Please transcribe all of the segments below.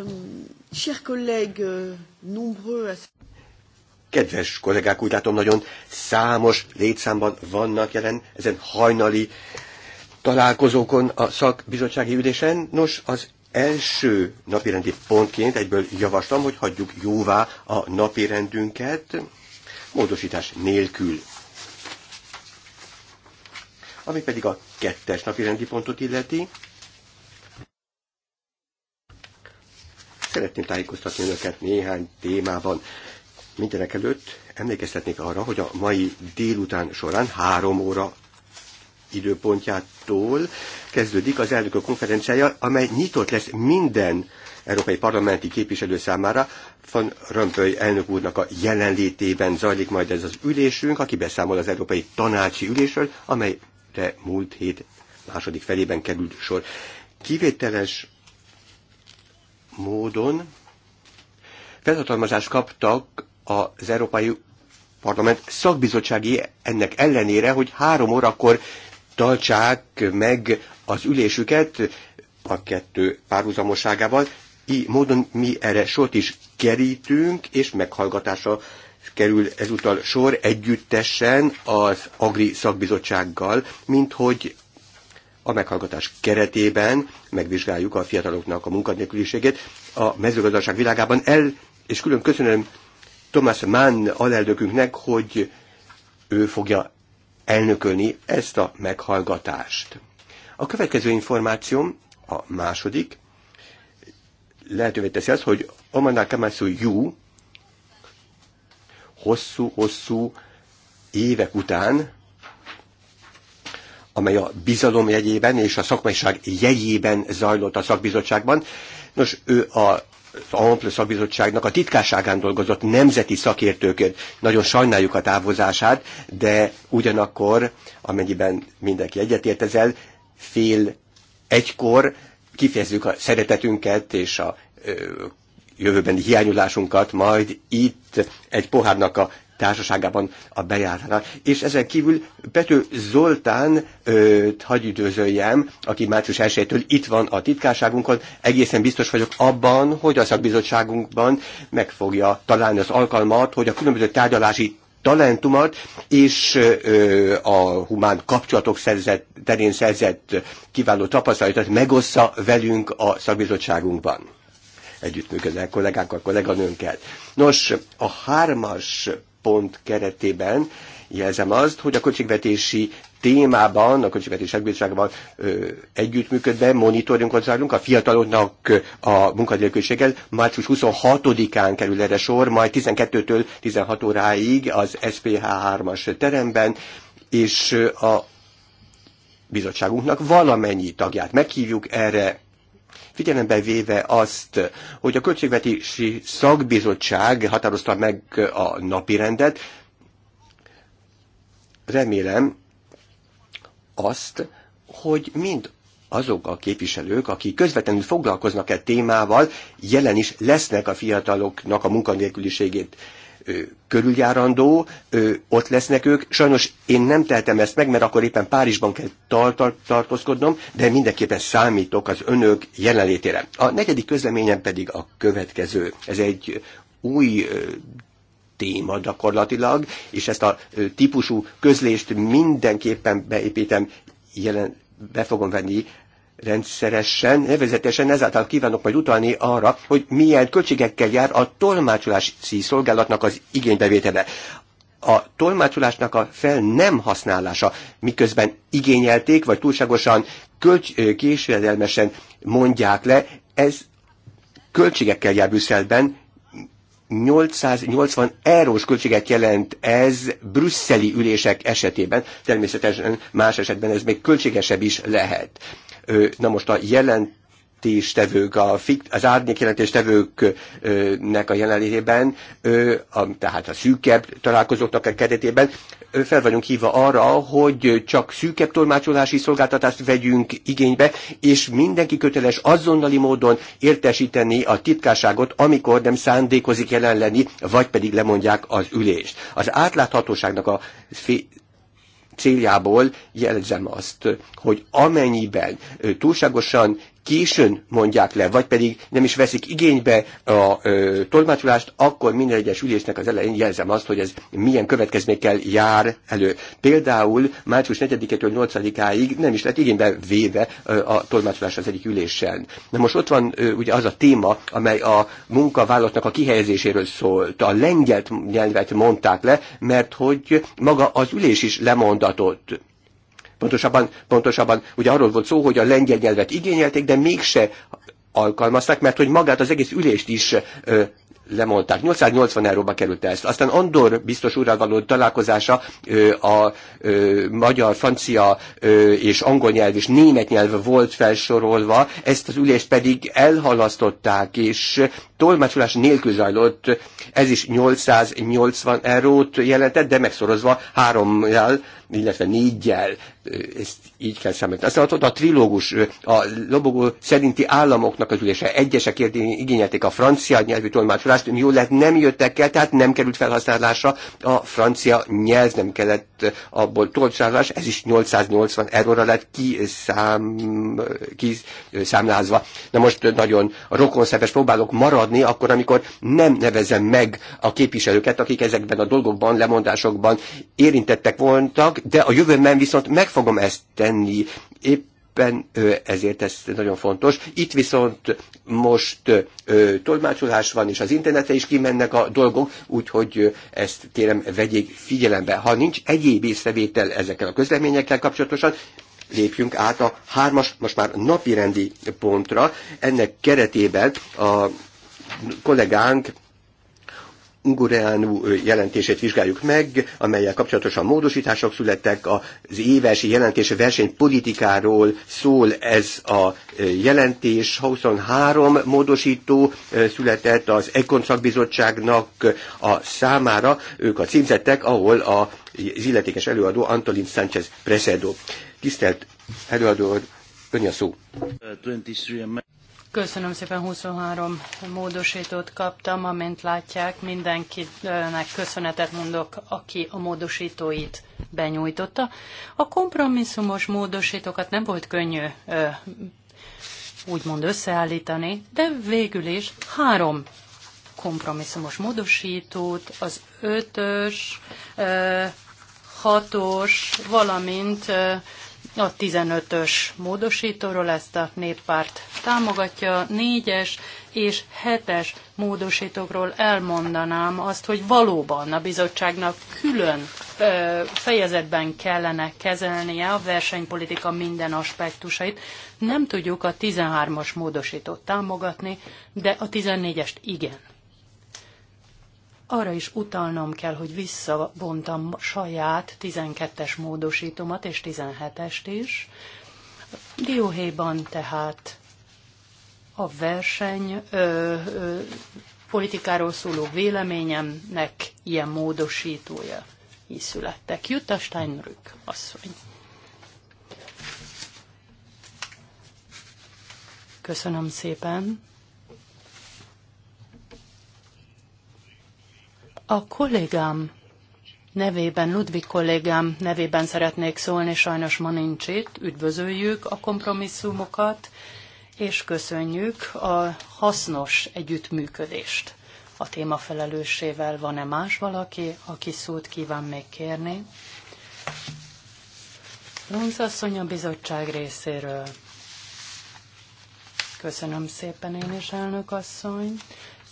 Euh, euh, Kedves kollégák, úgy látom, nagyon számos létszámban vannak jelen ezen hajnali találkozókon a szakbizottsági ülésen. Nos, az első napirendi pontként egyből javaslom, hogy hagyjuk jóvá a napirendünket módosítás nélkül. Ami pedig a kettes napirendi pontot illeti, szeretném tájékoztatni önöket néhány témában. Mindenek előtt emlékeztetnék arra, hogy a mai délután során három óra időpontjától kezdődik az elnökök konferenciája, amely nyitott lesz minden európai parlamenti képviselő számára. Van Römpöly elnök úrnak a jelenlétében zajlik majd ez az ülésünk, aki beszámol az európai tanácsi ülésről, amelyre múlt hét második felében került sor. Kivételes módon felhatalmazást kaptak az Európai Parlament szakbizottsági ennek ellenére, hogy három órakor tartsák meg az ülésüket a kettő párhuzamoságával. Így módon mi erre sort is kerítünk, és meghallgatása kerül ezúttal sor együttesen az Agri szakbizottsággal, mint hogy a meghallgatás keretében megvizsgáljuk a fiataloknak a munkanélküliségét. A mezőgazdaság világában el, és külön köszönöm Thomas Mann alelnökünknek, hogy ő fogja elnökölni ezt a meghallgatást. A következő információm, a második, lehetővé teszi azt, hogy Amanda Kamasu Yu hosszú-hosszú évek után amely a bizalom jegyében és a szakmaiság jegyében zajlott a szakbizottságban. Nos, ő a az Ample szakbizottságnak a titkárságán dolgozott nemzeti szakértőként. Nagyon sajnáljuk a távozását, de ugyanakkor, amennyiben mindenki egyetért ezzel, fél egykor kifejezzük a szeretetünket és a ö, jövőbeni hiányulásunkat, majd itt egy pohárnak a társaságában a bejáratnál. És ezen kívül Pető Zoltán őt hagy üdvözöljem, aki március 1 itt van a titkárságunkon. Egészen biztos vagyok abban, hogy a szakbizottságunkban meg fogja találni az alkalmat, hogy a különböző tárgyalási talentumat és ö, a humán kapcsolatok szerzett, terén szerzett kiváló tapasztalatot megossza velünk a szakbizottságunkban. Együttműködnek kollégákkal, kolléganőnkkel. Nos, a hármas pont keretében jelzem azt, hogy a költségvetési témában, a Költségvetés Bizottságban együttműködve monitoringot zárunk a fiataloknak a munkadélkülséggel. Március 26-án kerül erre sor, majd 12-től 16 óráig az SPH3-as teremben, és a bizottságunknak valamennyi tagját meghívjuk erre figyelembe véve azt, hogy a Költségvetési Szakbizottság határozta meg a napirendet, remélem azt, hogy mind azok a képviselők, akik közvetlenül foglalkoznak e témával, jelen is lesznek a fiataloknak a munkanélküliségét körüljárandó, ott lesznek ők. Sajnos én nem tehetem ezt meg, mert akkor éppen Párizsban kell tar- tar- tartózkodnom, de mindenképpen számítok az önök jelenlétére. A negyedik közleményem pedig a következő. Ez egy új téma gyakorlatilag, és ezt a típusú közlést mindenképpen beépítem, jelen, be fogom venni rendszeresen, nevezetesen ezáltal kívánok majd utalni arra, hogy milyen költségekkel jár a tolmácsolási szolgálatnak az igénybevétele. A tolmácsolásnak a fel nem használása, miközben igényelték, vagy túlságosan kölcs, késődelmesen mondják le, ez költségekkel jár Brüsszelben, 880 eurós költséget jelent ez brüsszeli ülések esetében, természetesen más esetben ez még költségesebb is lehet. Na most a jelent jelentéstevők, a fik, az árnyék jelentéstevőknek a jelenlétében, tehát a szűkebb találkozóknak a keretében fel vagyunk hívva arra, hogy csak szűkebb tolmácsolási szolgáltatást vegyünk igénybe, és mindenki köteles azonnali módon értesíteni a titkárságot, amikor nem szándékozik jelen lenni, vagy pedig lemondják az ülést. Az átláthatóságnak a céljából jelzem azt, hogy amennyiben túlságosan későn mondják le, vagy pedig nem is veszik igénybe a ö, tolmácsolást, akkor minden egyes ülésnek az elején jelzem azt, hogy ez milyen következményekkel jár elő. Például március 4-től 8-áig nem is lett igénybe véve ö, a tolmácsolás az egyik ülésen. Na most ott van ö, ugye az a téma, amely a munkavállalatnak a kihelyezéséről szólt. A lengyelt nyelvet mondták le, mert hogy maga az ülés is lemondatott. Pontosabban, pontosabban ugye arról volt szó, hogy a lengyel nyelvet igényelték, de mégse alkalmazták, mert hogy magát az egész ülést is ö, lemondták. 880 euróba került ezt. Aztán Andor biztos úrral való találkozása ö, a ö, magyar, francia ö, és angol nyelv és német nyelv volt felsorolva, ezt az ülést pedig elhalasztották, és tolmácsolás nélkül zajlott, ez is 880 eurót jelentett, de megszorozva hárommal, illetve négyel, ezt így kell számítani. Aztán ott a trilógus, a lobogó szerinti államoknak az ülése, egyesek igényelték a francia nyelvű tolmácsolást, jó lett, hát nem jöttek el, tehát nem került felhasználásra a francia nyelv, nem kellett abból tolmácsolás, ez is 880 euróra lett kiszám, kiszámlázva. Na most nagyon rokonszerves próbálok maradni, adni, akkor, amikor nem nevezem meg a képviselőket, akik ezekben a dolgokban, lemondásokban érintettek voltak, de a jövőben viszont meg fogom ezt tenni. Épp éppen ezért ez nagyon fontos. Itt viszont most ö, tolmácsolás van, és az internetre is kimennek a dolgok, úgyhogy ezt kérem vegyék figyelembe. Ha nincs egyéb észrevétel ezekkel a közleményekkel kapcsolatosan, lépjünk át a hármas, most már napirendi pontra. Ennek keretében a kollégánk Ungureanu jelentését vizsgáljuk meg, amelyel kapcsolatosan módosítások születtek, az éves jelentés versenypolitikáról szól ez a jelentés, 23 módosító született az Ekon szakbizottságnak a számára, ők a címzettek, ahol az illetékes előadó Antolin Sánchez Presedo. Tisztelt előadó, ön a szó. Köszönöm szépen, 23 módosítót kaptam, amint látják, mindenkinek köszönetet mondok, aki a módosítóit benyújtotta. A kompromisszumos módosítókat nem volt könnyű úgymond összeállítani, de végül is három kompromisszumos módosítót, az ötös, hatos, valamint a 15-ös módosítóról ezt a néppárt támogatja, 4-es és 7-es módosítókról elmondanám azt, hogy valóban a bizottságnak külön fejezetben kellene kezelnie a versenypolitika minden aspektusait. Nem tudjuk a 13-as módosítót támogatni, de a 14-est igen arra is utalnom kell, hogy visszabontam saját 12-es módosítomat és 17-est is. Dióhéjban tehát a verseny ö, ö, politikáról szóló véleményemnek ilyen módosítója is születtek. Jutta Steinrück asszony. Köszönöm szépen. A kollégám nevében, Ludvig kollégám nevében szeretnék szólni, sajnos ma nincs itt. Üdvözöljük a kompromisszumokat, és köszönjük a hasznos együttműködést. A téma felelőssével van-e más valaki, aki szót kíván még kérni? Runz asszony a bizottság részéről. Köszönöm szépen én is, elnök asszony.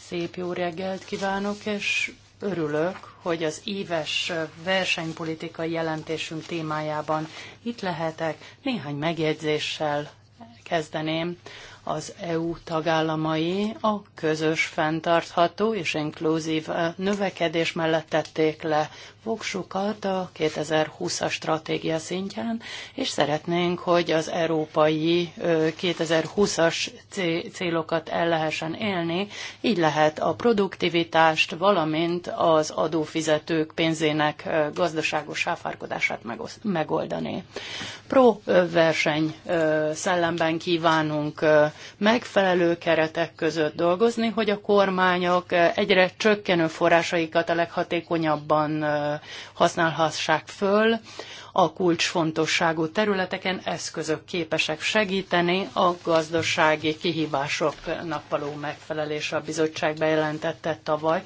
Szép jó reggelt kívánok, és örülök, hogy az éves versenypolitikai jelentésünk témájában itt lehetek. Néhány megjegyzéssel kezdeném az EU tagállamai a közös fenntartható és inkluzív növekedés mellett tették le voksukat a 2020-as stratégia szintján, és szeretnénk, hogy az európai 2020-as célokat el lehessen élni, így lehet a produktivitást, valamint az adófizetők pénzének gazdaságos sáfárkodását megoldani. Pro verseny szellemben kívánunk megfelelő keretek között dolgozni, hogy a kormányok eh, egyre csökkenő forrásaikat a leghatékonyabban eh, használhassák föl, a kulcsfontosságú területeken eszközök képesek segíteni a gazdasági kihívások való megfelelésre. A bizottság bejelentette tavaly,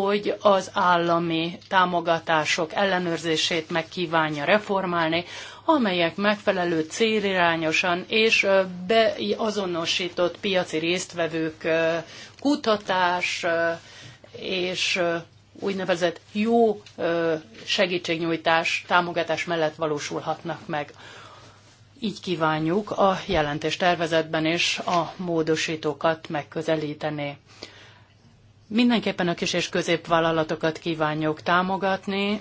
hogy az állami támogatások ellenőrzését megkívánja reformálni, amelyek megfelelő célirányosan és beazonosított piaci résztvevők kutatás és úgynevezett jó segítségnyújtás, támogatás mellett valósulhatnak meg. Így kívánjuk a jelentés tervezetben is a módosítókat megközelíteni. Mindenképpen a kis és középvállalatokat kívánjuk támogatni,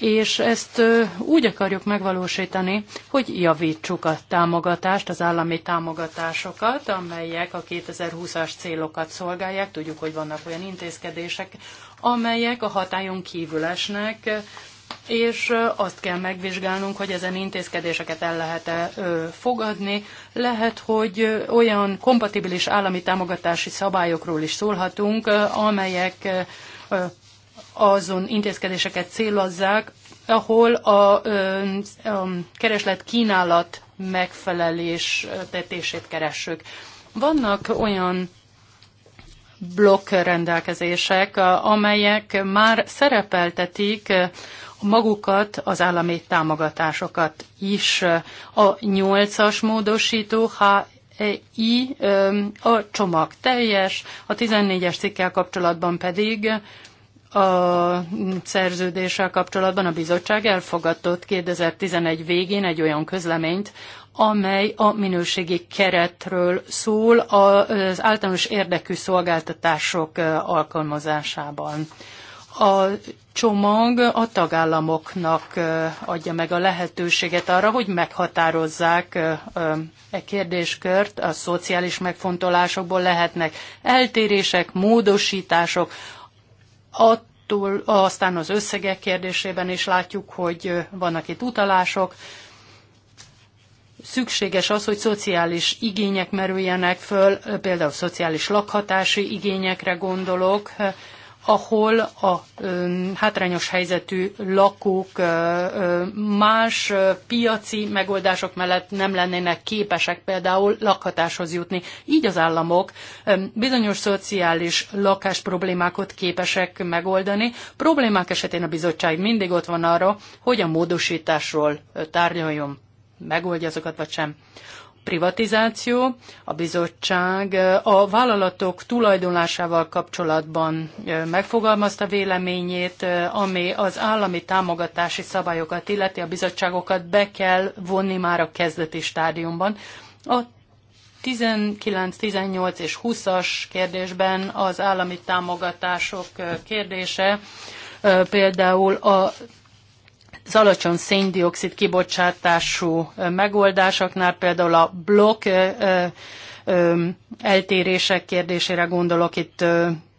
és ezt úgy akarjuk megvalósítani, hogy javítsuk a támogatást, az állami támogatásokat, amelyek a 2020-as célokat szolgálják. Tudjuk, hogy vannak olyan intézkedések, amelyek a hatályon kívül esnek, és azt kell megvizsgálnunk, hogy ezen intézkedéseket el lehet-e fogadni. Lehet, hogy olyan kompatibilis állami támogatási szabályokról is szólhatunk, amelyek azon intézkedéseket célozzák, ahol a, a kereslet kínálat megfelelés tetését keressük. Vannak olyan blokk rendelkezések, amelyek már szerepeltetik magukat, az állami támogatásokat is. A nyolcas módosító HI a csomag teljes, a 14-es cikkel kapcsolatban pedig a szerződéssel kapcsolatban a bizottság elfogadott 2011 végén egy olyan közleményt, amely a minőségi keretről szól az általános érdekű szolgáltatások alkalmazásában. A csomag a tagállamoknak adja meg a lehetőséget arra, hogy meghatározzák e kérdéskört, a szociális megfontolásokból lehetnek eltérések, módosítások, attól aztán az összegek kérdésében is látjuk, hogy vannak itt utalások, szükséges az, hogy szociális igények merüljenek föl, például szociális lakhatási igényekre gondolok, ahol a hátrányos helyzetű lakók más piaci megoldások mellett nem lennének képesek például lakhatáshoz jutni. Így az államok bizonyos szociális lakás problémákat képesek megoldani. Problémák esetén a bizottság mindig ott van arra, hogy a módosításról tárgyaljon, megoldja azokat vagy sem privatizáció, a bizottság a vállalatok tulajdonlásával kapcsolatban megfogalmazta véleményét, ami az állami támogatási szabályokat illeti, a bizottságokat be kell vonni már a kezdeti stádiumban. A 19, 18 és 20-as kérdésben az állami támogatások kérdése, például a az alacsony széndiokszid kibocsátású megoldásoknál, például a blokk eltérések kérdésére gondolok itt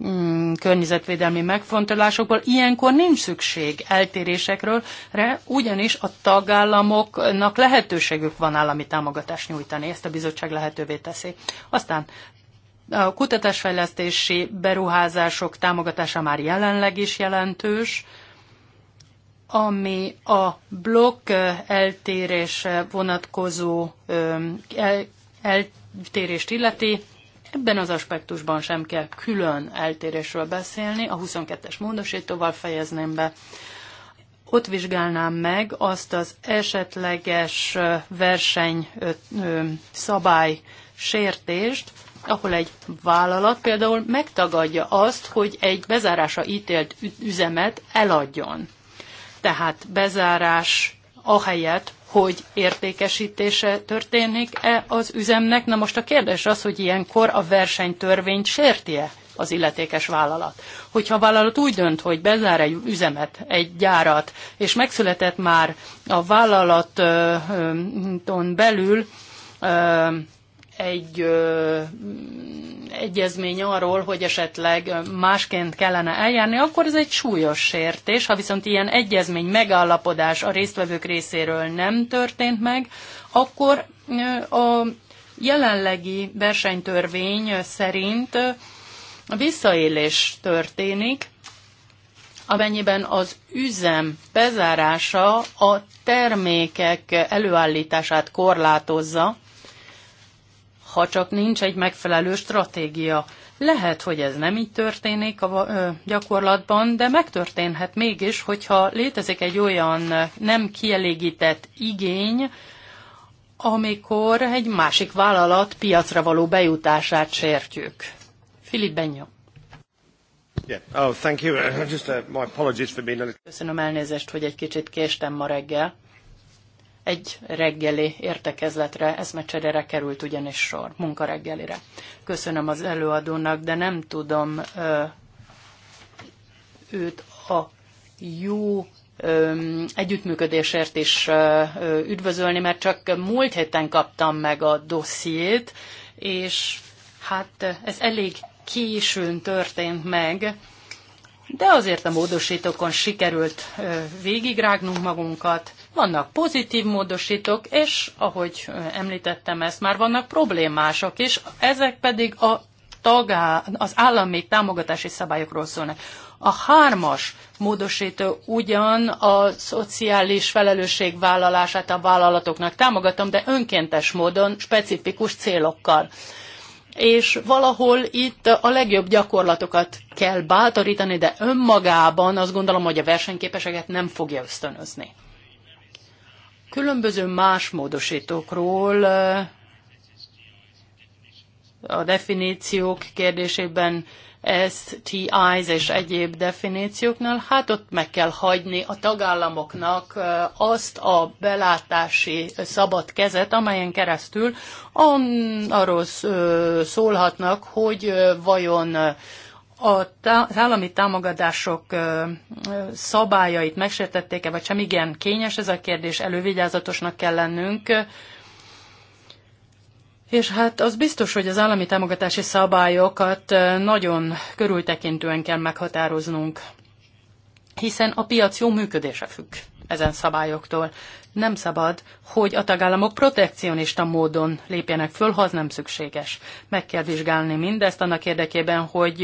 mm, környezetvédelmi megfontolásokból. Ilyenkor nincs szükség eltérésekről, ugyanis a tagállamoknak lehetőségük van állami támogatást nyújtani, ezt a bizottság lehetővé teszi. Aztán a kutatásfejlesztési beruházások támogatása már jelenleg is jelentős, ami a blokk eltérés vonatkozó eltérést illeti, Ebben az aspektusban sem kell külön eltérésről beszélni, a 22-es módosítóval fejezném be. Ott vizsgálnám meg azt az esetleges verseny szabály sértést, ahol egy vállalat például megtagadja azt, hogy egy bezárása ítélt üzemet eladjon tehát bezárás ahelyett, hogy értékesítése történik-e az üzemnek. Na most a kérdés az, hogy ilyenkor a versenytörvényt sérti-e az illetékes vállalat. Hogyha a vállalat úgy dönt, hogy bezár egy üzemet, egy gyárat, és megszületett már a vállalaton belül egy ö, egyezmény arról, hogy esetleg másként kellene eljárni, akkor ez egy súlyos sértés. Ha viszont ilyen egyezmény megállapodás a résztvevők részéről nem történt meg, akkor ö, a jelenlegi versenytörvény szerint a visszaélés történik, amennyiben az üzem bezárása a termékek előállítását korlátozza, ha csak nincs egy megfelelő stratégia. Lehet, hogy ez nem így történik a gyakorlatban, de megtörténhet mégis, hogyha létezik egy olyan nem kielégített igény, amikor egy másik vállalat piacra való bejutását sértjük. Filip Benyó. Yeah. Oh, thank you. Just, uh, my apologies for being... Köszönöm elnézést, hogy egy kicsit késtem ma reggel egy reggeli értekezletre, eszmecserére került ugyanis sor, munkareggelire. Köszönöm az előadónak, de nem tudom ö, őt a jó együttműködésért is üdvözölni, mert csak múlt héten kaptam meg a dossziét, és hát ez elég későn történt meg, de azért a módosítókon sikerült végigrágnunk magunkat, vannak pozitív módosítók, és ahogy említettem ezt, már vannak problémások is, ezek pedig a tagá, az állami támogatási szabályokról szólnak. A hármas módosító ugyan a szociális felelősségvállalását a vállalatoknak támogatom, de önkéntes módon, specifikus célokkal. És valahol itt a legjobb gyakorlatokat kell bátorítani, de önmagában azt gondolom, hogy a versenyképeseket nem fogja ösztönözni különböző más módosítókról eh, a definíciók kérdésében STIs és egyéb definícióknál, hát ott meg kell hagyni a tagállamoknak eh, azt a belátási szabad kezet, amelyen keresztül arról eh, szólhatnak, hogy vajon az állami támogatások szabályait megsértették-e, vagy sem? Igen, kényes ez a kérdés, elővigyázatosnak kell lennünk. És hát az biztos, hogy az állami támogatási szabályokat nagyon körültekintően kell meghatároznunk, hiszen a piac jó működése függ ezen szabályoktól nem szabad, hogy a tagállamok protekcionista módon lépjenek föl, ha az nem szükséges. Meg kell vizsgálni mindezt annak érdekében, hogy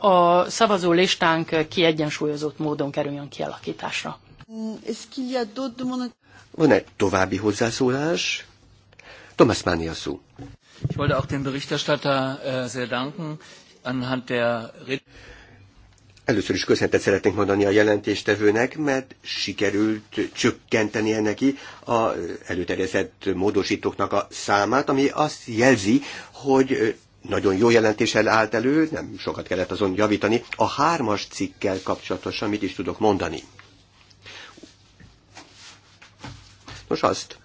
a szavazó listánk kiegyensúlyozott módon kerüljön kialakításra. Van-e további hozzászólás? Thomas Mánia szó. Ich wollte auch dem Berichterstatter äh, sehr danken anhand der Először is köszöntet szeretnénk mondani a jelentéstevőnek, mert sikerült csökkenteni neki a előterjesztett módosítóknak a számát, ami azt jelzi, hogy nagyon jó jelentéssel állt elő, nem sokat kellett azon javítani. A hármas cikkkel kapcsolatosan mit is tudok mondani? Nos azt,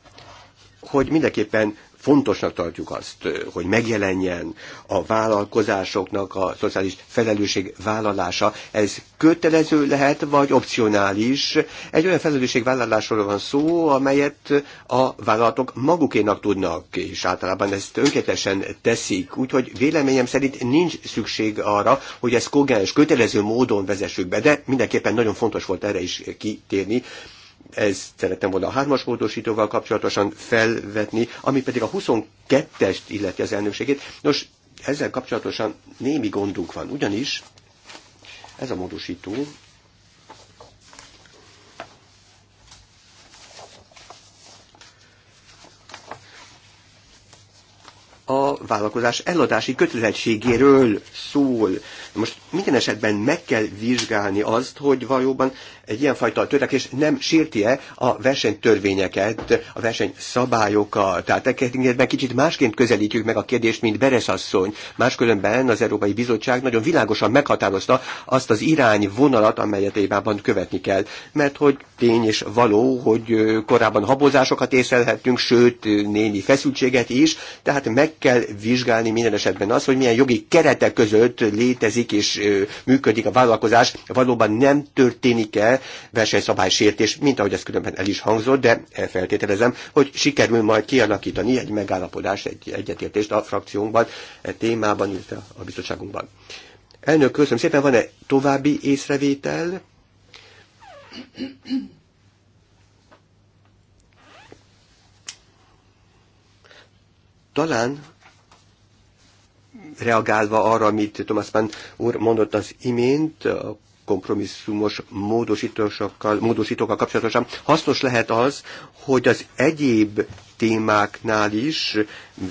hogy mindenképpen fontosnak tartjuk azt, hogy megjelenjen a vállalkozásoknak a szociális felelősség vállalása. Ez kötelező lehet, vagy opcionális. Egy olyan vállalásról van szó, amelyet a vállalatok magukénak tudnak, és általában ezt önkéntesen teszik. Úgyhogy véleményem szerint nincs szükség arra, hogy ezt kogens, kötelező módon vezessük be, de mindenképpen nagyon fontos volt erre is kitérni, ez szerettem volna a hármas módosítóval kapcsolatosan felvetni, ami pedig a 22-est illeti az elnökségét. Nos, ezzel kapcsolatosan némi gondunk van, ugyanis ez a módosító a vállalkozás eladási kötelezettségéről szól. Most minden esetben meg kell vizsgálni azt, hogy valóban egy ilyenfajta törekvés nem sérti-e a versenytörvényeket, a versenyszabályokat. Tehát e tekintetben kicsit másként közelítjük meg a kérdést, mint Beres asszony. Máskülönben az Európai Bizottság nagyon világosan meghatározta azt az irányvonalat, amelyet évában követni kell. Mert hogy tény és való, hogy korábban habozásokat észlelhettünk, sőt némi feszültséget is, tehát meg kell vizsgálni minden esetben azt, hogy milyen jogi keretek között létezik és működik a vállalkozás, valóban nem történik el versenyszabály sértés, mint ahogy ez különben el is hangzott, de feltételezem, hogy sikerül majd kialakítani egy megállapodást, egy egyetértést a frakciónkban, a e témában, illetve a bizottságunkban. Elnök, köszönöm szépen, van-e további észrevétel? Talán reagálva arra, amit Thomas Mann úr mondott az imént, a kompromisszumos módosítókkal, módosítókkal kapcsolatosan hasznos lehet az, hogy az egyéb témáknál is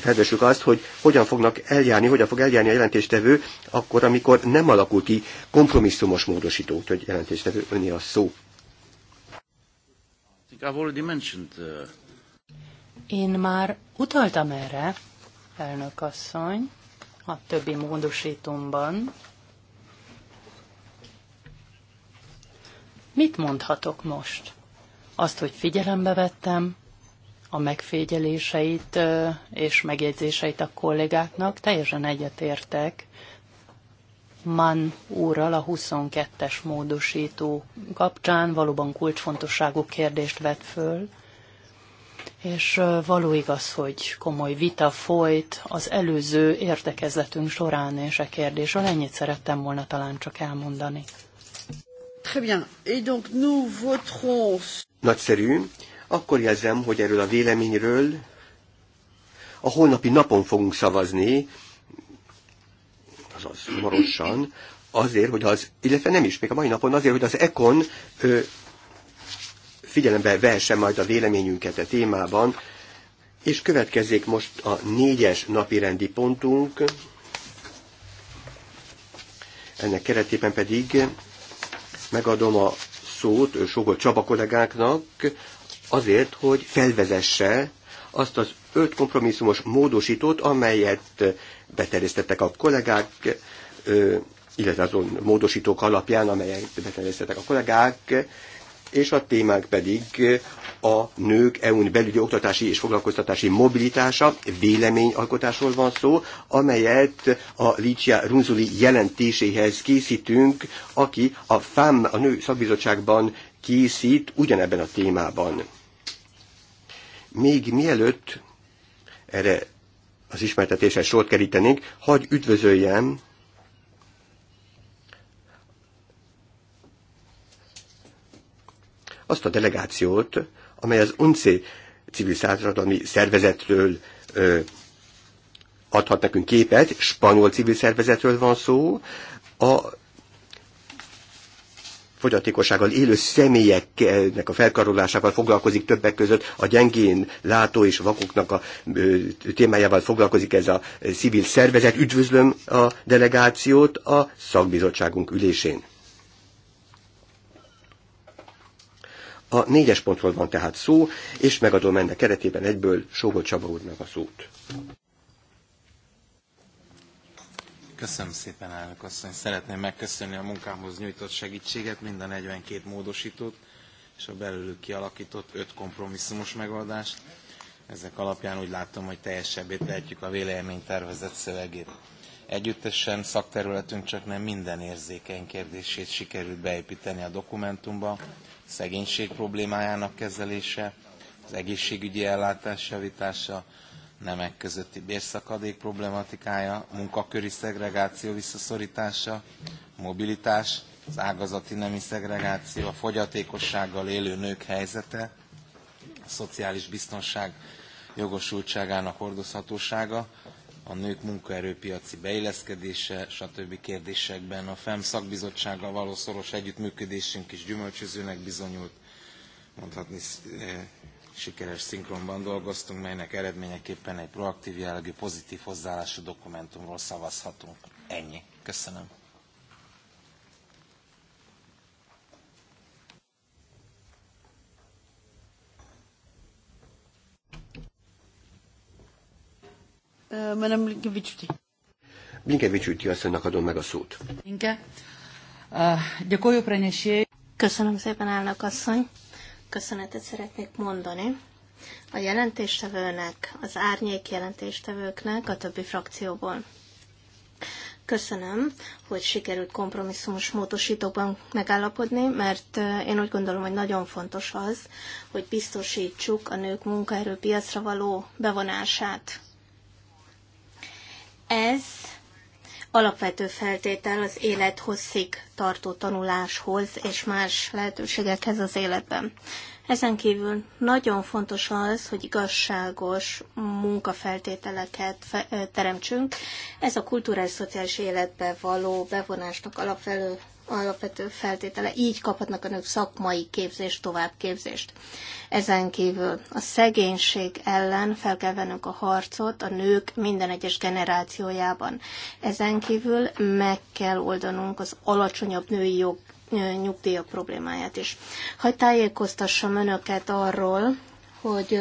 vedessük azt, hogy hogyan fognak eljárni, hogyan fog eljárni a jelentéstevő, akkor, amikor nem alakul ki kompromisszumos módosító, hogy jelentéstevő öné a szó. Uh, Én már utaltam erre, elnök asszony, a többi módosítomban, Mit mondhatok most? Azt, hogy figyelembe vettem a megfigyeléseit és megjegyzéseit a kollégáknak, teljesen egyetértek Man úrral a 22-es módosító kapcsán valóban kulcsfontosságú kérdést vett föl, és való igaz, hogy komoly vita folyt az előző értekezletünk során, és a kérdésről ennyit szerettem volna talán csak elmondani. Très bien. Et donc nous voterons... Nagyszerű. Akkor jelzem, hogy erről a véleményről a holnapi napon fogunk szavazni, azaz marosan, azért, hogy az, illetve nem is, még a mai napon azért, hogy az ECON ö, figyelembe vehesse majd a véleményünket a témában, és következzék most a négyes napi rendi pontunk, ennek keretében pedig megadom a szót Sogol Csaba kollégáknak azért, hogy felvezesse azt az öt kompromisszumos módosítót, amelyet beterjesztettek a kollégák, illetve azon módosítók alapján, amelyet beterjesztettek a kollégák, és a témánk pedig a nők EU-n belügyi oktatási és foglalkoztatási mobilitása, véleményalkotásról van szó, amelyet a Licia Runzuli jelentéséhez készítünk, aki a FAM, a nő szakbizottságban készít ugyanebben a témában. Még mielőtt erre az ismertetésre sort kerítenénk, hagy üdvözöljem azt a delegációt, amely az UNCE civil századalmi szervezetről ö, adhat nekünk képet, spanyol civil szervezetről van szó, a fogyatékossággal élő személyeknek a felkarolásával foglalkozik többek között, a gyengén látó és vakoknak a témájával foglalkozik ez a civil szervezet. Üdvözlöm a delegációt a szakbizottságunk ülésén. A négyes pontról van tehát szó, és megadom ennek keretében egyből Sógol Csaba úrnak a szót. Köszönöm szépen, elnök asszony. Szeretném megköszönni a munkámhoz nyújtott segítséget, mind a 42 módosítót, és a belőlük kialakított öt kompromisszumos megoldást. Ezek alapján úgy látom, hogy teljesebbé tehetjük a vélemény tervezett szövegét. Együttesen szakterületünk csak nem minden érzékeny kérdését sikerült beépíteni a dokumentumba, szegénység problémájának kezelése, az egészségügyi ellátás javítása, nemek közötti bérszakadék problematikája, munkaköri szegregáció visszaszorítása, mobilitás, az ágazati nemi szegregáció, a fogyatékossággal élő nők helyzete, a szociális biztonság jogosultságának hordozhatósága, a nők munkaerőpiaci beilleszkedése, stb. kérdésekben a FEM szakbizottsággal való szoros együttműködésünk is gyümölcsözőnek bizonyult. Mondhatni eh, sikeres szinkronban dolgoztunk, melynek eredményeképpen egy proaktív jellegű, pozitív hozzáállású dokumentumról szavazhatunk. Ennyi. Köszönöm. Eh, Madame Blinkevicsüti. Blinkevicsüti asszonynak adom meg a szót. Inke. Eh, Köszönöm szépen, elnök asszony. Köszönetet szeretnék mondani a jelentéstevőnek, az árnyék jelentéstevőknek a többi frakcióból. Köszönöm, hogy sikerült kompromisszumos módosítókban megállapodni, mert eh, én úgy gondolom, hogy nagyon fontos az, hogy biztosítsuk a nők munkaerőpiacra való bevonását. Ez alapvető feltétel az élet hosszig tartó tanuláshoz és más lehetőségekhez az életben. Ezen kívül nagyon fontos az, hogy igazságos munkafeltételeket teremtsünk. Ez a kulturális szociális életbe való bevonásnak alapvető alapvető feltétele. Így kaphatnak a nők szakmai képzést, továbbképzést. Ezen kívül a szegénység ellen fel kell vennünk a harcot a nők minden egyes generációjában. Ezen kívül meg kell oldanunk az alacsonyabb női jog nyugdíjak problémáját is. Hogy tájékoztassam önöket arról, hogy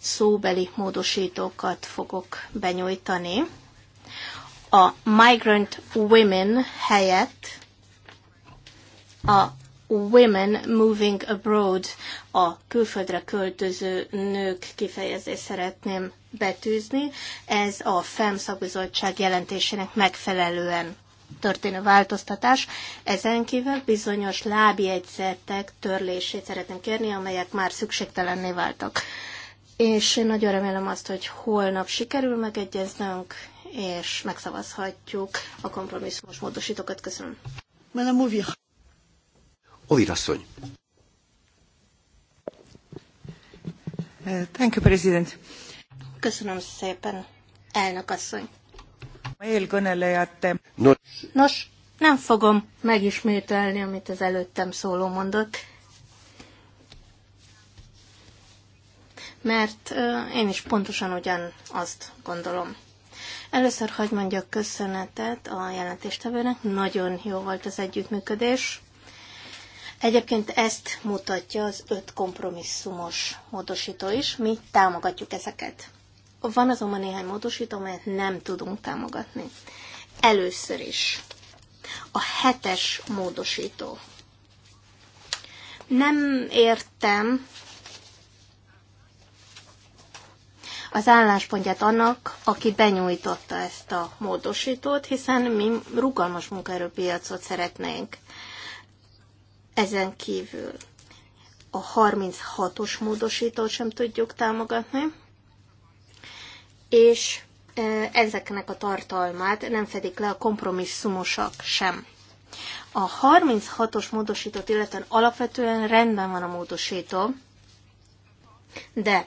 szóbeli módosítókat fogok benyújtani. A migrant women helyett a Women Moving Abroad, a külföldre költöző nők kifejezés szeretném betűzni. Ez a FEM szakbizottság jelentésének megfelelően történő változtatás. Ezen kívül bizonyos lábjegyzetek törlését szeretném kérni, amelyek már szükségtelenné váltak. És én nagyon remélem azt, hogy holnap sikerül megegyeznünk, és megszavazhatjuk a kompromisszumos módosítókat. Köszönöm. Madame Mouvir asszony. Uh, thank you, President. Köszönöm szépen, elnök asszony. Nos. Nos, nem fogom megismételni, amit az előttem szóló mondott, mert uh, én is pontosan ugyan azt gondolom. Először hagyd mondjak köszönetet a jelentéstevőnek, nagyon jó volt az együttműködés. Egyébként ezt mutatja az öt kompromisszumos módosító is, mi támogatjuk ezeket. Van azonban néhány módosító, amelyet nem tudunk támogatni. Először is a hetes módosító. Nem értem az álláspontját annak, aki benyújtotta ezt a módosítót, hiszen mi rugalmas munkaerőpiacot szeretnénk. Ezen kívül a 36-os módosítót sem tudjuk támogatni, és e, ezeknek a tartalmát nem fedik le a kompromisszumosak sem. A 36-os módosítót illetően alapvetően rendben van a módosító, de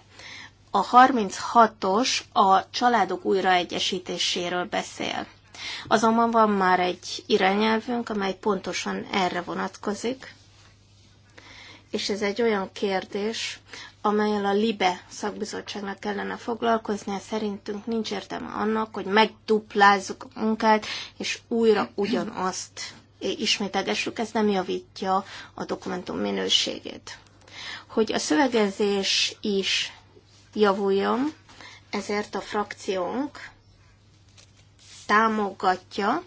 a 36-os a családok újraegyesítéséről beszél. Azonban van már egy irányelvünk, amely pontosan erre vonatkozik, és ez egy olyan kérdés, amelyel a LIBE szakbizottságnak kellene foglalkoznia. Szerintünk nincs értelme annak, hogy megduplázzuk a munkát, és újra ugyanazt ismételgessük, ez nem javítja a dokumentum minőségét. Hogy a szövegezés is javuljon, ezért a frakciónk támogatja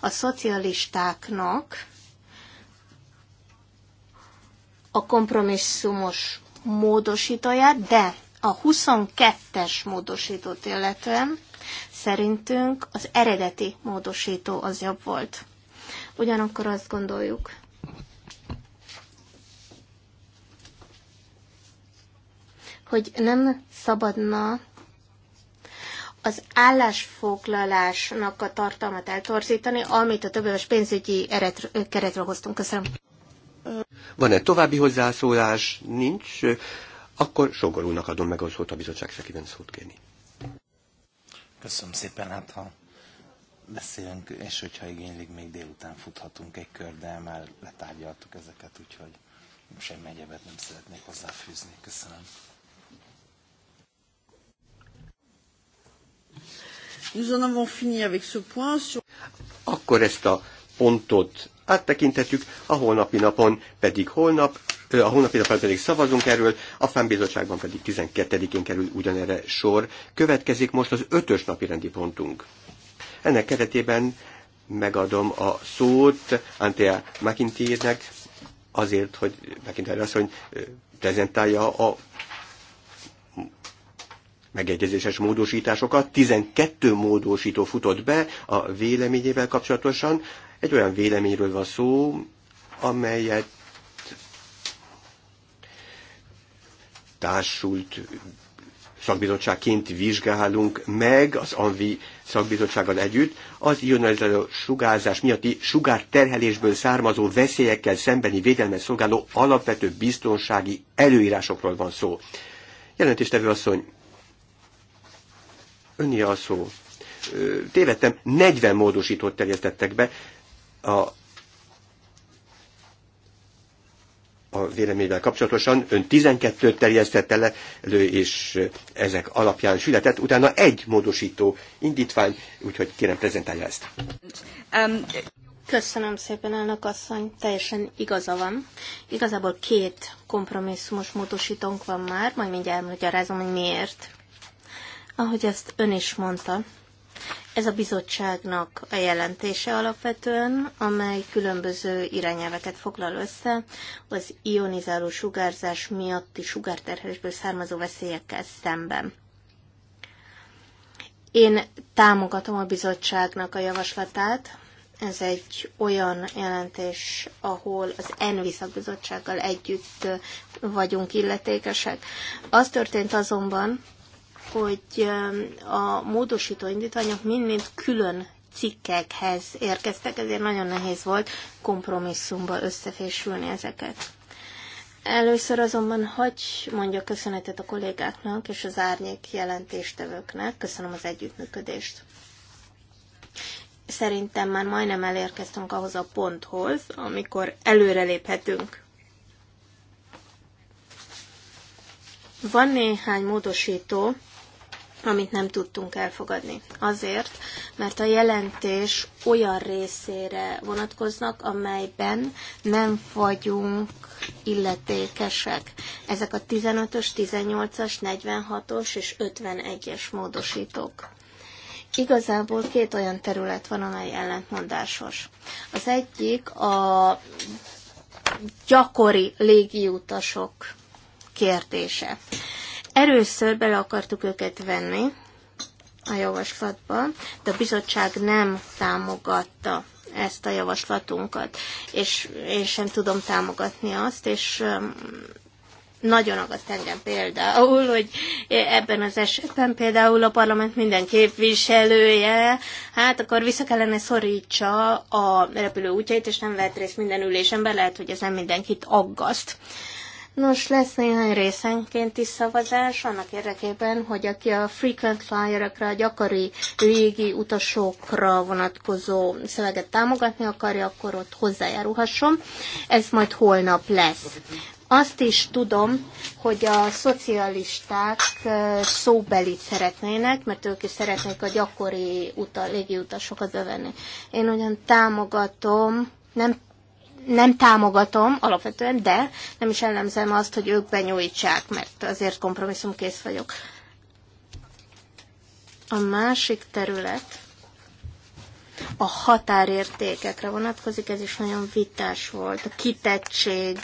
a szocialistáknak a kompromisszumos módosítóját, de a 22-es módosítót illetően szerintünk az eredeti módosító az jobb volt. Ugyanakkor azt gondoljuk, hogy nem szabadna az állásfoglalásnak a tartalmat eltorzítani, amit a többéves pénzügyi keretről hoztunk. Köszönöm. Van-e további hozzászólás? Nincs. Akkor Sogor úrnak adom meg a szót a bizottság szekében szót kérni. Köszönöm szépen, hát ha beszélünk, és hogyha igénylik, még délután futhatunk egy kör, de már letárgyaltuk ezeket, úgyhogy semmi egyebet nem szeretnék hozzáfűzni. Köszönöm. Nous en avons fini avec ce point. Sur... Akkor ezt a pontot áttekinthetjük. a holnapi napon pedig holnap, a holnapi napon pedig szavazunk erről, a fennbizottságban pedig 12-én kerül ugyanerre sor. Következik most az ötös napi rendi pontunk. Ennek keretében megadom a szót Antea McIntyrnek azért, hogy McIntyre azt, hogy prezentálja a megegyezéses módosításokat. 12 módosító futott be a véleményével kapcsolatosan. Egy olyan véleményről van szó, amelyet társult szakbizottságként vizsgálunk meg az ANVI szakbizottsággal együtt az ionizáló sugárzás miatti sugárterhelésből származó veszélyekkel szembeni védelmet szolgáló alapvető biztonsági előírásokról van szó. Jelentéstevő asszony, önnyi a szó. Tévedtem, 40 módosítót terjesztettek be, a a véleményvel kapcsolatosan. Ön 12-t terjesztett elő, és ezek alapján született. Utána egy módosító indítvány, úgyhogy kérem prezentálja ezt. Um, Köszönöm szépen, elnök asszony, teljesen igaza van. Igazából két kompromisszumos módosítónk van már, majd mindjárt elmagyarázom, hogy miért. Ahogy ezt ön is mondta, ez a bizottságnak a jelentése alapvetően, amely különböző irányelveket foglal össze az ionizáló sugárzás miatti sugárterhelésből származó veszélyekkel szemben. Én támogatom a bizottságnak a javaslatát. Ez egy olyan jelentés, ahol az ENVI szakbizottsággal együtt vagyunk illetékesek. Az történt azonban, hogy a módosító indítványok mind-mind külön cikkekhez érkeztek, ezért nagyon nehéz volt kompromisszumba összefésülni ezeket. Először azonban hagyj mondja köszönetet a kollégáknak és az árnyék jelentéstevőknek. Köszönöm az együttműködést. Szerintem már majdnem elérkeztünk ahhoz a ponthoz, amikor előreléphetünk. Van néhány módosító, amit nem tudtunk elfogadni. Azért, mert a jelentés olyan részére vonatkoznak, amelyben nem vagyunk illetékesek. Ezek a 15-ös, 18-as, 46-os és 51-es módosítók. Igazából két olyan terület van, amely ellentmondásos. Az egyik a gyakori légiutasok kérdése. Először bele akartuk őket venni a javaslatba, de a bizottság nem támogatta ezt a javaslatunkat, és én sem tudom támogatni azt, és nagyon agadt engem például, hogy ebben az esetben például a parlament minden képviselője, hát akkor vissza kellene szorítsa a repülő útjait, és nem vett részt minden ülésen, lehet, hogy ez nem mindenkit aggaszt. Nos, lesz néhány részenkénti szavazás annak érdekében, hogy aki a frequent flyerekre, a gyakori légi utasokra vonatkozó szöveget támogatni akarja, akkor ott hozzájárulhasson. Ez majd holnap lesz. Azt is tudom, hogy a szocialisták szóbelit szeretnének, mert ők is szeretnék a gyakori uta, utasokat bevenni. Én ugyan támogatom, nem nem támogatom alapvetően, de nem is ellenzem azt, hogy ők benyújtsák, mert azért kompromisszumkész vagyok. A másik terület, a határértékekre vonatkozik, ez is nagyon vitás volt, a kitettség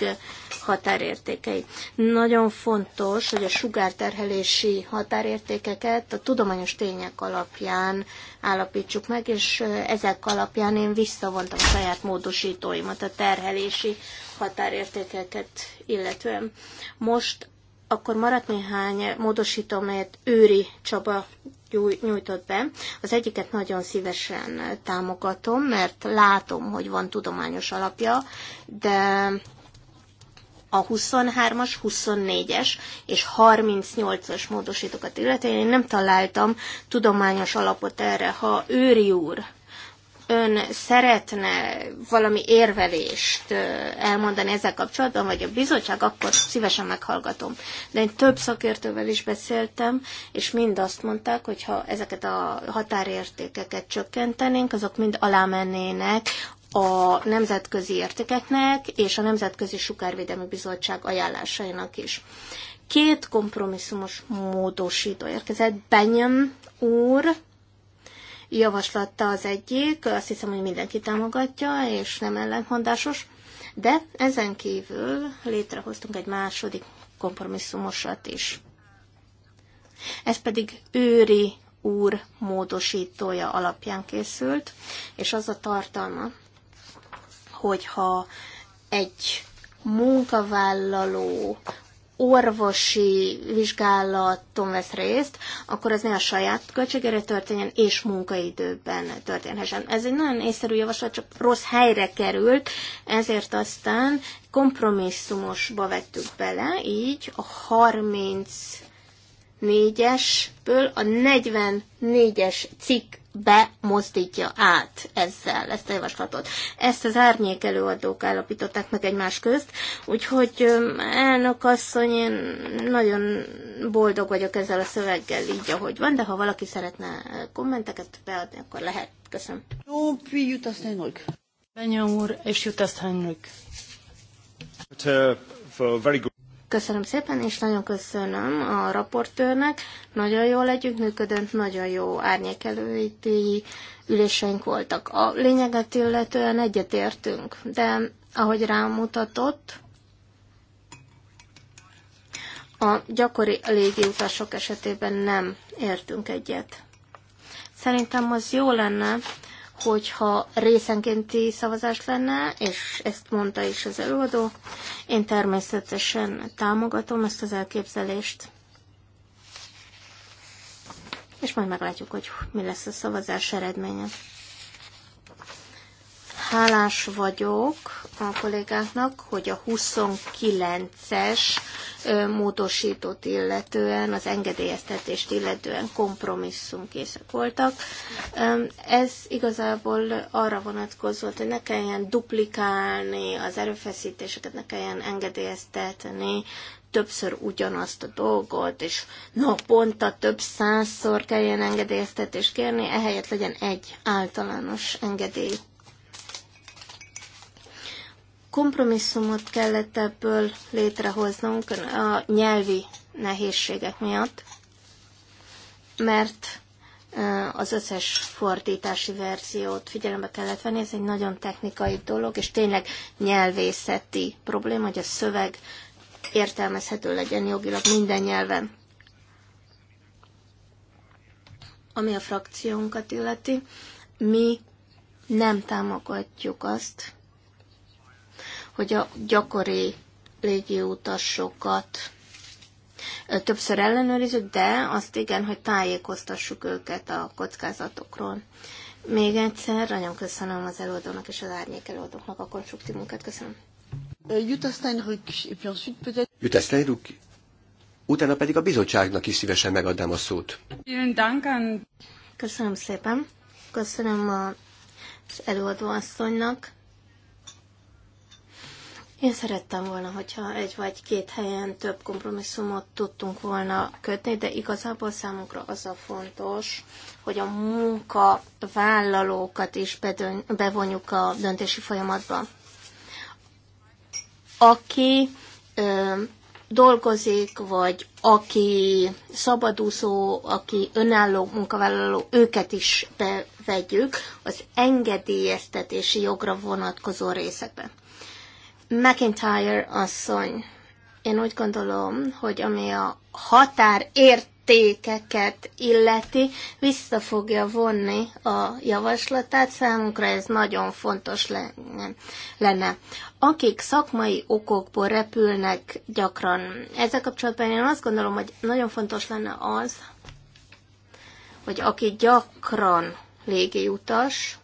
határértékei. Nagyon fontos, hogy a sugárterhelési határértékeket a tudományos tények alapján állapítsuk meg, és ezek alapján én visszavontam a saját módosítóimat a terhelési határértékeket illetően. Most akkor maradt néhány módosító, melyet Őri Csaba nyújtott be. Az egyiket nagyon szívesen támogatom, mert látom, hogy van tudományos alapja, de a 23-as, 24-es és 38-as módosítókat illetően én nem találtam tudományos alapot erre. Ha őri úr ön szeretne valami érvelést elmondani ezzel kapcsolatban, vagy a bizottság, akkor szívesen meghallgatom. De én több szakértővel is beszéltem, és mind azt mondták, hogy ha ezeket a határértékeket csökkentenénk, azok mind alámennének a nemzetközi értékeknek és a Nemzetközi Sukárvédelmi Bizottság ajánlásainak is. Két kompromisszumos módosító érkezett, Benyem úr javaslatta az egyik, azt hiszem, hogy mindenki támogatja, és nem ellentmondásos, de ezen kívül létrehoztunk egy második kompromisszumosat is. Ez pedig őri úr módosítója alapján készült, és az a tartalma, hogyha egy munkavállaló orvosi vizsgálaton vesz részt, akkor az ne a saját költségére történjen, és munkaidőben történhessen. Ez egy nagyon észszerű javaslat, csak rossz helyre került, ezért aztán kompromisszumosba vettük bele, így a 30 négyesből esből a 44-es cikk bemozdítja át ezzel ezt a javaslatot. Ezt az árnyék előadók állapították meg egymás közt, úgyhogy elnök asszony, én nagyon boldog vagyok ezzel a szöveggel így, ahogy van, de ha valaki szeretne kommenteket beadni, akkor lehet. Köszönöm. Jó, jut aztán úr, és jut aztán Köszönöm szépen, és nagyon köszönöm a raportőrnek. Nagyon jól együttműködött, nagyon jó árnyékelői üléseink voltak. A lényeget illetően egyetértünk, de ahogy rámutatott, a gyakori légiutasok esetében nem értünk egyet. Szerintem az jó lenne, hogyha részenkénti szavazás lenne, és ezt mondta is az előadó. Én természetesen támogatom ezt az elképzelést. És majd meglátjuk, hogy mi lesz a szavazás eredménye. Hálás vagyok a kollégáknak, hogy a 29-es módosítót illetően, az engedélyeztetést illetően kompromisszumkészek voltak. Ez igazából arra vonatkozott, hogy ne kelljen duplikálni az erőfeszítéseket, ne kelljen engedélyeztetni többször ugyanazt a dolgot, és naponta több százszor kelljen engedélyeztetést kérni, ehelyett legyen egy általános engedély kompromisszumot kellett ebből létrehoznunk a nyelvi nehézségek miatt, mert az összes fordítási verziót figyelembe kellett venni, ez egy nagyon technikai dolog, és tényleg nyelvészeti probléma, hogy a szöveg értelmezhető legyen jogilag minden nyelven. Ami a frakciónkat illeti, mi nem támogatjuk azt, hogy a gyakori légiutasokat többször ellenőrizzük, de azt igen, hogy tájékoztassuk őket a kockázatokról. Még egyszer nagyon köszönöm az előadónak és az árnyék előadóknak a konstruktív munkát. Köszönöm. Jut Steinrück, et utána pedig a bizottságnak is szívesen megadnám a szót. Köszönöm szépen. Köszönöm az előadóasszonynak én szerettem volna, hogyha egy vagy két helyen több kompromisszumot tudtunk volna kötni, de igazából számunkra az a fontos, hogy a munkavállalókat is bevonjuk a döntési folyamatba. Aki ö, dolgozik, vagy aki szabadúszó, aki önálló munkavállaló, őket is bevegyük az engedélyeztetési jogra vonatkozó részekben. McIntyre asszony, én úgy gondolom, hogy ami a határértékeket illeti, vissza fogja vonni a javaslatát, számunkra ez nagyon fontos lenne. Akik szakmai okokból repülnek gyakran, ezzel kapcsolatban én azt gondolom, hogy nagyon fontos lenne az, hogy aki gyakran légi utas,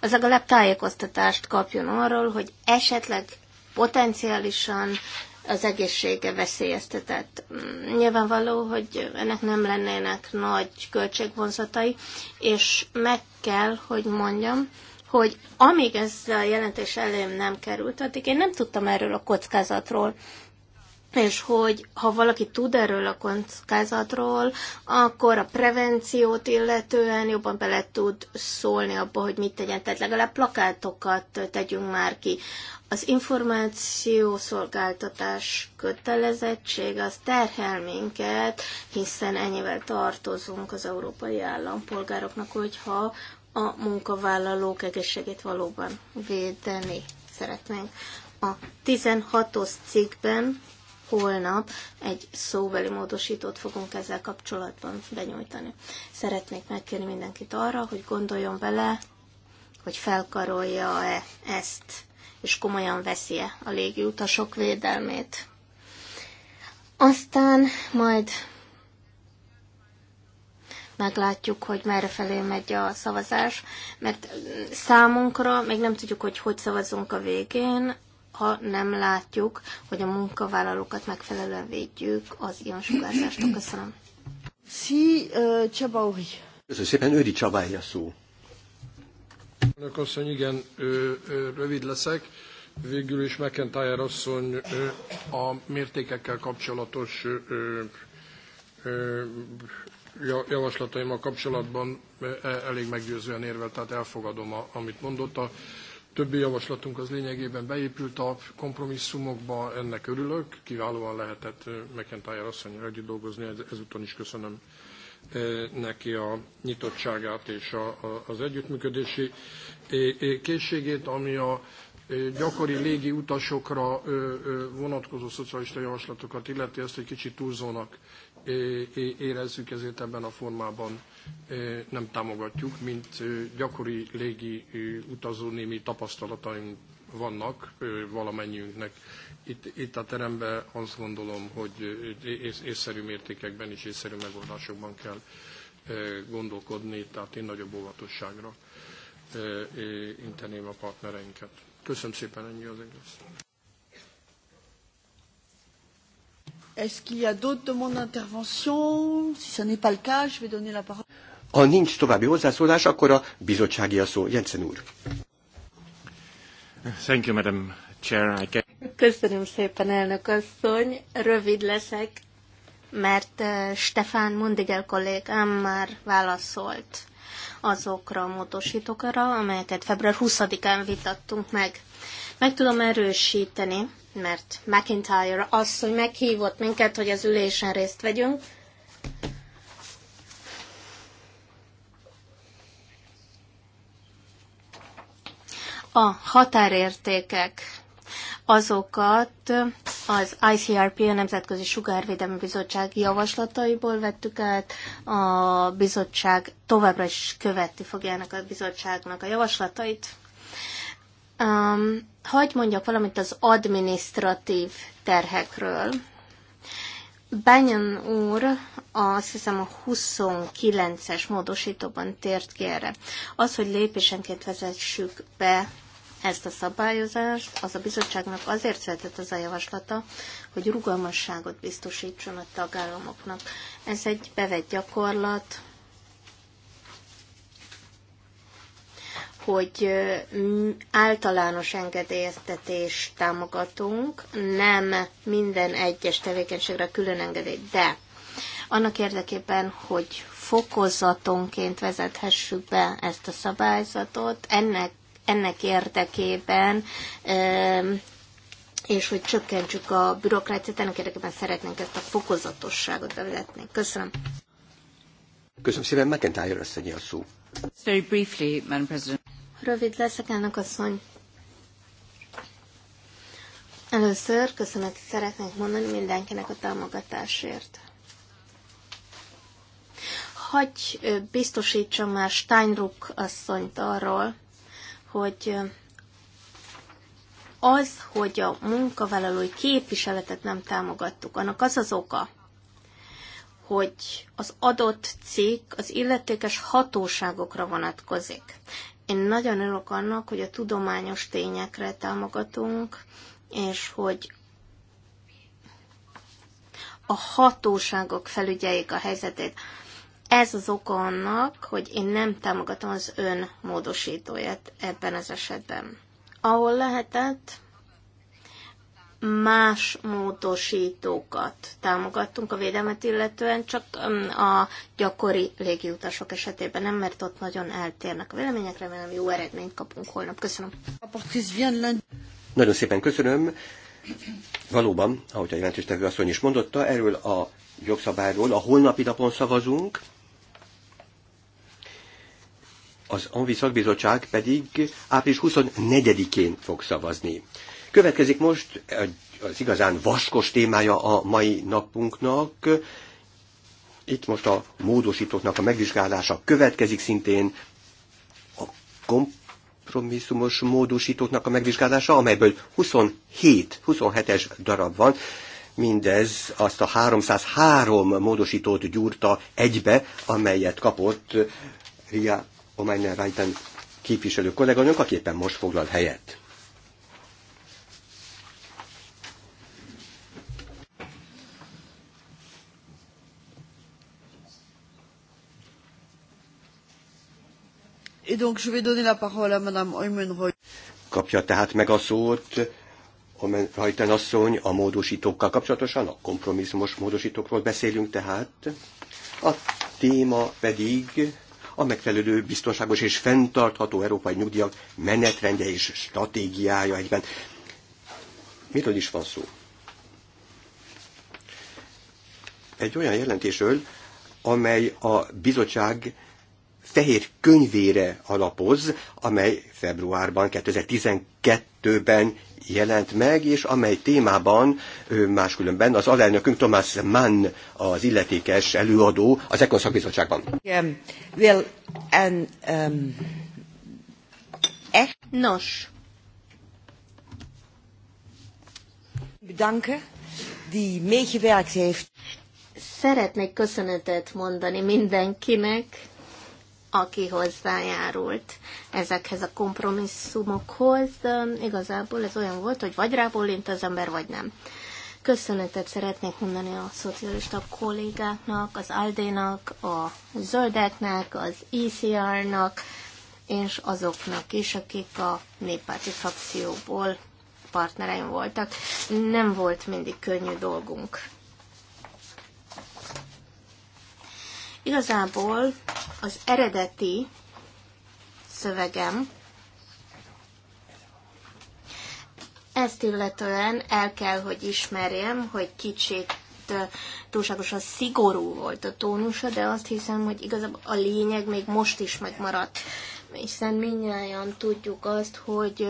az legalább tájékoztatást kapjon arról, hogy esetleg potenciálisan az egészsége veszélyeztetett. Mm, nyilvánvaló, hogy ennek nem lennének nagy költségvonzatai, és meg kell, hogy mondjam, hogy amíg ez a jelentés elém nem került, addig én nem tudtam erről a kockázatról, és hogy ha valaki tud erről a kockázatról, akkor a prevenciót illetően jobban bele tud szólni abba, hogy mit tegyen. Tehát legalább plakátokat tegyünk már ki az információszolgáltatás kötelezettség az terhel minket, hiszen ennyivel tartozunk az európai állampolgároknak, hogyha a munkavállalók egészségét valóban védeni szeretnénk. A 16 cikkben holnap egy szóbeli módosítót fogunk ezzel kapcsolatban benyújtani. Szeretnék megkérni mindenkit arra, hogy gondoljon bele, hogy felkarolja-e ezt és komolyan veszi -e a légiutasok védelmét. Aztán majd meglátjuk, hogy merre felé megy a szavazás, mert számunkra még nem tudjuk, hogy hogy szavazunk a végén, ha nem látjuk, hogy a munkavállalókat megfelelően védjük az ilyen sugárzástól. Köszönöm. Si, uh, Köszönöm szépen, Őri Csabája szó. Önök asszony, igen, ö, ö, rövid leszek. Végül is McIntyre asszony ö, a mértékekkel kapcsolatos ö, ö, javaslataimmal kapcsolatban e, elég meggyőzően érvel, tehát elfogadom, a, amit mondott. A többi javaslatunk az lényegében beépült a kompromisszumokba, ennek örülök. Kiválóan lehetett McIntyre asszonyra együtt dolgozni, ezúton is köszönöm neki a nyitottságát és a, a, az együttműködési készségét, ami a gyakori légi utasokra vonatkozó szocialista javaslatokat illeti, ezt egy kicsit túlzónak érezzük, ezért ebben a formában nem támogatjuk, mint gyakori légi utazó némi tapasztalataink vannak valamennyiünknek itt, itt a teremben, azt gondolom, hogy ész, észszerű mértékekben és észszerű megoldásokban kell gondolkodni, tehát én nagyobb óvatosságra inteném a partnereinket. Köszönöm szépen, ennyi az egész. a Ha nincs további hozzászólás, akkor a bizottsági a szó. Jensen úr. Thank you, Madam Chair. I can... Köszönöm szépen, elnök asszony. Rövid leszek, mert eh, Stefan Mundigel kollégám már válaszolt azokra a módosítókra, amelyeket február 20-án vitattunk meg. Meg tudom erősíteni, mert McIntyre asszony meghívott minket, hogy az ülésen részt vegyünk, a határértékek azokat az ICRP, a Nemzetközi Sugárvédelmi Bizottság javaslataiból vettük át. A bizottság továbbra is követi fogja ennek a bizottságnak a javaslatait. Um, hogy mondjak valamit az administratív terhekről. Benyon úr azt hiszem a 29-es módosítóban tért ki erre. Az, hogy lépésenként vezessük be ezt a szabályozást, az a bizottságnak azért született az a javaslata, hogy rugalmasságot biztosítson a tagállamoknak. Ez egy bevett gyakorlat, hogy általános engedélyeztetés támogatunk, nem minden egyes tevékenységre külön engedély, de annak érdekében, hogy fokozatonként vezethessük be ezt a szabályzatot, ennek ennek érdekében, és hogy csökkentsük a bürokráciát, ennek érdekében szeretnénk ezt a fokozatosságot bevezetni. Köszönöm. Köszönöm szépen, McIntyre összegyi a szó. Very briefly, Madam President. Rövid leszek, elnök asszony. Először köszönet szeretnék mondani mindenkinek a támogatásért. Hagy biztosítsam már Steinruck asszonyt arról, hogy az, hogy a munkavállalói képviseletet nem támogattuk, annak az az oka, hogy az adott cikk az illetékes hatóságokra vonatkozik. Én nagyon örülök annak, hogy a tudományos tényekre támogatunk, és hogy a hatóságok felügyeljék a helyzetét. Ez az oka annak, hogy én nem támogatom az ön módosítóját ebben az esetben. Ahol lehetett, más módosítókat támogattunk a védelmet illetően, csak mm, a gyakori légiutasok esetében nem, mert ott nagyon eltérnek a vélemények, remélem jó eredményt kapunk holnap. Köszönöm. Nagyon szépen köszönöm. Valóban, ahogy a jelentős asszony is mondotta, erről a jogszabályról a holnapi napon szavazunk, az ANVI szakbizottság pedig április 24-én fog szavazni. Következik most az igazán vaskos témája a mai napunknak. Itt most a módosítóknak a megvizsgálása következik szintén a kompromisszumos módosítóknak a megvizsgálása, amelyből 27, 27-es darab van. Mindez azt a 303 módosítót gyúrta egybe, amelyet kapott Ria Omeinen Reiten képviselő kolléganőnk, aki éppen most foglal helyet. Et donc je vais donner la parole à Madame Kapja tehát meg a szót Oymen Reuten asszony a módosítókkal kapcsolatosan, a kompromisszumos módosítókról beszélünk tehát. A téma pedig a megfelelő biztonságos és fenntartható európai nyugdíjak menetrendje és stratégiája egyben. Miről is van szó? Egy olyan jelentésről, amely a bizottság fehér könyvére alapoz, amely februárban, 2012-ben jelent meg, és amely témában máskülönben az alelnökünk Thomas Mann, az illetékes előadó az Ekon szakbizottságban. Um, well, and, um, eh? Nos. Danke, die heeft. Szeretnék köszönetet mondani mindenkinek, aki hozzájárult ezekhez a kompromisszumokhoz. Igazából ez olyan volt, hogy vagy rábólint az ember, vagy nem. Köszönetet szeretnék mondani a szocialista kollégáknak, az Aldénak, a Zöldeknek, az ECR-nak, és azoknak is, akik a néppárti frakcióból partnereim voltak. Nem volt mindig könnyű dolgunk. Igazából az eredeti szövegem ezt illetően el kell, hogy ismerjem, hogy kicsit túlságosan szigorú volt a tónusa, de azt hiszem, hogy igazából a lényeg még most is megmaradt. Hiszen minnyáján tudjuk azt, hogy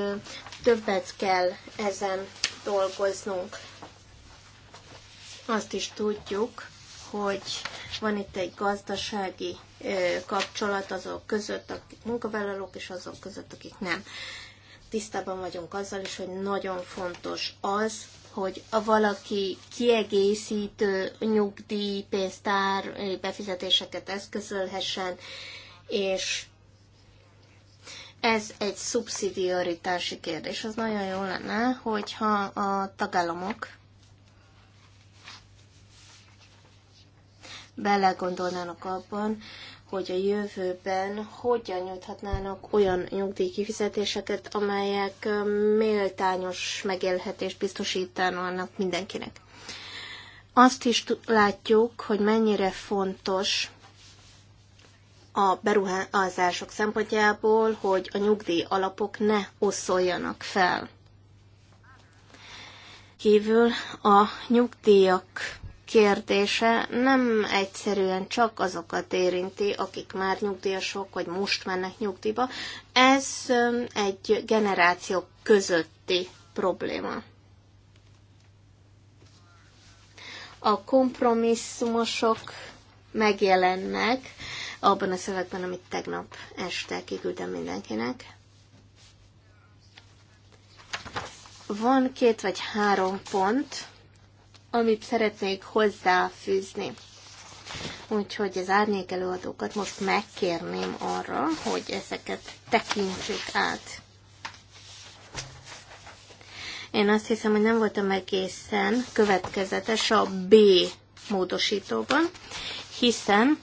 többet kell ezen dolgoznunk. Azt is tudjuk, hogy van itt egy gazdasági kapcsolat azok között, akik munkavállalók, és azok között, akik nem. Tisztában vagyunk azzal is, hogy nagyon fontos az, hogy a valaki kiegészítő nyugdíj, pénztár befizetéseket eszközölhessen, és ez egy szubszidiaritási kérdés. Az nagyon jó lenne, hogyha a tagállamok belegondolnának abban, hogy a jövőben hogyan nyújthatnának olyan nyugdíjkifizetéseket, amelyek méltányos megélhetést biztosítanának mindenkinek. Azt is látjuk, hogy mennyire fontos a beruházások szempontjából, hogy a nyugdíj alapok ne oszoljanak fel. Kívül a nyugdíjak kérdése nem egyszerűen csak azokat érinti, akik már nyugdíjasok, vagy most mennek nyugdíjba. Ez egy generáció közötti probléma. A kompromisszumosok megjelennek abban a szövegben, amit tegnap este kiküldtem mindenkinek. Van két vagy három pont, amit szeretnék hozzáfűzni. Úgyhogy az árnyék előadókat most megkérném arra, hogy ezeket tekintsük át. Én azt hiszem, hogy nem voltam egészen következetes a B módosítóban, hiszen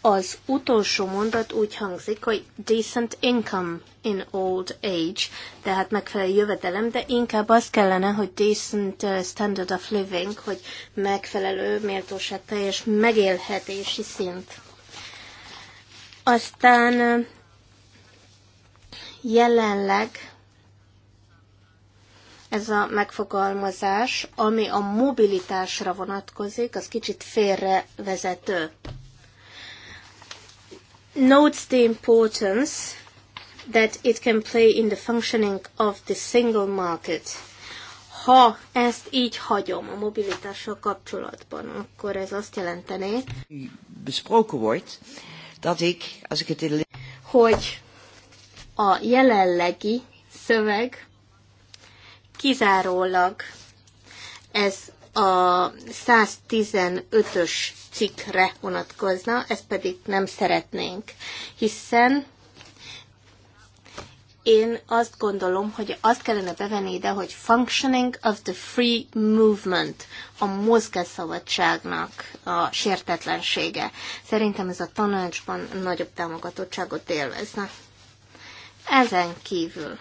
az utolsó mondat úgy hangzik, hogy decent income in old age, tehát megfelelő jövedelem, de inkább az kellene, hogy decent uh, standard of living, hogy megfelelő méltóság teljes megélhetési szint. Aztán uh, jelenleg ez a megfogalmazás, ami a mobilitásra vonatkozik, az kicsit félrevezető notes the importance that it can play in the functioning of the single market. Ha ezt így hagyom a mobilitással kapcsolatban, akkor ez azt jelentené, besproken wordt, dat ik, als ik het in... hogy a jelenlegi szöveg kizárólag ez a 115-ös cikkre vonatkozna, ezt pedig nem szeretnénk, hiszen én azt gondolom, hogy azt kellene bevenni ide, hogy functioning of the free movement, a mozgásszabadságnak a sértetlensége. Szerintem ez a tanácsban nagyobb támogatottságot élvezne. Ezen kívül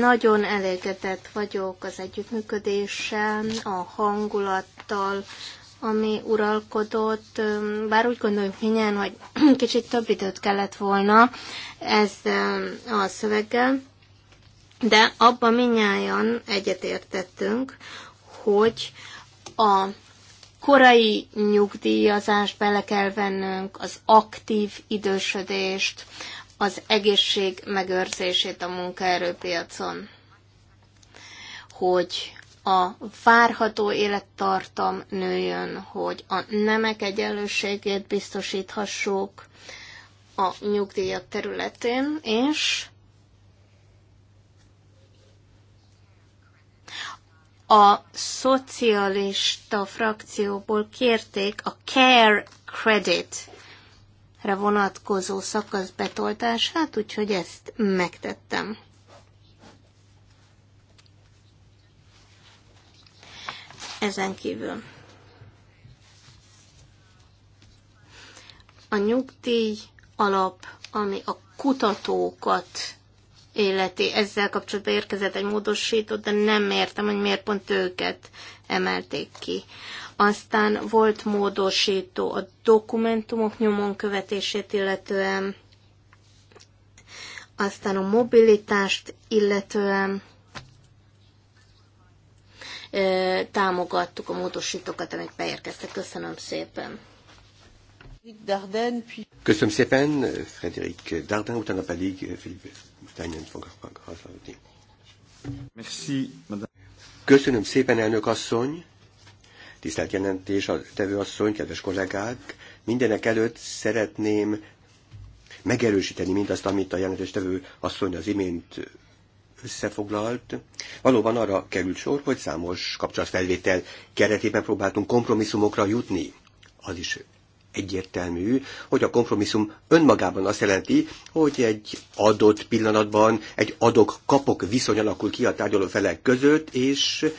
Nagyon elégedett vagyok az együttműködéssel, a hangulattal, ami uralkodott, bár úgy gondoljuk minnyáján, hogy kicsit több időt kellett volna ez a szöveggel, de abban minnyáján egyetértettünk, hogy a korai nyugdíjazást bele kell vennünk, az aktív idősödést, az egészség megőrzését a munkaerőpiacon, hogy a várható élettartam nőjön, hogy a nemek egyenlőségét biztosíthassuk a nyugdíjak területén, és a szocialista frakcióból kérték a care credit vonatkozó szakasz betoltását, úgyhogy ezt megtettem. Ezen kívül a nyugdíj alap, ami a kutatókat életi ezzel kapcsolatban érkezett egy módosított, de nem értem, hogy miért pont őket emelték ki. Aztán volt módosító a dokumentumok nyomon követését illetően, aztán a mobilitást illetően támogattuk a módosítókat, amik beérkeztek. Köszönöm szépen. Köszönöm szépen, Frederik Darden, utána pedig Philippe Dányen fog hazudni. Köszönöm szépen, elnök asszony. Tisztelt jelentés a tevőasszony, kedves kollégák, mindenek előtt szeretném megerősíteni mindazt, amit a tevő asszony az imént összefoglalt. Valóban arra került sor, hogy számos kapcsolatfelvétel keretében próbáltunk kompromisszumokra jutni. Az is egyértelmű, hogy a kompromisszum önmagában azt jelenti, hogy egy adott pillanatban egy adok-kapok viszony alakul ki a tárgyaló felek között, és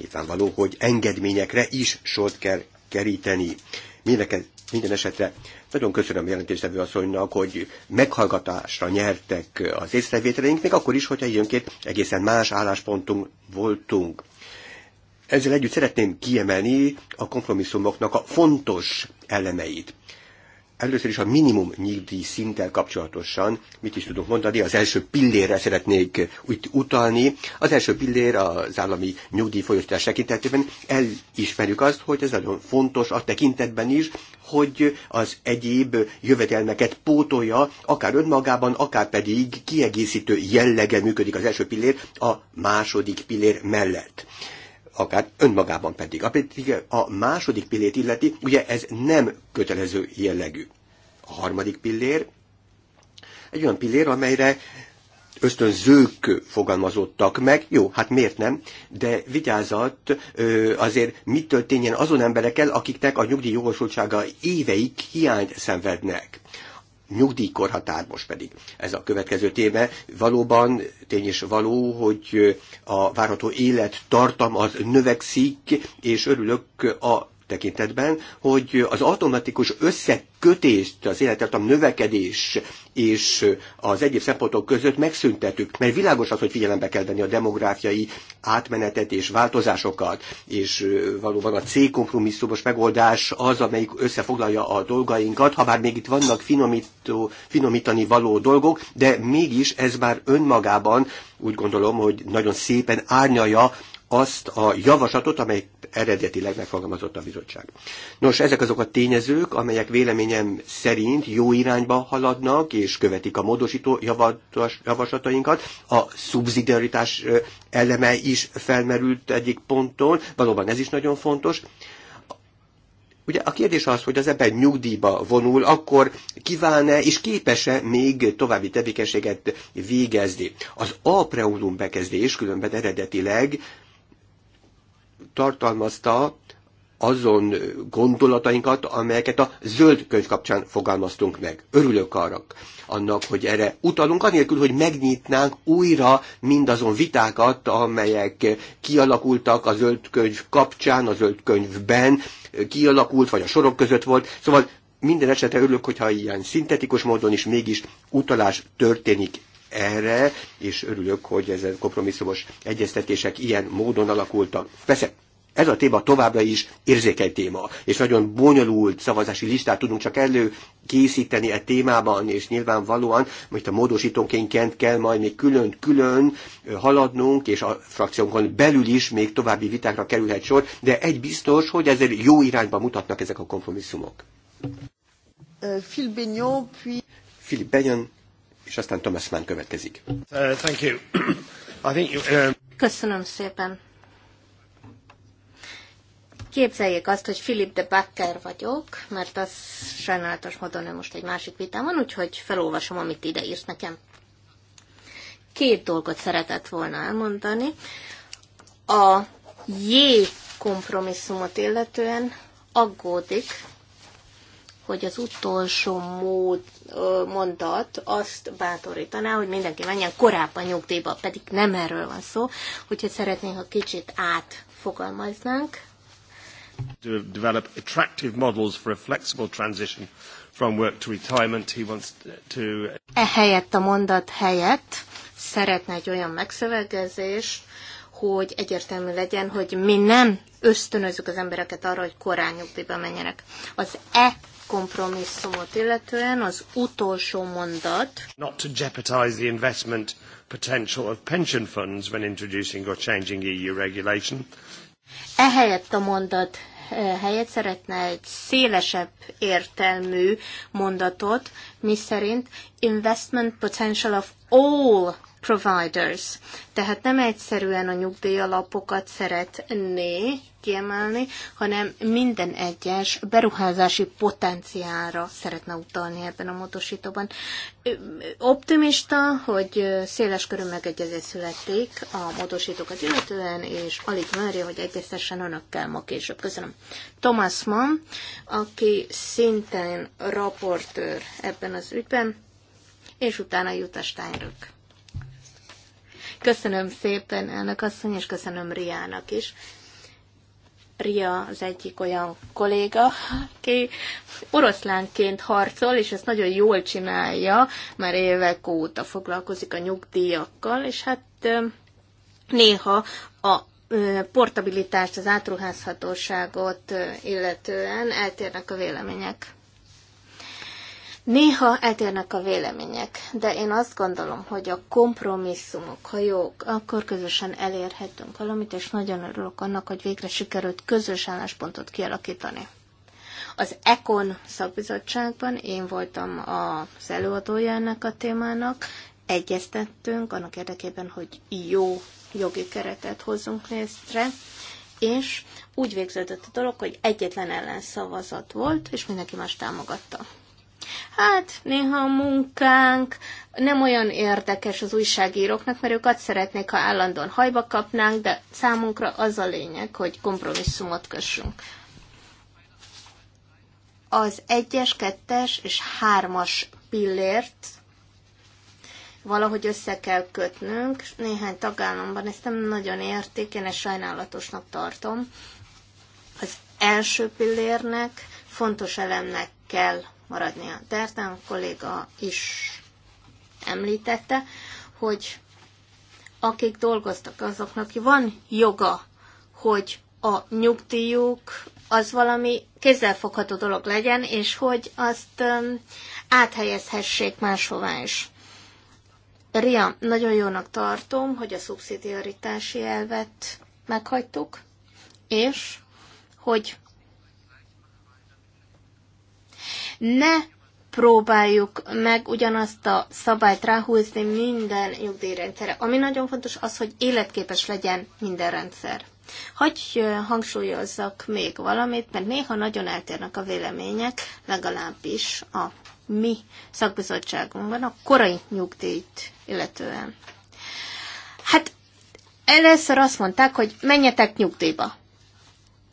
Nyilvánvaló, hogy engedményekre is sort kell keríteni. Mindeket, minden esetre nagyon köszönöm jelentéstevő asszonynak, hogy meghallgatásra nyertek az észrevételeink, még akkor is, hogyha időnként egészen más álláspontunk voltunk. Ezzel együtt szeretném kiemelni a kompromisszumoknak a fontos elemeit. Először is a minimum nyugdíj szinttel kapcsolatosan mit is tudunk mondani. Az első pillérre szeretnék úgy utalni. Az első pillér az állami nyugdíjfolyosítás tekintetében elismerjük azt, hogy ez nagyon fontos a tekintetben is, hogy az egyéb jövedelmeket pótolja, akár önmagában, akár pedig kiegészítő jellege működik az első pillér a második pillér mellett akár önmagában pedig. A, pedig a második pillét illeti, ugye ez nem kötelező jellegű. A harmadik pillér egy olyan pillér, amelyre ösztönzők fogalmazottak meg, jó, hát miért nem, de vigyázat azért mit történjen azon emberekkel, akiknek a nyugdíj jogosultsága éveik hiányt szenvednek nyugdíjkorhatár most pedig. Ez a következő téve valóban tény és való, hogy a várható élet tartam az növekszik, és örülök a tekintetben, hogy az automatikus összekötést az életet a növekedés és az egyéb szempontok között megszüntetük, mert világos az, hogy figyelembe kell venni a demográfiai átmenetet és változásokat, és valóban a C kompromisszumos megoldás az, amelyik összefoglalja a dolgainkat, ha bár még itt vannak finomító, finomítani való dolgok, de mégis ez már önmagában úgy gondolom, hogy nagyon szépen árnyalja azt a javaslatot, amely eredetileg megfogalmazott a bizottság. Nos, ezek azok a tényezők, amelyek véleményem szerint jó irányba haladnak, és követik a módosító javaslatainkat. A szubszidiaritás eleme is felmerült egyik ponton, valóban ez is nagyon fontos. Ugye a kérdés az, hogy az ember nyugdíjba vonul, akkor kíván-e és képes-e még további tevékenységet végezni. Az apreulum bekezdés különben eredetileg tartalmazta azon gondolatainkat, amelyeket a zöld könyv kapcsán fogalmaztunk meg. Örülök arra, annak, hogy erre utalunk, anélkül, hogy megnyitnánk újra mindazon vitákat, amelyek kialakultak a zöld könyv kapcsán, a zöld könyvben kialakult, vagy a sorok között volt. Szóval minden esetre örülök, hogyha ilyen szintetikus módon is mégis utalás történik erre, és örülök, hogy ezen kompromisszumos egyeztetések ilyen módon alakultak. Persze, ez a téma továbbra is érzékeny téma, és nagyon bonyolult szavazási listát tudunk csak elő készíteni e témában, és nyilvánvalóan, majd a módosítónként kell majd még külön-külön haladnunk, és a frakciónkon belül is még további vitákra kerülhet sor, de egy biztos, hogy ezzel jó irányba mutatnak ezek a kompromisszumok. Phil Benyon, puis... Philippe Benyon, és aztán Thomas Mann következik. Uh, um, Köszönöm szépen. Képzeljék azt, hogy Philip de Backer vagyok, mert az sajnálatos módon ő most egy másik vitám van, úgyhogy felolvasom, amit ide írt nekem. Két dolgot szeretett volna elmondani. A J kompromisszumot illetően aggódik, hogy az utolsó mód, mondat azt bátorítaná, hogy mindenki menjen korábban nyugdíjba, pedig nem erről van szó, úgyhogy szeretnénk, ha kicsit átfogalmaznánk. To develop attractive models for a flexible transition from work to retirement. He wants to... E helyett a mondat helyett szeretne egy olyan megszövegezést, hogy egyértelmű legyen, hogy mi nem ösztönözzük az embereket arra, hogy korán nyugdíjba menjenek. Az E kompromisszumot illetően az utolsó mondat. Not to jeopardize the investment potential of pension funds when introducing or changing EU regulation. Ehelyett a mondat eh, helyett szeretne egy szélesebb értelmű mondatot, miszerint investment potential of all providers. Tehát nem egyszerűen a nyugdíjalapokat szeretné kiemelni, hanem minden egyes beruházási potenciálra szeretne utalni ebben a módosítóban. Optimista, hogy széles körű megegyezés születik a módosítókat illetően, és alig várja, hogy egyeztessen önökkel ma később. Köszönöm. Thomas Mann, aki szintén raportőr ebben az ügyben, és utána jut a Steinrück. Köszönöm szépen, elnök asszony, és köszönöm Riának is. Ria az egyik olyan kolléga, aki oroszlánként harcol, és ezt nagyon jól csinálja, már évek óta foglalkozik a nyugdíjakkal, és hát néha a portabilitást, az átruházhatóságot illetően eltérnek a vélemények. Néha eltérnek a vélemények, de én azt gondolom, hogy a kompromisszumok, ha jók, akkor közösen elérhetünk valamit, és nagyon örülök annak, hogy végre sikerült közös álláspontot kialakítani. Az ECON szakbizottságban én voltam az előadója ennek a témának, egyeztettünk annak érdekében, hogy jó jogi keretet hozzunk létre, és úgy végződött a dolog, hogy egyetlen ellenszavazat volt, és mindenki más támogatta. Hát néha a munkánk nem olyan érdekes az újságíróknak, mert ők azt szeretnék, ha állandóan hajba kapnánk, de számunkra az a lényeg, hogy kompromisszumot kössünk. Az egyes, kettes és hármas pillért valahogy össze kell kötnünk. Néhány tagállamban ezt nem nagyon értik, én ezt sajnálatosnak tartom. Az első pillérnek fontos elemnek kell maradnia. a kolléga is említette, hogy akik dolgoztak, azoknak van joga, hogy a nyugdíjuk az valami kézzelfogható dolog legyen, és hogy azt áthelyezhessék máshová is. Ria, nagyon jónak tartom, hogy a szubszidiaritási elvet meghagytuk, és hogy ne próbáljuk meg ugyanazt a szabályt ráhúzni minden nyugdíjrendszerre. Ami nagyon fontos az, hogy életképes legyen minden rendszer. Hogy hangsúlyozzak még valamit, mert néha nagyon eltérnek a vélemények, legalábbis a mi szakbizottságunkban a korai nyugdíjt illetően. Hát először azt mondták, hogy menjetek nyugdíjba.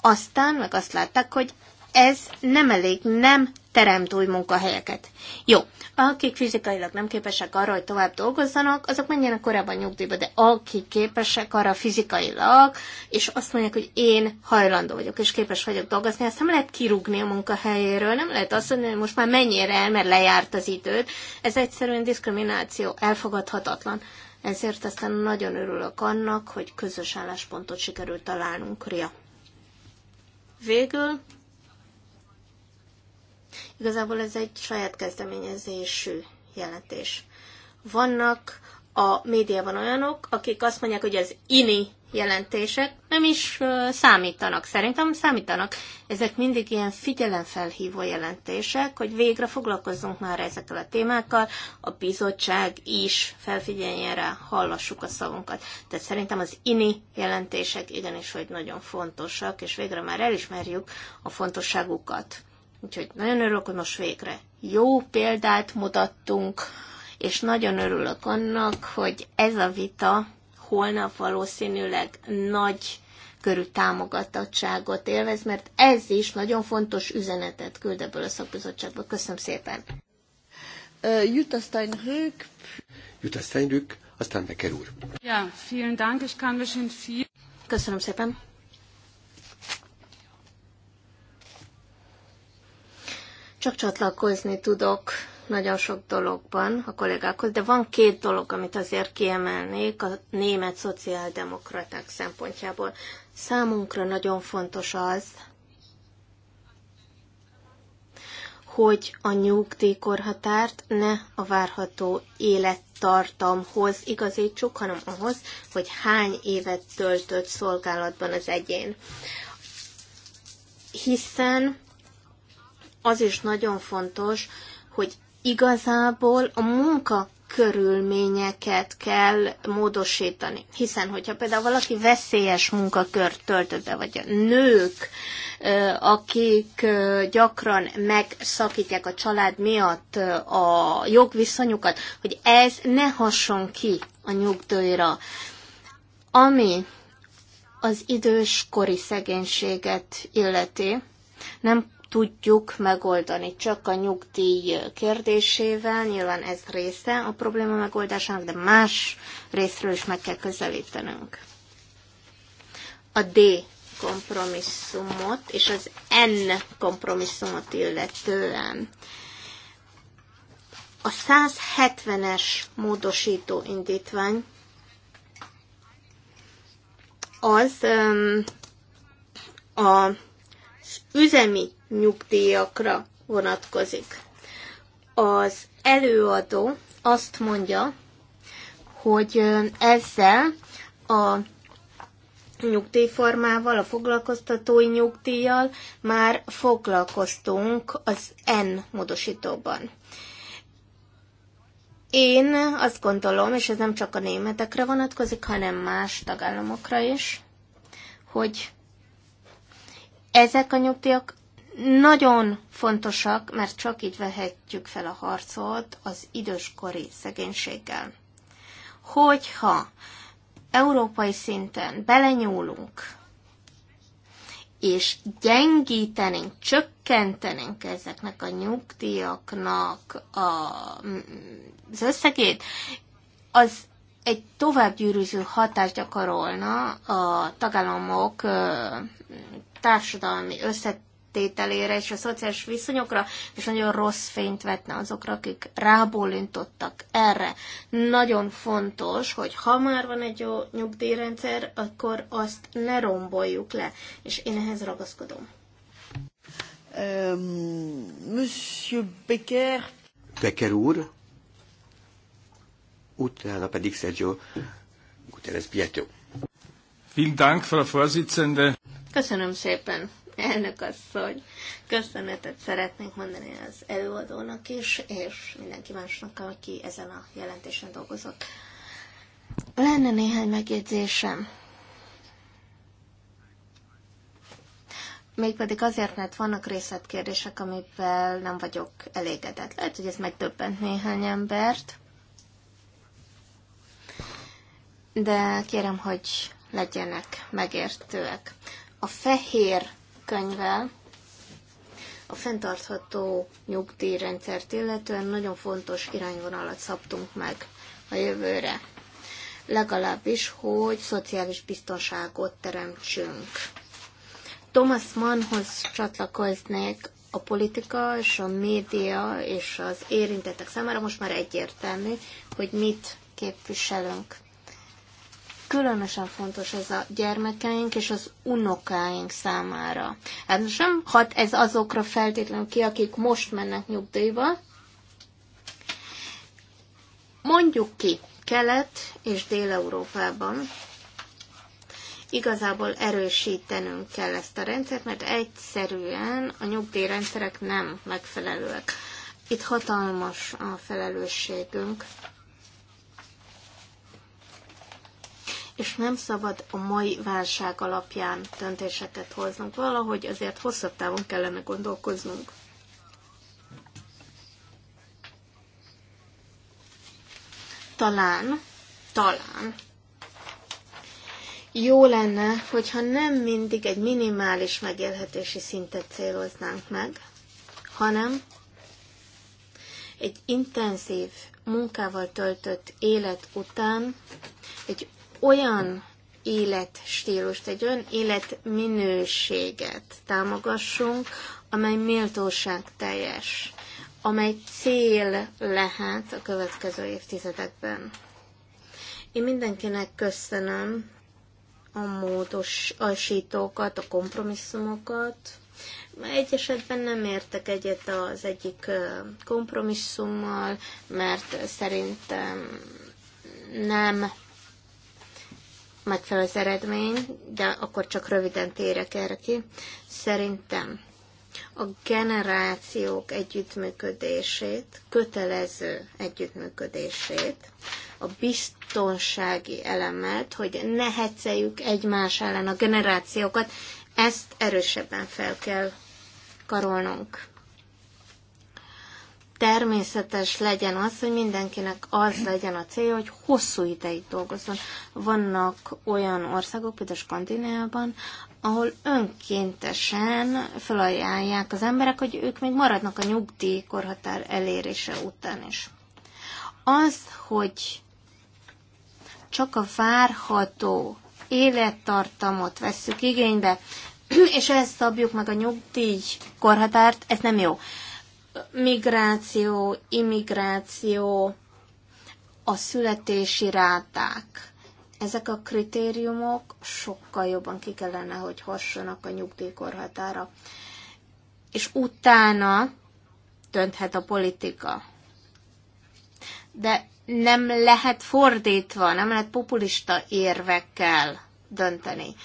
Aztán meg azt látták, hogy ez nem elég, nem teremt új munkahelyeket. Jó, akik fizikailag nem képesek arra, hogy tovább dolgozzanak, azok menjenek korábban nyugdíjba, de akik képesek arra fizikailag, és azt mondják, hogy én hajlandó vagyok, és képes vagyok dolgozni, ezt nem lehet kirúgni a munkahelyéről, nem lehet azt mondani, hogy most már mennyire el, mert lejárt az időt. Ez egyszerűen diszkrimináció, elfogadhatatlan. Ezért aztán nagyon örülök annak, hogy közös álláspontot sikerült találnunk, Ria. Végül Igazából ez egy saját kezdeményezésű jelentés. Vannak a médiában olyanok, akik azt mondják, hogy az INI jelentések nem is számítanak. Szerintem számítanak. Ezek mindig ilyen figyelemfelhívó jelentések, hogy végre foglalkozzunk már ezekkel a témákkal, a bizottság is felfigyeljen rá, hallassuk a szavunkat. Tehát szerintem az INI jelentések igenis, hogy nagyon fontosak, és végre már elismerjük a fontosságukat. Úgyhogy nagyon örülök, hogy most végre jó példát mutattunk, és nagyon örülök annak, hogy ez a vita holnap valószínűleg nagy körű támogatottságot élvez, mert ez is nagyon fontos üzenetet küld ebből a szakbizottságból. Köszönöm szépen! Jutta Steinrück. Jutta Steinrück, aztán Becker úr. Ja, vielen Dank, ich kann bestimmt viel... Köszönöm szépen! Csak csatlakozni tudok nagyon sok dologban a kollégákhoz, de van két dolog, amit azért kiemelnék a német szociáldemokraták szempontjából. Számunkra nagyon fontos az, hogy a nyugdíjkorhatárt ne a várható élettartamhoz igazítsuk, hanem ahhoz, hogy hány évet töltött szolgálatban az egyén. Hiszen az is nagyon fontos, hogy igazából a munka körülményeket kell módosítani. Hiszen, hogyha például valaki veszélyes munkakört töltött be, vagy a nők, akik gyakran megszakítják a család miatt a jogviszonyukat, hogy ez ne hasson ki a nyugdíjra. Ami az időskori szegénységet illeti, nem tudjuk megoldani. Csak a nyugdíj kérdésével, nyilván ez része a probléma megoldásának, de más részről is meg kell közelítenünk. A D kompromisszumot és az N kompromisszumot illetően. A 170-es módosító indítvány az um, a üzemi nyugdíjakra vonatkozik. Az előadó azt mondja, hogy ezzel a nyugdíjformával, a foglalkoztatói nyugdíjjal már foglalkoztunk az N módosítóban. Én azt gondolom, és ez nem csak a németekre vonatkozik, hanem más tagállamokra is, hogy ezek a nyugdíjak nagyon fontosak, mert csak így vehetjük fel a harcot az időskori szegénységgel. Hogyha európai szinten belenyúlunk, és gyengítenénk, csökkentenénk ezeknek a nyugdíjaknak a, az összegét, az egy tovább gyűrűző hatást gyakorolna a tagállamok társadalmi összet élettételére és a szociális viszonyokra, és nagyon rossz fényt vetne azokra, akik rábólintottak erre. Nagyon fontos, hogy ha már van egy jó nyugdíjrendszer, akkor azt ne romboljuk le, és én ehhez ragaszkodom. Um, Monsieur Becker. Becker úr, utána pedig Sergio Guterres Pietro. Vielen Dank, Frau Vorsitzende. Köszönöm szépen, elnök asszony. Köszönetet szeretnénk mondani az előadónak is, és mindenki másnak, aki ezen a jelentésen dolgozott. Lenne néhány megjegyzésem. Mégpedig azért, mert vannak részletkérdések, amivel nem vagyok elégedett. Lehet, hogy ez megdöbbent néhány embert, de kérem, hogy legyenek megértőek. A fehér könyvvel a fenntartható nyugdíjrendszert illetően nagyon fontos irányvonalat szabtunk meg a jövőre. Legalábbis, hogy szociális biztonságot teremtsünk. Thomas Mannhoz csatlakoznék a politika és a média és az érintettek számára most már egyértelmű, hogy mit képviselünk. Különösen fontos ez a gyermekeink és az unokáink számára. Hát most nem hat ez azokra feltétlenül ki, akik most mennek nyugdíjba. Mondjuk ki, Kelet és Dél-Európában igazából erősítenünk kell ezt a rendszert, mert egyszerűen a nyugdíjrendszerek nem megfelelőek. Itt hatalmas a felelősségünk és nem szabad a mai válság alapján döntéseket hoznunk. Valahogy azért hosszabb távon kellene gondolkoznunk. Talán, talán jó lenne, hogyha nem mindig egy minimális megélhetési szintet céloznánk meg, hanem egy intenzív munkával töltött élet után egy olyan életstílust, egy olyan életminőséget támogassunk, amely méltóság teljes, amely cél lehet a következő évtizedekben. Én mindenkinek köszönöm a módosításokat, a kompromisszumokat. Egy esetben nem értek egyet az egyik kompromisszummal, mert szerintem nem megfelelő az eredmény, de akkor csak röviden térek erre ki. Szerintem a generációk együttműködését, kötelező együttműködését, a biztonsági elemet, hogy ne heceljük egymás ellen a generációkat, ezt erősebben fel kell karolnunk természetes legyen az, hogy mindenkinek az legyen a célja, hogy hosszú ideig dolgozzon. Vannak olyan országok, például Skandináviában, ahol önkéntesen felajánlják az emberek, hogy ők még maradnak a korhatár elérése után is. Az, hogy csak a várható élettartamot vesszük igénybe, és ezt szabjuk meg a nyugdíj korhatárt, ez nem jó migráció, immigráció, a születési ráták. Ezek a kritériumok sokkal jobban ki kellene, hogy hassanak a nyugdíjkorhatára. És utána dönthet a politika. De nem lehet fordítva, nem lehet populista érvekkel dönteni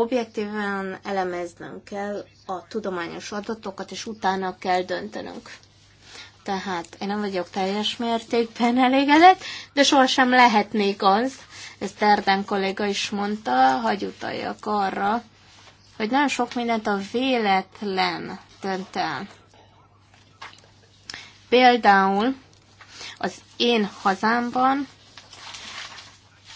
objektíven elemeznünk kell a tudományos adatokat, és utána kell döntenünk. Tehát én nem vagyok teljes mértékben elégedett, de sohasem lehetnék az, ezt Erdem kolléga is mondta, hagy utaljak arra, hogy nagyon sok mindent a véletlen dönt el. Például az én hazámban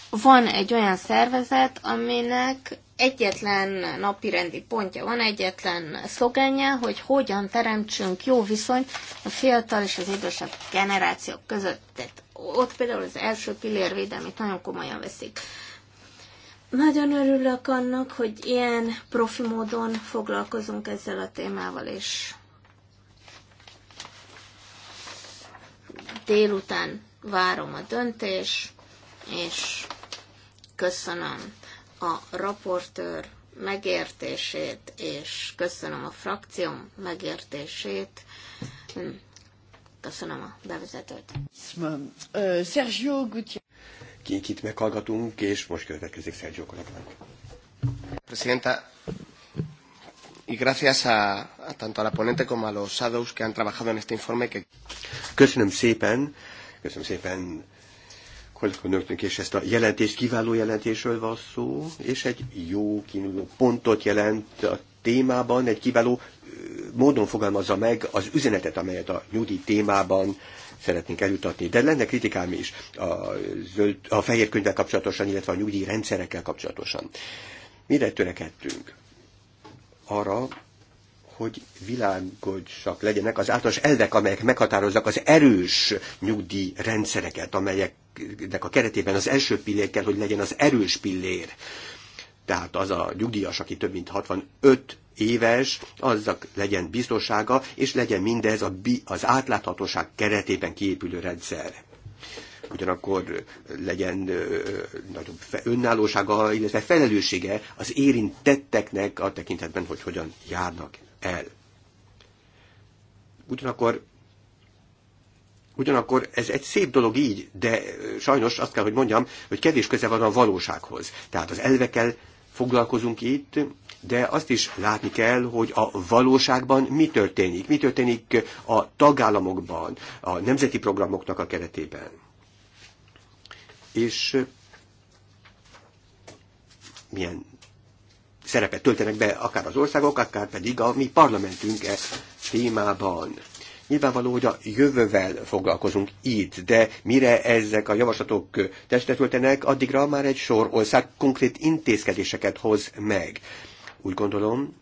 van egy olyan szervezet, aminek egyetlen napi rendi pontja van, egyetlen szlogenje, hogy hogyan teremtsünk jó viszonyt a fiatal és az idősebb generációk között. Tehát ott például az első pillérvédelmét nagyon komolyan veszik. Nagyon örülök annak, hogy ilyen profi módon foglalkozunk ezzel a témával, és délután várom a döntés, és köszönöm a raportőr megértését, és köszönöm a frakcióm megértését. Köszönöm a bevezetőt. Sergio Gutiérrez. Kikit meghallgatunk, és most következik Sergio kollégánk. Presidenta, y gracias a, a tanto a la ponente como a los shadows que han trabajado en este informe que... Köszönöm szépen, köszönöm szépen kolléganőknek, és ezt a jelentést kiváló jelentésről van szó, és egy jó kínuló pontot jelent a témában, egy kiváló módon fogalmazza meg az üzenetet, amelyet a nyugdíj témában szeretnénk eljutatni. De lenne kritikám is a, zöld, a fehér könyvvel kapcsolatosan, illetve a nyugdíj rendszerekkel kapcsolatosan. Mire törekedtünk? Arra, hogy világosak legyenek az általános elvek, amelyek meghatározzák az erős nyugdíjrendszereket, amelyeknek a keretében az első pillér kell, hogy legyen az erős pillér. Tehát az a nyugdíjas, aki több mint 65 éves, azzak legyen biztonsága, és legyen mindez a, az átláthatóság keretében kiépülő rendszer ugyanakkor legyen nagyobb önállósága, illetve felelőssége az érintetteknek a tekintetben, hogy hogyan járnak el. Ugyanakkor Ugyanakkor ez egy szép dolog így, de sajnos azt kell, hogy mondjam, hogy kevés köze van a valósághoz. Tehát az elvekkel foglalkozunk itt, de azt is látni kell, hogy a valóságban mi történik, mi történik a tagállamokban, a nemzeti programoknak a keretében. És milyen szerepet töltenek be akár az országok, akár pedig a mi parlamentünk e témában. Nyilvánvaló, hogy a jövővel foglalkozunk itt, de mire ezek a javaslatok testet öltenek, addigra már egy sor ország konkrét intézkedéseket hoz meg. Úgy gondolom,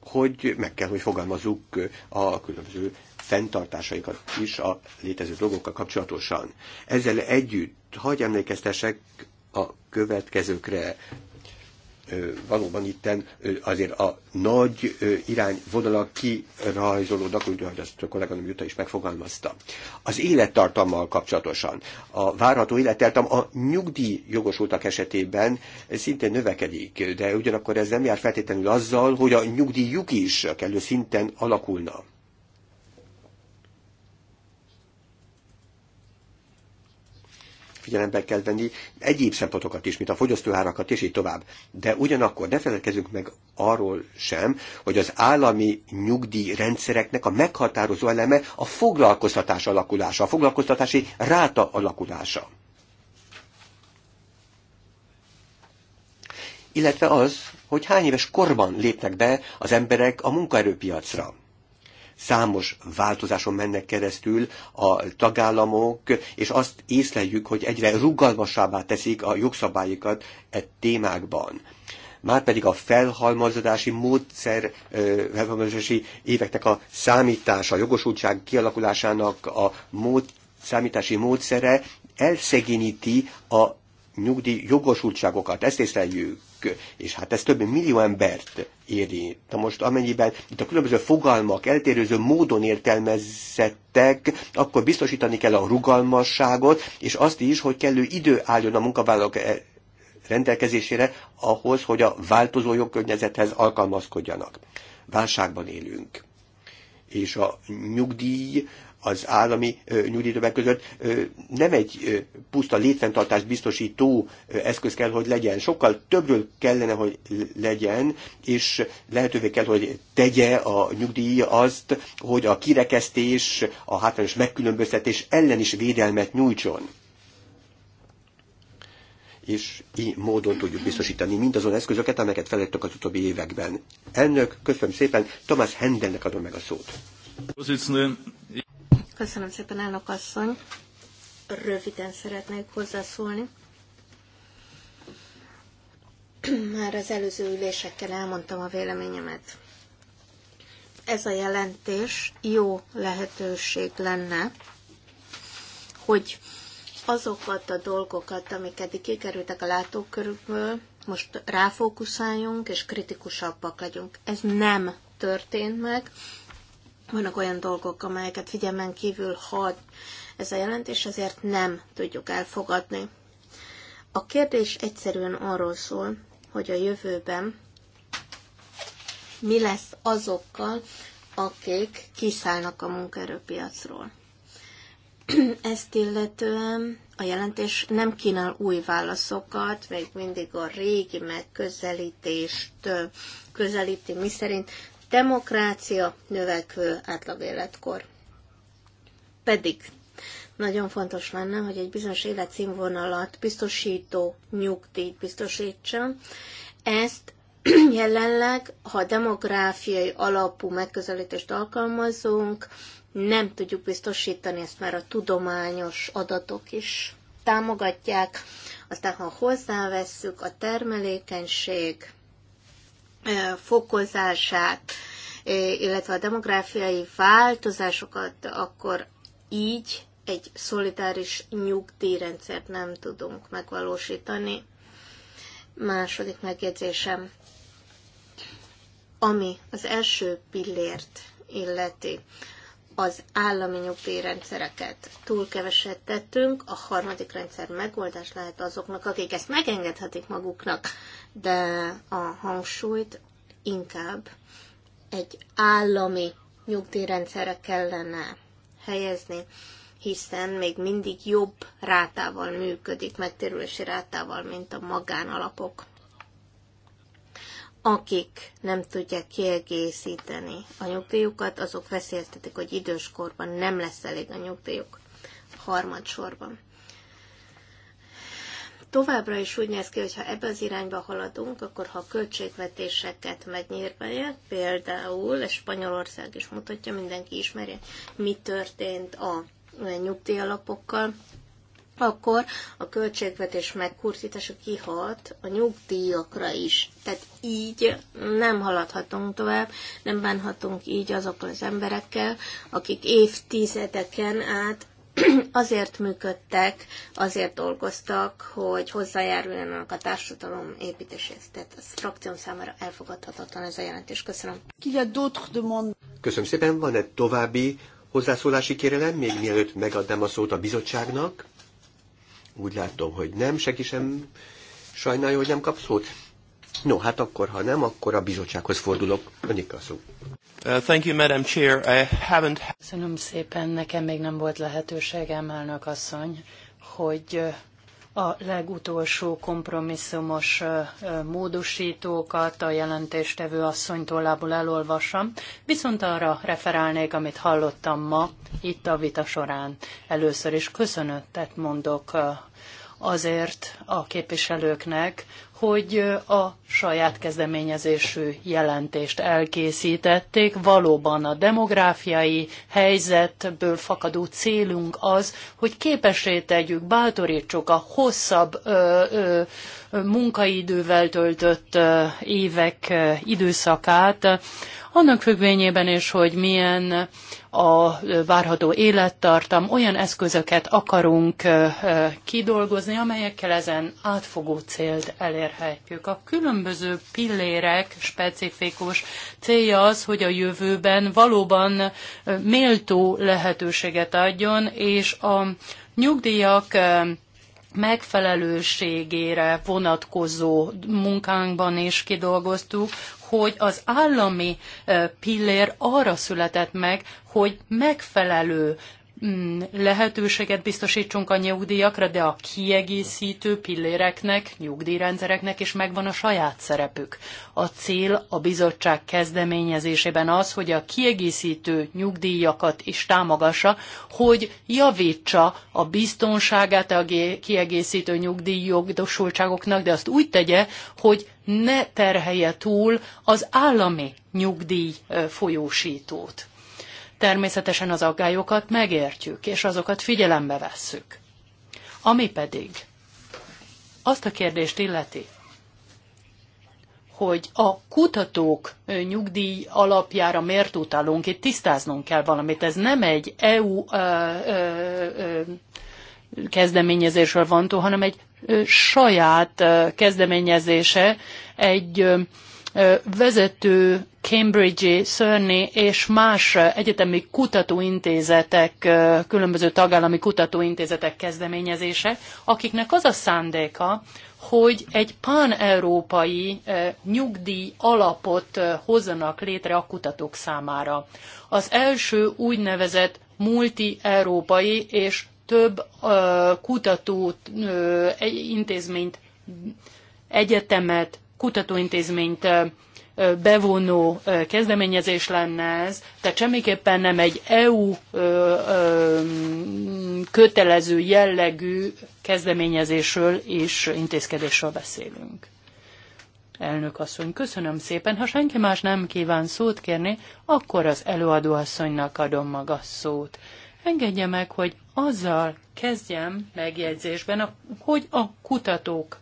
hogy meg kell, hogy fogalmazzuk a különböző fenntartásaikat is a létező dolgokkal kapcsolatosan. Ezzel együtt hagy emlékeztesek a következőkre valóban itten azért a nagy irányvonalak kirajzolódnak, úgy, ahogy azt a kolléganom Jutta is megfogalmazta. Az élettartammal kapcsolatosan a várható élettartam a nyugdíj jogosultak esetében szintén növekedik, de ugyanakkor ez nem jár feltétlenül azzal, hogy a nyugdíjuk is kellő szinten alakulna. figyelembe kell venni egyéb szempontokat is, mint a fogyasztóárakat és így tovább. De ugyanakkor ne feledkezzünk meg arról sem, hogy az állami nyugdíjrendszereknek a meghatározó eleme a foglalkoztatás alakulása, a foglalkoztatási ráta alakulása. Illetve az, hogy hány éves korban lépnek be az emberek a munkaerőpiacra számos változáson mennek keresztül a tagállamok, és azt észleljük, hogy egyre rugalmasabbá teszik a jogszabályokat e témákban márpedig a felhalmozódási módszer, felhalmozódási éveknek a számítása, a jogosultság kialakulásának a mód, számítási módszere elszegényíti a nyugdíj jogosultságokat. Ezt észleljük, és hát ez több millió embert éri. Na most amennyiben itt a különböző fogalmak eltérőző módon értelmezettek, akkor biztosítani kell a rugalmasságot, és azt is, hogy kellő idő álljon a munkavállalók eh, rendelkezésére ahhoz, hogy a változó jogkörnyezethez alkalmazkodjanak. Válságban élünk és a nyugdíj az állami nyugdíjtövek között nem egy puszta létfenntartást biztosító eszköz kell, hogy legyen. Sokkal többről kellene, hogy legyen, és lehetővé kell, hogy tegye a nyugdíj azt, hogy a kirekesztés, a hátrányos megkülönböztetés ellen is védelmet nyújtson és így módon tudjuk biztosítani mindazon eszközöket, amelyeket felettek az utóbbi években. Elnök, köszönöm szépen, Thomas Hendelnek adom meg a szót. Köszönöm szépen, elnök asszony. Röviden szeretnék hozzászólni. Már az előző ülésekkel elmondtam a véleményemet. Ez a jelentés jó lehetőség lenne, hogy azokat a dolgokat, amik eddig kikerültek a látókörükből, most ráfókuszáljunk és kritikusabbak legyünk. Ez nem történt meg, vannak olyan dolgok, amelyeket figyelmen kívül hagy ez a jelentés, ezért nem tudjuk elfogadni. A kérdés egyszerűen arról szól, hogy a jövőben mi lesz azokkal, akik kiszállnak a munkaerőpiacról. Ezt illetően a jelentés nem kínál új válaszokat, még mindig a régi megközelítést közelíti, mi szerint demokrácia, növekvő átlagéletkor. Pedig nagyon fontos lenne, hogy egy bizonyos életszínvonalat biztosító nyugdíj biztosítson. Ezt jelenleg, ha demográfiai alapú megközelítést alkalmazunk, nem tudjuk biztosítani, ezt már a tudományos adatok is támogatják. Aztán, ha hozzávesszük a termelékenység, fokozását, illetve a demográfiai változásokat, akkor így egy szolidáris nyugdíjrendszert nem tudunk megvalósítani. Második megjegyzésem, ami az első pillért illeti az állami nyugdíjrendszereket. Túl keveset tettünk, a harmadik rendszer megoldás lehet azoknak, akik ezt megengedhetik maguknak de a hangsúlyt inkább egy állami nyugdíjrendszerre kellene helyezni, hiszen még mindig jobb rátával működik, megtérülési rátával, mint a magánalapok, akik nem tudják kiegészíteni a nyugdíjukat, azok veszélyeztetik, hogy időskorban nem lesz elég a nyugdíjuk harmadsorban továbbra is úgy néz ki, hogy ha ebbe az irányba haladunk, akkor ha a költségvetéseket megnyírválják, például és Spanyolország is mutatja, mindenki ismeri, mi történt a nyugdíjalapokkal, akkor a költségvetés megkurtítása kihat a nyugdíjakra is. Tehát így nem haladhatunk tovább, nem bánhatunk így azokkal az emberekkel, akik évtizedeken át azért működtek, azért dolgoztak, hogy hozzájáruljanak a társadalom építéséhez. Tehát a frakcióm számára elfogadhatatlan ez a jelentés. Köszönöm. Köszönöm szépen. Van-e további hozzászólási kérelem, még mielőtt megadnám a szót a bizottságnak? Úgy látom, hogy nem, senki sem sajnálja, hogy nem kap szót. No, hát akkor, ha nem, akkor a bizottsághoz fordulok. Önik a szó. Uh, thank you, Madam Chair. I haven't... Köszönöm szépen, nekem még nem volt lehetőségem, elnök asszony, hogy uh, a legutolsó kompromisszumos uh, módosítókat a jelentéstevő asszony tollából elolvassam, viszont arra referálnék, amit hallottam ma itt a vita során. Először is köszönöttet mondok azért a képviselőknek, hogy a saját kezdeményezésű jelentést elkészítették. Valóban a demográfiai helyzetből fakadó célunk az, hogy képesé tegyük, bátorítsuk a hosszabb ö, ö, munkaidővel töltött évek időszakát annak függvényében is, hogy milyen a várható élettartam, olyan eszközöket akarunk kidolgozni, amelyekkel ezen átfogó célt elérhetjük. A különböző pillérek specifikus célja az, hogy a jövőben valóban méltó lehetőséget adjon, és a nyugdíjak megfelelőségére vonatkozó munkánkban is kidolgoztuk, hogy az állami pillér arra született meg, hogy megfelelő mm, lehetőséget biztosítsunk a nyugdíjakra, de a kiegészítő pilléreknek, nyugdíjrendszereknek is megvan a saját szerepük. A cél a bizottság kezdeményezésében az, hogy a kiegészítő nyugdíjakat is támogassa, hogy javítsa a biztonságát a kiegészítő nyugdíjjogdosultságoknak, de azt úgy tegye, hogy ne terhelje túl az állami nyugdíj folyósítót. Természetesen az aggályokat megértjük, és azokat figyelembe vesszük. Ami pedig azt a kérdést illeti, hogy a kutatók nyugdíj alapjára miért utalunk, itt tisztáznunk kell valamit. Ez nem egy EU ö, ö, ö, kezdeményezésről van szó, hanem egy saját kezdeményezése egy vezető Cambridge-i, Cerny és más egyetemi kutatóintézetek, különböző tagállami kutatóintézetek kezdeményezése, akiknek az a szándéka, hogy egy pán-európai nyugdíj alapot hozzanak létre a kutatók számára. Az első úgynevezett multi-európai és több kutató intézményt, egyetemet, kutatóintézményt bevonó kezdeményezés lenne ez, tehát semmiképpen nem egy EU kötelező jellegű kezdeményezésről és intézkedésről beszélünk. Elnök asszony, köszönöm szépen. Ha senki más nem kíván szót kérni, akkor az előadó asszonynak adom maga szót. Engedje meg, hogy azzal kezdjem megjegyzésben, hogy a kutatók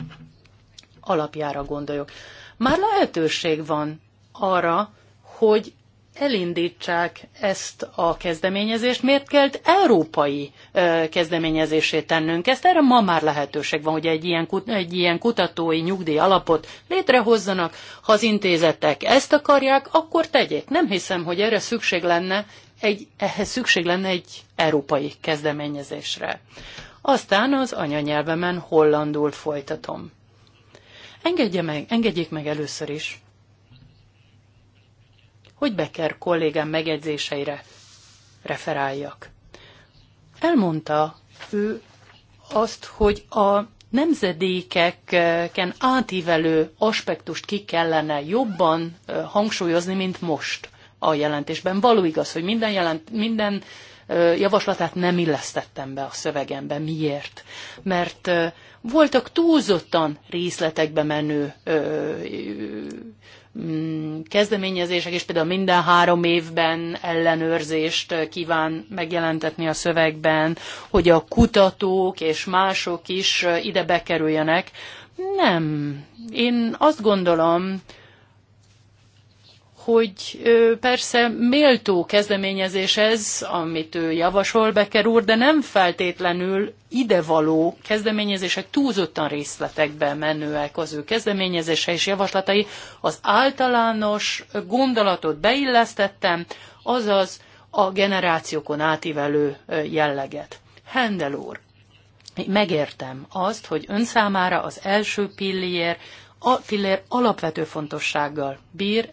alapjára gondoljuk. Már lehetőség van arra, hogy elindítsák ezt a kezdeményezést, miért kell európai kezdeményezését tennünk ezt? Erre ma már lehetőség van, hogy egy ilyen, egy ilyen kutatói nyugdíj alapot létrehozzanak. Ha az intézetek ezt akarják, akkor tegyék. Nem hiszem, hogy erre szükség lenne egy, ehhez szükség lenne egy európai kezdeményezésre. Aztán az anyanyelvemen hollandul folytatom. Engedje meg, engedjék meg először is, hogy Becker kollégám megjegyzéseire referáljak. Elmondta ő azt, hogy a nemzedékeken átívelő aspektust ki kellene jobban hangsúlyozni, mint most a jelentésben. Való igaz, hogy minden, jelent, minden javaslatát nem illesztettem be a szövegembe. Miért? Mert voltak túlzottan részletekbe menő mm, kezdeményezések, és például minden három évben ellenőrzést kíván megjelentetni a szövegben, hogy a kutatók és mások is ide bekerüljenek. Nem. Én azt gondolom, hogy persze méltó kezdeményezés ez, amit ő javasol Becker úr, de nem feltétlenül idevaló kezdeményezések túlzottan részletekbe menőek az ő kezdeményezése és javaslatai. Az általános gondolatot beillesztettem, azaz a generációkon átívelő jelleget. Hendel úr, megértem azt, hogy ön számára az első pillér a pillér alapvető fontossággal bír,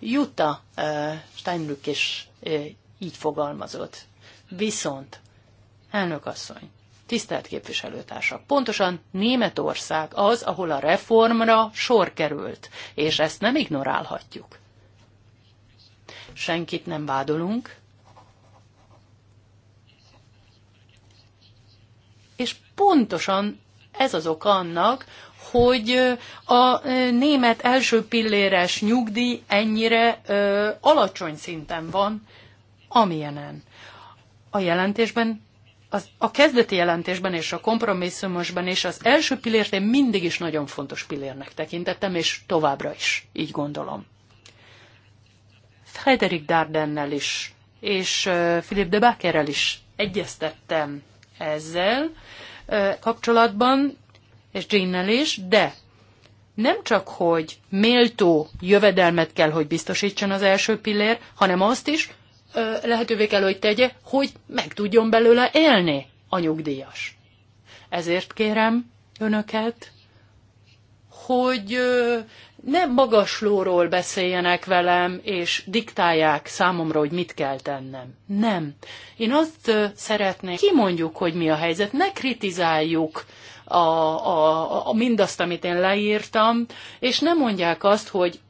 Jutta eh, Steinbrück is eh, így fogalmazott. Viszont, elnök asszony, tisztelt képviselőtársak, pontosan Németország az, ahol a reformra sor került, és ezt nem ignorálhatjuk. Senkit nem vádolunk, és pontosan ez az oka annak, hogy a német első pilléres nyugdíj ennyire alacsony szinten van, amilyenen. A jelentésben, az, a kezdeti jelentésben és a kompromisszumosban és az első pillért én mindig is nagyon fontos pillérnek tekintettem, és továbbra is így gondolom. Frederik Dardennel is, és Philip de Bakkerrel is egyeztettem ezzel kapcsolatban, és Jeannel is, de nem csak, hogy méltó jövedelmet kell, hogy biztosítson az első pillér, hanem azt is ö, lehetővé kell, hogy tegye, hogy meg tudjon belőle élni a nyugdíjas. Ezért kérem önöket, hogy ö, ne magaslóról beszéljenek velem, és diktálják számomra, hogy mit kell tennem. Nem. Én azt szeretném, kimondjuk, hogy mi a helyzet, ne kritizáljuk a, a, a, mindazt, amit én leírtam, és nem mondják azt, hogy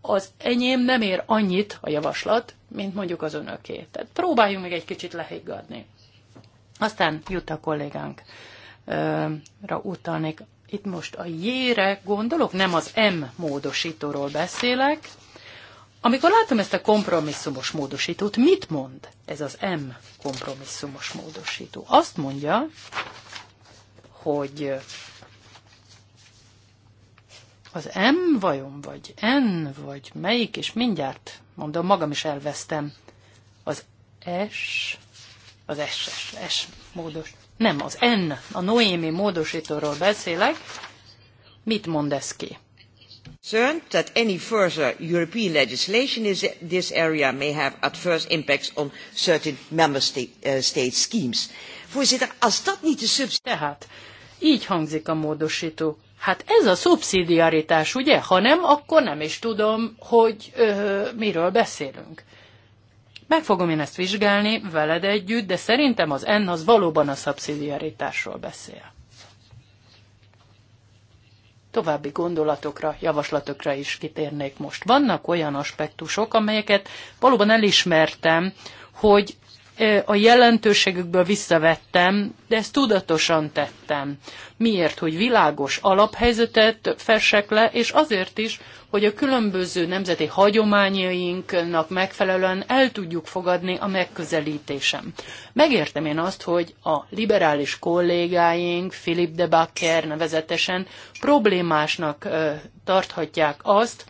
az enyém nem ér annyit a javaslat, mint mondjuk az önöké. Tehát próbáljunk meg egy kicsit lehiggadni. Aztán jut a kollégánk ra utalnék. Itt most a J-re gondolok, nem az M módosítóról beszélek. Amikor látom ezt a kompromisszumos módosítót, mit mond ez az M kompromisszumos módosító? Azt mondja, hogy az M vajon, vagy N, vagy melyik, és mindjárt mondom, magam is elvesztem. Az S, az S, S, S módos. Nem, az N, a Noémi módosítóról beszélek. Mit mond ez ki? concerned that any further European legislation in this area may have adverse impacts on certain member state, uh, state schemes. Voorzitter, als dat niet de subsidie... Tehát így hangzik a módosító. Hát ez a szubszidiaritás, ugye? Ha nem, akkor nem is tudom, hogy ö, miről beszélünk. Meg fogom én ezt vizsgálni veled együtt, de szerintem az N az valóban a szubszidiaritásról beszél. További gondolatokra, javaslatokra is kitérnék most. Vannak olyan aspektusok, amelyeket valóban elismertem, hogy a jelentőségükből visszavettem, de ezt tudatosan tettem. Miért? Hogy világos alaphelyzetet fessek le, és azért is, hogy a különböző nemzeti hagyományainknak megfelelően el tudjuk fogadni a megközelítésem. Megértem én azt, hogy a liberális kollégáink, Philip de Bakker nevezetesen problémásnak tarthatják azt,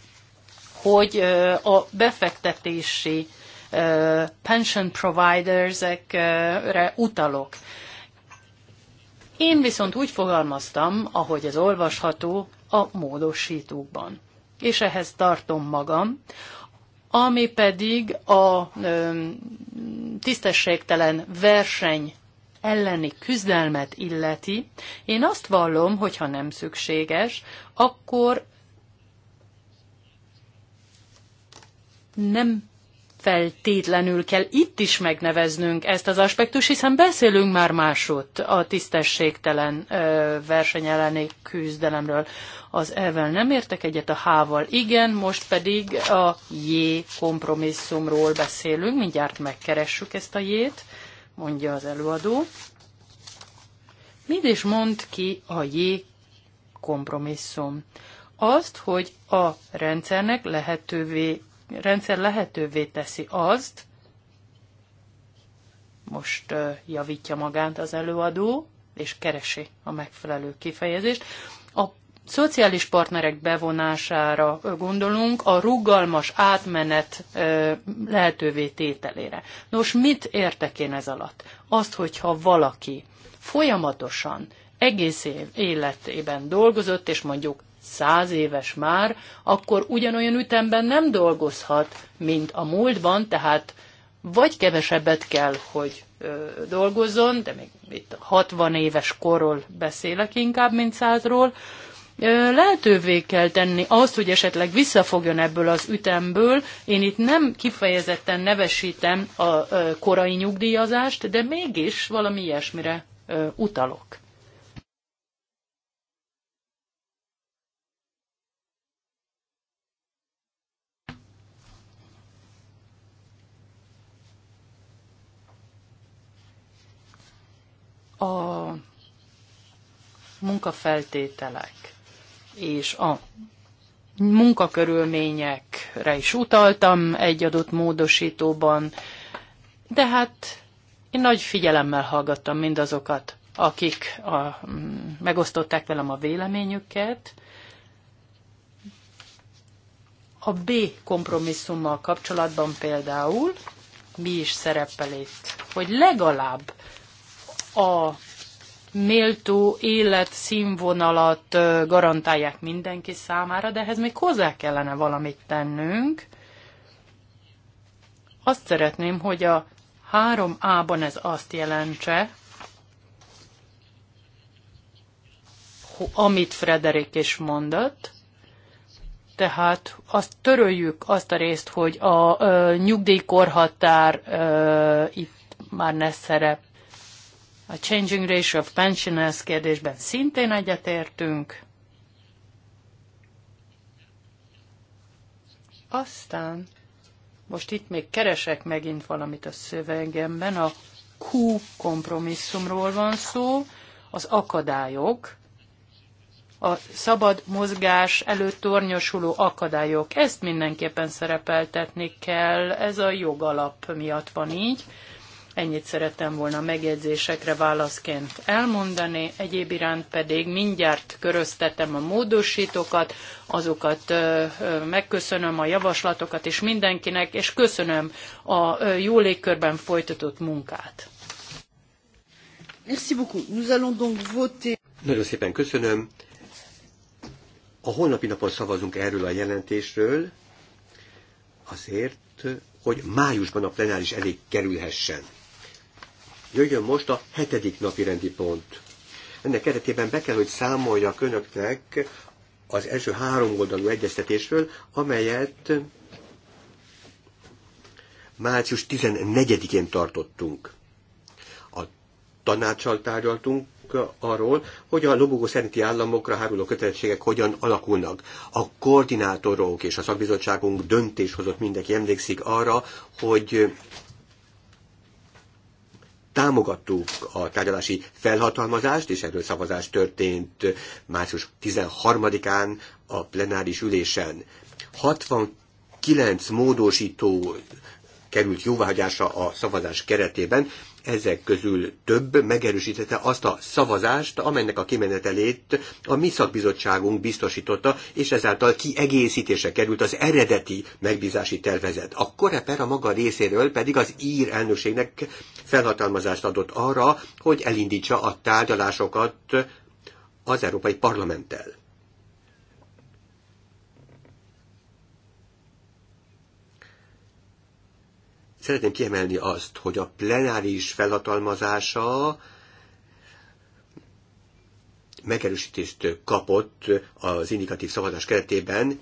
hogy a befektetési pension providers-ekre utalok. Én viszont úgy fogalmaztam, ahogy ez olvasható a módosítókban. És ehhez tartom magam, ami pedig a ö, tisztességtelen verseny elleni küzdelmet illeti, én azt vallom, hogy ha nem szükséges, akkor nem feltétlenül kell itt is megneveznünk ezt az aspektus, hiszen beszélünk már másod a tisztességtelen ö, verseny elleni küzdelemről. Az evel nem értek egyet, a hával igen, most pedig a J kompromisszumról beszélünk, mindjárt megkeressük ezt a J-t, mondja az előadó. Mit is mond ki a J kompromisszum? Azt, hogy a rendszernek lehetővé rendszer lehetővé teszi azt, most javítja magát az előadó, és keresi a megfelelő kifejezést. A szociális partnerek bevonására gondolunk, a rugalmas átmenet lehetővé tételére. Nos, mit értek én ez alatt? Azt, hogyha valaki folyamatosan egész év életében dolgozott, és mondjuk száz éves már, akkor ugyanolyan ütemben nem dolgozhat, mint a múltban, tehát vagy kevesebbet kell, hogy ö, dolgozzon, de még itt 60 éves korról beszélek inkább, mint százról, lehetővé kell tenni azt, hogy esetleg visszafogjon ebből az ütemből. Én itt nem kifejezetten nevesítem a korai nyugdíjazást, de mégis valami ilyesmire utalok. a munkafeltételek és a munkakörülményekre is utaltam egy adott módosítóban, de hát én nagy figyelemmel hallgattam mindazokat, akik a, megosztották velem a véleményüket. A B kompromisszummal kapcsolatban például mi is szerepel itt, hogy legalább a méltó életszínvonalat garantálják mindenki számára, de ehhez még hozzá kellene valamit tennünk. Azt szeretném, hogy a 3A-ban ez azt jelentse, amit Frederik is mondott, tehát azt töröljük azt a részt, hogy a ö, nyugdíjkorhatár ö, itt már ne szerep, a Changing Ratio of Pensioners kérdésben szintén egyetértünk. Aztán, most itt még keresek megint valamit a szövegemben, a Q kompromisszumról van szó, az akadályok, a szabad mozgás előtt tornyosuló akadályok, ezt mindenképpen szerepeltetni kell, ez a jogalap miatt van így. Ennyit szerettem volna megjegyzésekre válaszként elmondani, egyéb iránt pedig mindjárt köröztetem a módosítókat, azokat megköszönöm a javaslatokat és mindenkinek, és köszönöm a jó légkörben folytatott munkát. Merci beaucoup. Nous allons donc voter. Nagyon szépen köszönöm. A holnapi napon szavazunk erről a jelentésről, azért, hogy májusban a plenáris elé kerülhessen. Jöjjön most a hetedik napi rendi pont. Ennek keretében be kell, hogy számoljak önöknek az első három oldalú egyeztetésről, amelyet március 14-én tartottunk. A tanácssal tárgyaltunk arról, hogy a lobogó szerinti államokra háruló kötelezettségek hogyan alakulnak. A koordinátorok és a szakbizottságunk döntés hozott mindenki emlékszik arra, hogy támogattuk a tárgyalási felhatalmazást, és erről szavazás történt március 13-án a plenáris ülésen. 69 módosító került jóváhagyásra a szavazás keretében, ezek közül több megerősítette azt a szavazást, amelynek a kimenetelét a mi szakbizottságunk biztosította, és ezáltal kiegészítése került az eredeti megbízási tervezet. A Koreper a maga részéről pedig az ír elnökségnek felhatalmazást adott arra, hogy elindítsa a tárgyalásokat az Európai Parlamenttel. Szeretném kiemelni azt, hogy a plenáris felhatalmazása megerősítést kapott az indikatív szavazás keretében.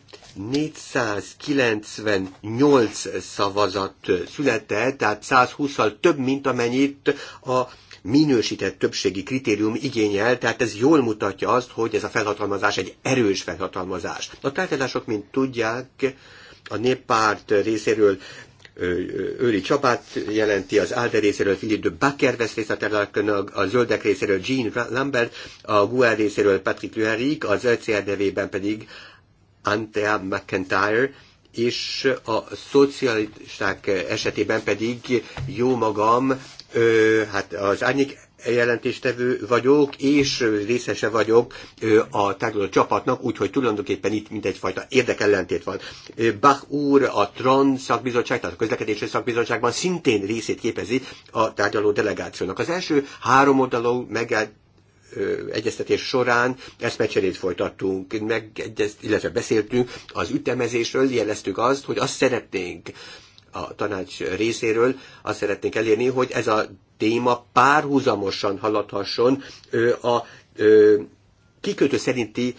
498 szavazat született, tehát 120-al több, mint amennyit a minősített többségi kritérium igényel, tehát ez jól mutatja azt, hogy ez a felhatalmazás egy erős felhatalmazás. A tárgyalások, mint tudják, a néppárt részéről Őri Csapát jelenti, az Alde részéről Philip de Bakker vesz részt a területen, a Zöldek részéről Jean Lambert, a GUE részéről Patrick Luherik, az ECR nevében pedig Antea McIntyre, és a szocialisták esetében pedig jó magam, hát az árnyék jelentéstevő vagyok, és részese vagyok a tárgyaló csapatnak, úgyhogy tulajdonképpen itt mindegyfajta érdekellentét van. Bach úr a TRAN szakbizottság, tehát a közlekedési szakbizottságban szintén részét képezi a tárgyaló delegációnak. Az első három oldalú meg egyeztetés során eszmecserét folytattunk, meg, illetve beszéltünk az ütemezésről, jeleztük azt, hogy azt szeretnénk, a tanács részéről azt szeretnénk elérni, hogy ez a téma párhuzamosan haladhasson a kikötő szerinti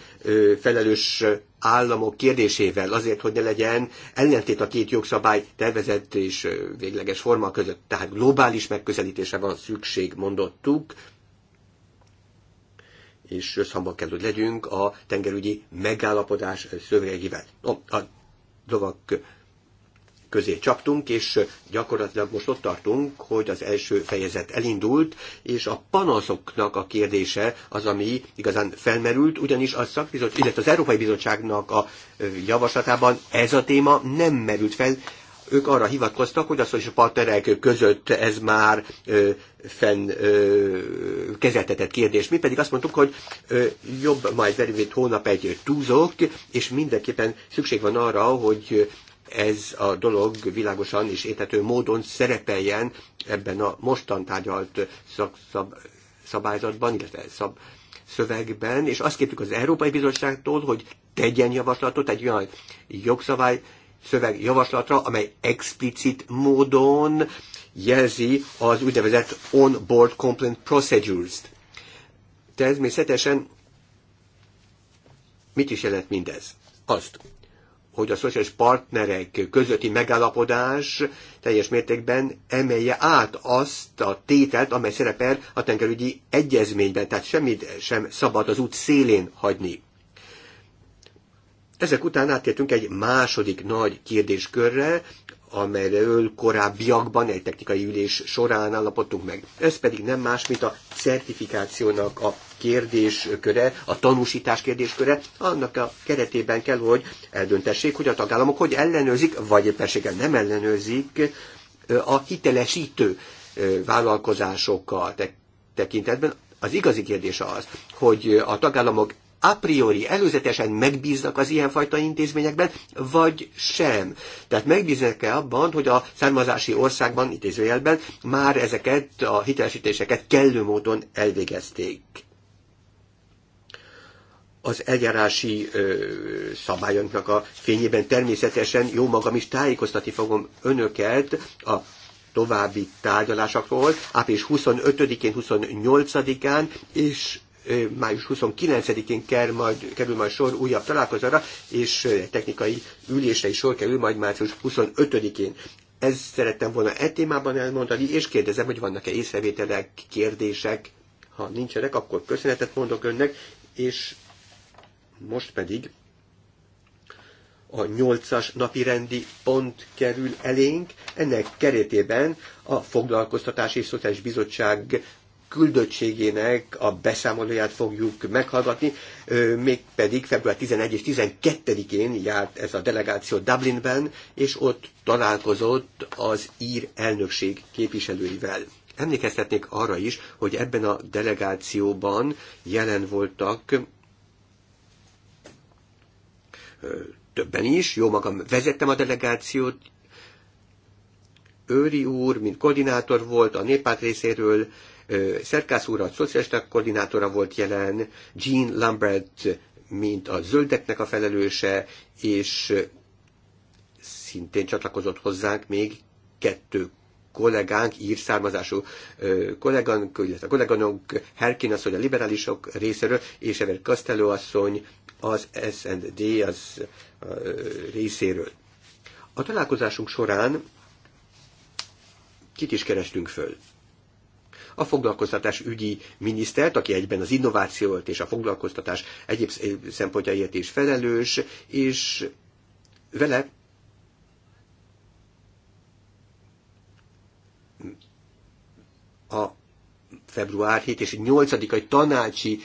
felelős államok kérdésével azért, hogy ne legyen ellentét a két jogszabály tervezett és végleges forma között. Tehát globális megközelítése van szükség, mondottuk, és összhangban kell, hogy legyünk a tengerügyi megállapodás szövegével. No, a lovak közé csaptunk, és gyakorlatilag most ott tartunk, hogy az első fejezet elindult, és a panaszoknak a kérdése az, ami igazán felmerült, ugyanis a szakbizottság, illetve az Európai Bizottságnak a javaslatában ez a téma nem merült fel, ők arra hivatkoztak, hogy a partnerek között ez már ö, fenn ö, kezeltetett kérdés. Mi pedig azt mondtuk, hogy ö, jobb majd velünk, hónap egy túzok, és mindenképpen szükség van arra, hogy ez a dolog világosan és értető módon szerepeljen ebben a mostan tárgyalt szab, szabályzatban, illetve szab, szövegben, és azt kértük az Európai Bizottságtól, hogy tegyen javaslatot egy olyan jogszabály szöveg javaslatra, amely explicit módon jelzi az úgynevezett on-board complaint procedures-t. Természetesen mit is jelent mindez? Azt, hogy a szociális partnerek közötti megállapodás teljes mértékben emelje át azt a tételt, amely szerepel a tengerügyi egyezményben, tehát semmit sem szabad az út szélén hagyni. Ezek után átértünk egy második nagy kérdéskörre, amelyről korábbiakban egy technikai ülés során állapodtunk meg. Ez pedig nem más, mint a certifikációnak a kérdésköre, a tanúsítás kérdésköre, annak a keretében kell, hogy eldöntessék, hogy a tagállamok hogy ellenőrzik, vagy éppenséggel nem ellenőrzik a hitelesítő vállalkozásokkal tekintetben. Az igazi kérdés az, hogy a tagállamok a priori, előzetesen megbíznak az ilyenfajta intézményekben, vagy sem. Tehát megbíznak-e abban, hogy a származási országban, intézőjelben már ezeket a hitelesítéseket kellő módon elvégezték az eljárási ö, szabályoknak a fényében természetesen jó magam is tájékoztatni fogom önöket a további tárgyalásokról április 25-én, 28-án és május 29-én kerül majd, kerül majd sor újabb találkozóra, és technikai ülésre is sor kerül majd március 25-én. Ezt szerettem volna e témában elmondani, és kérdezem, hogy vannak-e észrevételek, kérdések. Ha nincsenek, akkor köszönetet mondok önnek, és most pedig a nyolcas napi rendi pont kerül elénk. Ennek keretében a Foglalkoztatási és Szociális Bizottság küldöttségének a beszámolóját fogjuk meghallgatni, mégpedig február 11 és 12-én járt ez a delegáció Dublinben, és ott találkozott az ír elnökség képviselőivel. Emlékeztetnék arra is, hogy ebben a delegációban jelen voltak többen is, jó magam vezettem a delegációt, Őri úr, mint koordinátor volt a néppárt részéről, Szerkász úr a szocialista koordinátora volt jelen, Jean Lambert, mint a zöldeknek a felelőse, és szintén csatlakozott hozzánk még kettő kollégánk, ír származású kollégánk, illetve kolléganok, Herkin asszony a liberálisok részéről, és Ever Castello asszony az S&D az részéről. A találkozásunk során kit is kerestünk föl a foglalkoztatás ügyi minisztert, aki egyben az innovációt és a foglalkoztatás egyéb eh, szempontjaiért is felelős, és vele a február 7 és 8 egy tanácsi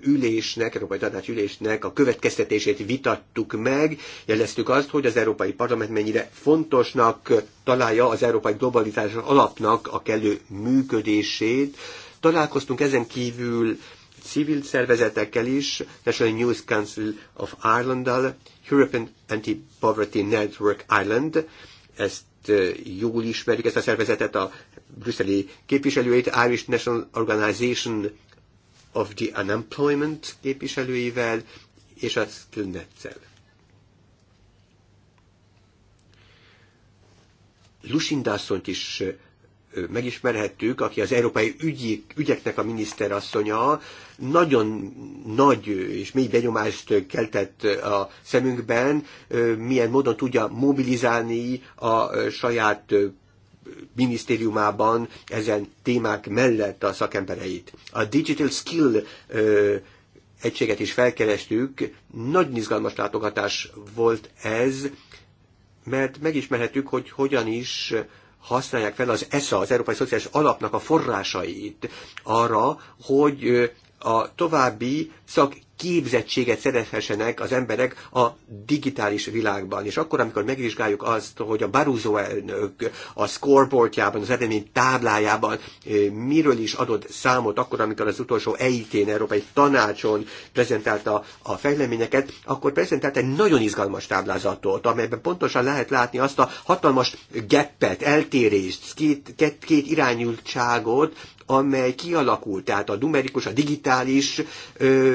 ülésnek, Európai tanácsi ülésnek a következtetését vitattuk meg, jeleztük azt, hogy az Európai Parlament mennyire fontosnak találja az Európai Globalizáció Alapnak a kellő működését. Találkoztunk ezen kívül civil szervezetekkel is, National News Council of Ireland-dal, European Anti-Poverty Network Ireland, ezt jól ismerjük, ezt a szervezetet a brüsszeli képviselőjét, Irish National Organization of the Unemployment képviselőivel és a Skilnetzel. asszonyt is megismerhettük, aki az európai ügyi, ügyeknek a miniszterasszonya, nagyon nagy és mély benyomást keltett a szemünkben, milyen módon tudja mobilizálni a saját minisztériumában ezen témák mellett a szakembereit. A Digital Skill ö, egységet is felkerestük, nagy izgalmas látogatás volt ez, mert megismerhetük, hogy hogyan is használják fel az ESA, az Európai Szociális Alapnak a forrásait arra, hogy a további szak képzettséget szerezhessenek az emberek a digitális világban. És akkor, amikor megvizsgáljuk azt, hogy a baruzó elnök a scoreboardjában, az eredmény táblájában eh, miről is adott számot, akkor, amikor az utolsó EIT-n, Európai Tanácson prezentálta a fejleményeket, akkor prezentált egy nagyon izgalmas táblázatot, amelyben pontosan lehet látni azt a hatalmas geppet, eltérést, két, két, két irányultságot, amely kialakult, tehát a numerikus, a digitális ö,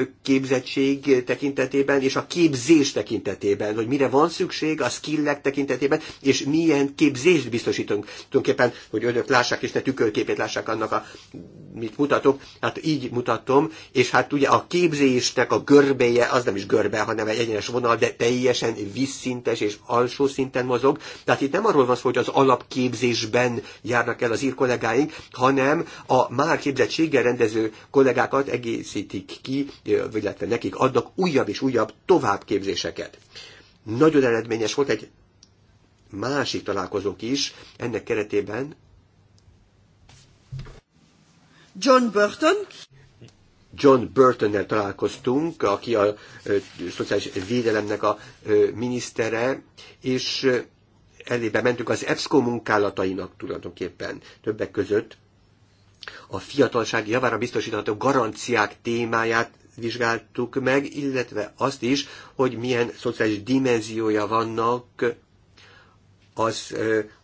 végzettség tekintetében és a képzés tekintetében, hogy mire van szükség a skillek tekintetében, és milyen képzést biztosítunk tulajdonképpen, hogy önök lássák és ne tükörképét lássák annak, a, mit mutatok, hát így mutatom, és hát ugye a képzésnek a görbéje az nem is görbe, hanem egy egyenes vonal, de teljesen visszintes és alsó szinten mozog. Tehát itt nem arról van szó, hogy az alapképzésben járnak el az ír kollégáink, hanem a már képzettséggel rendező kollégákat egészítik ki, vagy illetve nekik adnak újabb és újabb továbbképzéseket. Nagyon eredményes volt egy másik találkozónk is, ennek keretében John Burton. John Burtonnel találkoztunk, aki a ö, szociális védelemnek a ö, minisztere, és elébe mentünk az EBSCO munkálatainak tulajdonképpen többek között a fiatalság javára biztosítható garanciák témáját vizsgáltuk meg, illetve azt is, hogy milyen szociális dimenziója vannak az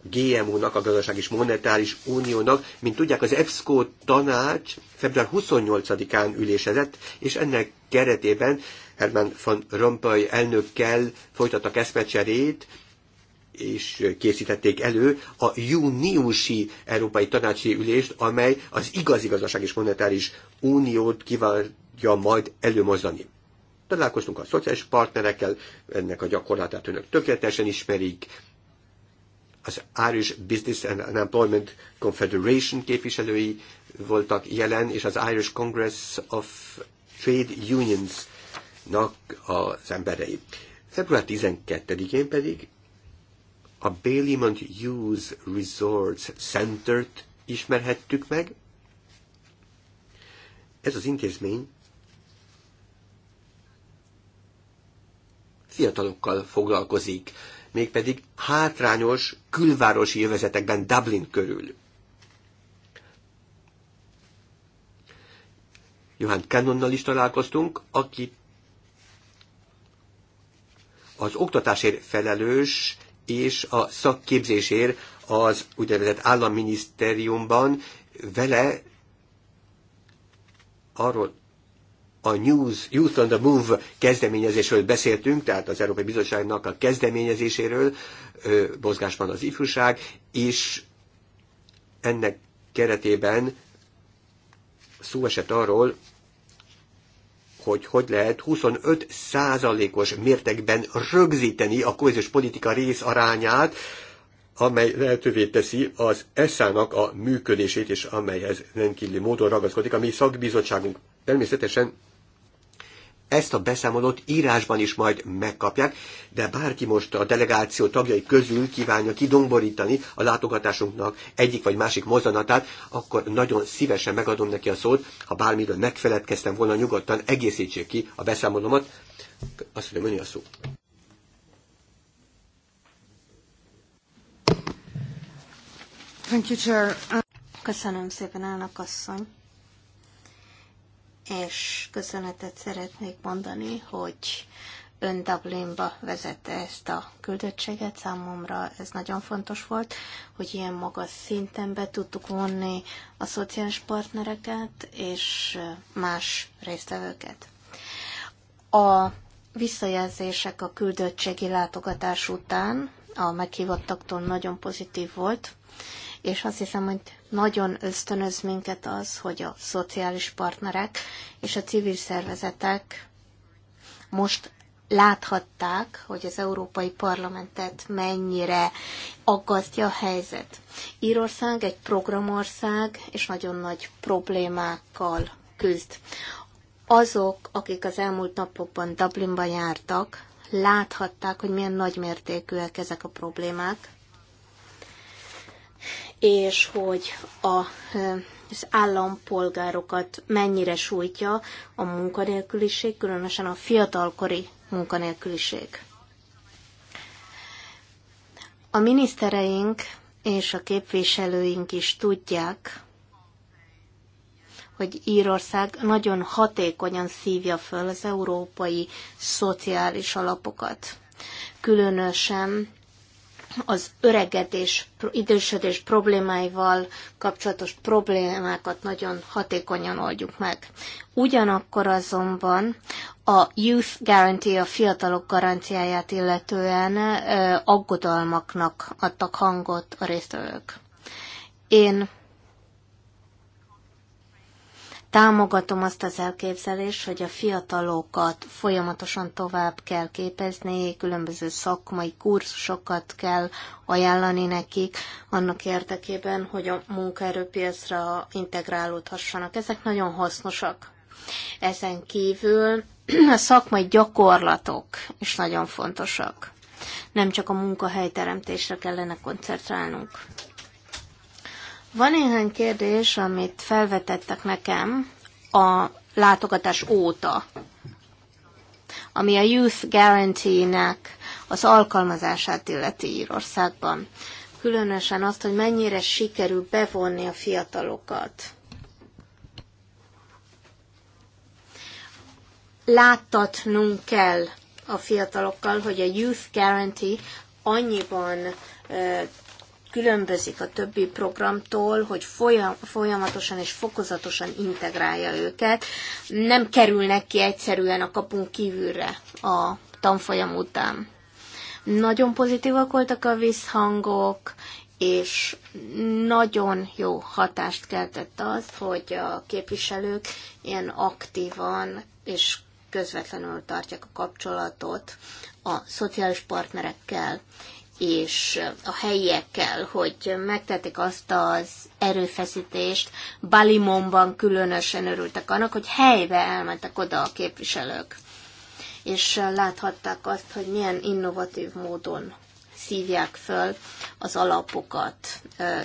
GMO-nak, a gazdaság és monetáris uniónak. Mint tudják, az EBSCO tanács február 28-án ülésezett, és ennek keretében Herman van Rompuy elnökkel folytattak eszmecserét, és készítették elő a júniusi Európai Tanácsi Ülést, amely az igazi gazdaság és monetáris uniót kívánt tudja majd előmozdani. Találkoztunk a szociális partnerekkel, ennek a gyakorlatát önök tökéletesen ismerik, az Irish Business and Employment Confederation képviselői voltak jelen, és az Irish Congress of Trade Unions-nak az emberei. Február 12-én pedig a Baileymont Youth Resorts Center-t ismerhettük meg. Ez az intézmény fiatalokkal foglalkozik, mégpedig hátrányos külvárosi jövezetekben Dublin körül. Johann Cannonnal is találkoztunk, aki az oktatásért felelős és a szakképzésért az úgynevezett államminisztériumban vele arról a News, Youth on the Move kezdeményezésről beszéltünk, tehát az Európai Bizottságnak a kezdeményezéséről, mozgásban az ifjúság, és ennek keretében szó esett arról, hogy hogy lehet 25 százalékos mértékben rögzíteni a kohéziós politika részarányát, amely lehetővé teszi az ESZÁ-nak a működését, és amelyhez rendkívüli módon ragaszkodik, ami szakbizottságunk természetesen ezt a beszámolót írásban is majd megkapják, de bárki most a delegáció tagjai közül kívánja kidomborítani a látogatásunknak egyik vagy másik mozanatát, akkor nagyon szívesen megadom neki a szót, ha bármiről megfeledkeztem volna nyugodtan, egészítsék ki a beszámolomat. Azt mondom, hogy a szó. Köszönöm szépen, elnök asszony és köszönetet szeretnék mondani, hogy ön Dublinba vezette ezt a küldöttséget. Számomra ez nagyon fontos volt, hogy ilyen magas szinten be tudtuk vonni a szociális partnereket és más résztvevőket. A visszajelzések a küldöttségi látogatás után a meghívottaktól nagyon pozitív volt, és azt hiszem, hogy nagyon ösztönöz minket az, hogy a szociális partnerek és a civil szervezetek most láthatták, hogy az Európai Parlamentet mennyire aggasztja a helyzet. Írország egy programország, és nagyon nagy problémákkal küzd. Azok, akik az elmúlt napokban Dublinban jártak, láthatták, hogy milyen nagymértékűek ezek a problémák, és hogy a, az állampolgárokat mennyire sújtja a munkanélküliség, különösen a fiatalkori munkanélküliség. A minisztereink és a képviselőink is tudják, hogy Írország nagyon hatékonyan szívja föl az európai szociális alapokat. Különösen az öregedés, idősödés problémáival kapcsolatos problémákat nagyon hatékonyan oldjuk meg. Ugyanakkor azonban a Youth Guarantee, a fiatalok garanciáját illetően aggodalmaknak adtak hangot a résztvevők. Én Támogatom azt az elképzelést, hogy a fiatalokat folyamatosan tovább kell képezni, különböző szakmai kurzusokat kell ajánlani nekik, annak érdekében, hogy a munkaerőpiacra integrálódhassanak. Ezek nagyon hasznosak. Ezen kívül a szakmai gyakorlatok is nagyon fontosak. Nem csak a munkahelyteremtésre kellene koncentrálnunk. Van néhány kérdés, amit felvetettek nekem a látogatás óta, ami a Youth Guarantee-nek az alkalmazását illeti Írországban. Különösen azt, hogy mennyire sikerül bevonni a fiatalokat. Láttatnunk kell a fiatalokkal, hogy a Youth Guarantee annyiban különbözik a többi programtól, hogy folyamatosan és fokozatosan integrálja őket, nem kerülnek ki egyszerűen a kapunk kívülre a tanfolyam után. Nagyon pozitívak voltak a visszhangok, és nagyon jó hatást keltett az, hogy a képviselők ilyen aktívan és közvetlenül tartják a kapcsolatot a szociális partnerekkel, és a helyiekkel, hogy megtették azt az erőfeszítést. Balimonban különösen örültek annak, hogy helybe elmentek oda a képviselők, és láthatták azt, hogy milyen innovatív módon szívják föl az alapokat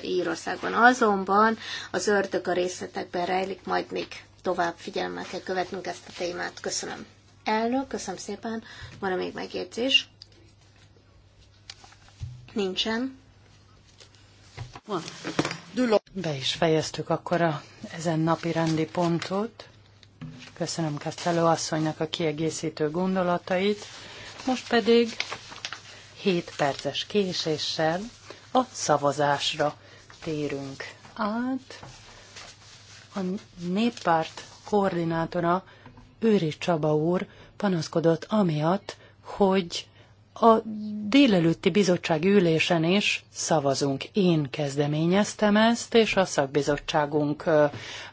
Írországban. Azonban az ördög a részletekben rejlik, majd még tovább figyelemmel kell követnünk ezt a témát. Köszönöm. Elnök, köszönöm szépen. Van-e még megjegyzés? Nincsen. Be is fejeztük akkor a, ezen napi rendi pontot. Köszönöm Castello asszonynak a kiegészítő gondolatait. Most pedig 7 perces késéssel a szavazásra térünk át. A néppárt koordinátora Őri Csaba úr panaszkodott amiatt, hogy a délelőtti bizottsági ülésen is szavazunk. Én kezdeményeztem ezt, és a szakbizottságunk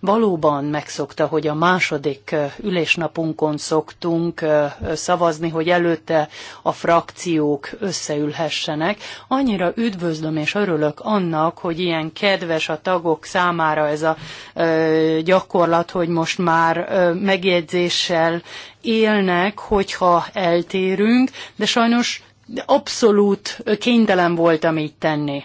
valóban megszokta, hogy a második ülésnapunkon szoktunk szavazni, hogy előtte a frakciók összeülhessenek. Annyira üdvözlöm és örülök annak, hogy ilyen kedves a tagok számára ez a gyakorlat, hogy most már megjegyzéssel élnek, hogyha eltérünk, de sajnos abszolút kénytelen voltam így tenni.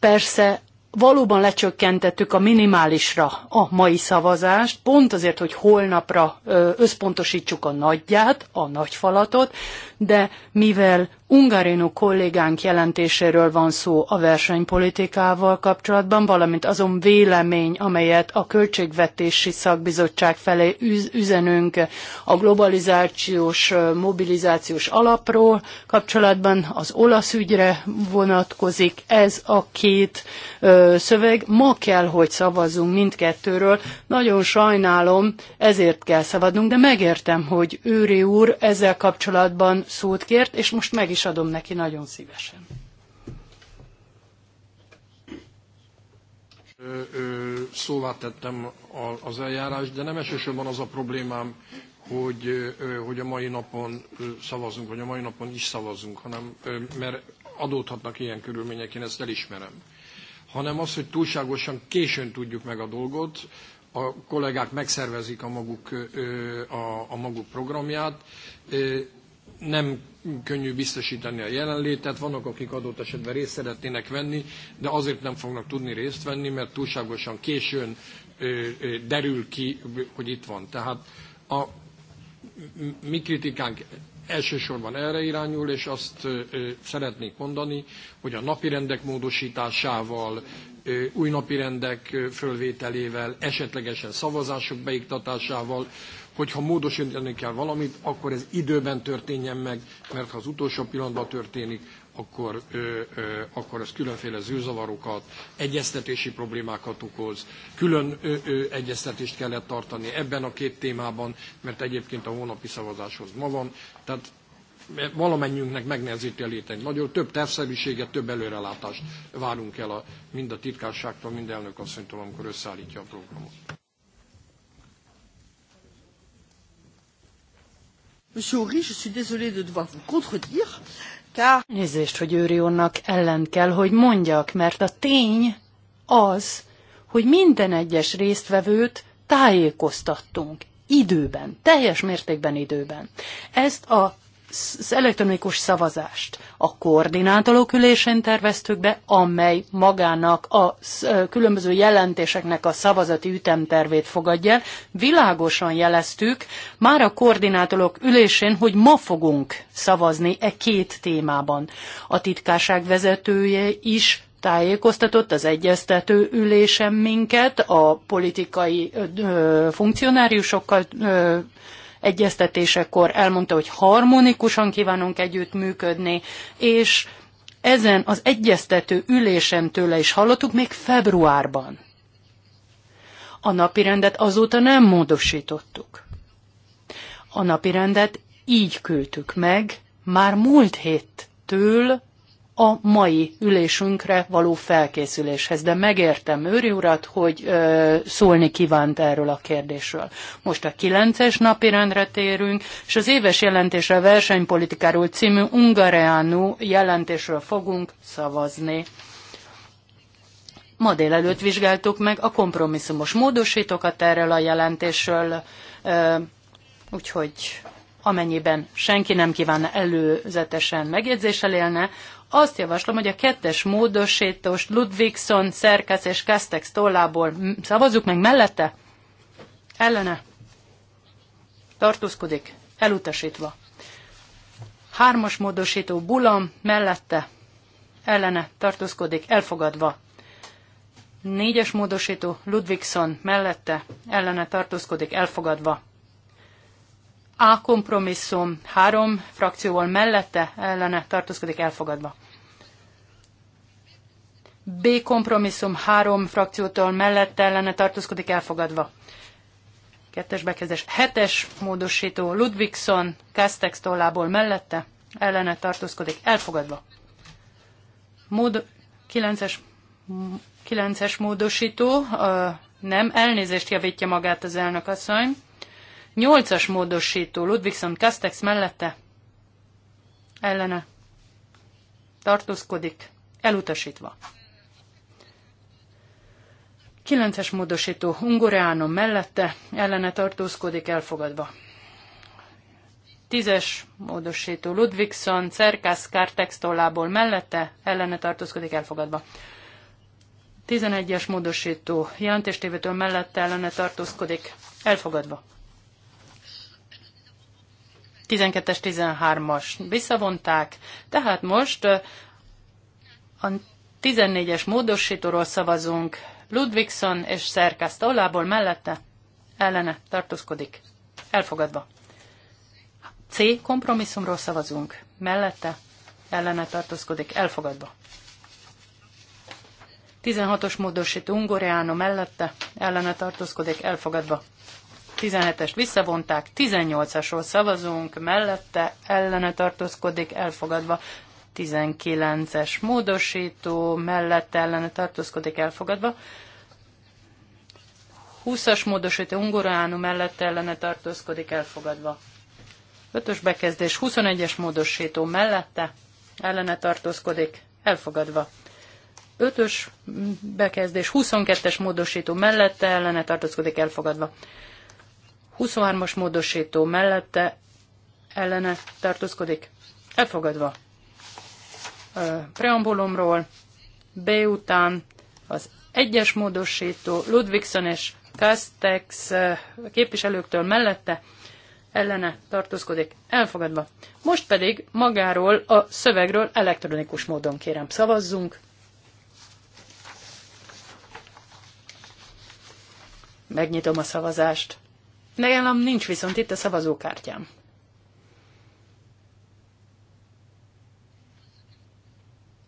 Persze valóban lecsökkentettük a minimálisra a mai szavazást, pont azért, hogy holnapra összpontosítsuk a nagyját, a nagyfalatot, de mivel Ungarino kollégánk jelentéséről van szó a versenypolitikával kapcsolatban, valamint azon vélemény, amelyet a Költségvetési Szakbizottság felé üzenünk a globalizációs, mobilizációs alapról kapcsolatban, az olasz ügyre vonatkozik ez a két ö, szöveg. Ma kell, hogy szavazzunk mindkettőről. Nagyon sajnálom, ezért kell szavaznunk, de megértem, hogy Őri úr ezzel kapcsolatban szót kért, és most meg is adom neki nagyon szívesen. Szóvá tettem az eljárás, de nem elsősorban az a problémám, hogy, hogy a mai napon szavazunk, vagy a mai napon is szavazunk, hanem mert adódhatnak ilyen körülmények, én ezt elismerem. Hanem az, hogy túlságosan későn tudjuk meg a dolgot, a kollégák megszervezik a maguk, a, a maguk programját, nem könnyű biztosítani a jelenlétet, vannak, akik adott esetben részt szeretnének venni, de azért nem fognak tudni részt venni, mert túlságosan későn derül ki, hogy itt van. Tehát a mi kritikánk elsősorban erre irányul, és azt szeretnék mondani, hogy a napirendek módosításával, új rendek fölvételével, esetlegesen szavazások beiktatásával, hogyha módosítani kell valamit, akkor ez időben történjen meg, mert ha az utolsó pillanatban történik, akkor, ö, ö, akkor ez különféle zűrzavarokat, egyeztetési problémákat okoz. Külön ö, ö, egyeztetést kellett tartani ebben a két témában, mert egyébként a hónapi szavazáshoz ma van. Tehát valamennyünknek megnehezíti a létenyt. Nagyon több tervszerűséget, több előrelátást várunk el a, mind a titkárságtól, mind elnök asszonytól, amikor összeállítja a programot. Monsieur je désolé de devoir vous contredire, Nézést, hogy Őri ellen kell, hogy mondjak, mert a tény az, hogy minden egyes résztvevőt tájékoztattunk, időben, teljes mértékben időben. Ezt a az elektronikus szavazást a koordinátorok ülésén terveztük be, amely magának a különböző jelentéseknek a szavazati ütemtervét fogadja el. Világosan jeleztük már a koordinátorok ülésén, hogy ma fogunk szavazni e két témában. A titkárság vezetője is tájékoztatott az egyeztető ülésen minket, a politikai ö, funkcionáriusokkal ö, egyeztetésekor elmondta, hogy harmonikusan kívánunk együttműködni, és ezen az egyeztető ülésen tőle is hallottuk még februárban. A napirendet azóta nem módosítottuk. A napirendet így küldtük meg, már múlt héttől a mai ülésünkre való felkészüléshez. De megértem Őri urat, hogy ö, szólni kívánt erről a kérdésről. Most a kilences napi rendre térünk, és az éves jelentésre versenypolitikáról című Ungareanu jelentésről fogunk szavazni. Ma délelőtt vizsgáltuk meg a kompromisszumos módosítókat erről a jelentésről, ö, úgyhogy amennyiben senki nem kívánna előzetesen megjegyzéssel élne, azt javaslom, hogy a kettes módosítós Ludvigson, Szerkesz és Kestex tollából szavazzuk meg mellette. Ellene. Tartózkodik. Elutasítva. Hármas módosító Bulam mellette. Ellene. Tartózkodik. Elfogadva. Négyes módosító Ludvigson mellette. Ellene. Tartózkodik. Elfogadva. A kompromisszum három frakcióval mellette ellene tartózkodik elfogadva. B kompromisszum három frakciótól mellette ellene tartózkodik elfogadva. Kettes bekezdés. Hetes módosító Ludvigson Kastex tollából mellette ellene tartózkodik elfogadva. Mód, kilences kilences módosító uh, nem, elnézést javítja magát az elnök asszony. Nyolcas módosító Ludvigson Castex mellette ellene tartózkodik, elutasítva. Kilences módosító Hungoreánon mellette ellene tartózkodik, elfogadva. Tízes módosító Ludvigson Cerkász Kártex tollából mellette ellene tartózkodik, elfogadva. 11-es módosító jelentéstévétől mellette ellene tartózkodik, elfogadva. 12-es, 13-as visszavonták, tehát most a 14-es módosítóról szavazunk. Ludvigson és Szerkász tollából mellette ellene tartózkodik. Elfogadva. C kompromisszumról szavazunk. Mellette ellene tartózkodik. Elfogadva. 16-os módosító Ungoriano mellette ellene tartózkodik. Elfogadva. 17-est visszavonták, 18-asról szavazunk, mellette ellene tartózkodik, elfogadva. 19-es módosító, mellette ellene tartózkodik, elfogadva. 20-as módosító ungoránu mellette ellene tartózkodik, elfogadva. 5-ös bekezdés, 21-es módosító mellette ellene tartózkodik, elfogadva. 5-ös bekezdés, 22-es módosító mellette ellene tartózkodik, elfogadva. 23-as módosító mellette ellene tartózkodik. Elfogadva. Preambulumról B után az egyes módosító Ludwigson és Castex képviselőktől mellette ellene tartózkodik. Elfogadva. Most pedig magáról a szövegről elektronikus módon kérem szavazzunk. Megnyitom a szavazást. Nekem nincs viszont itt a szavazókártyám.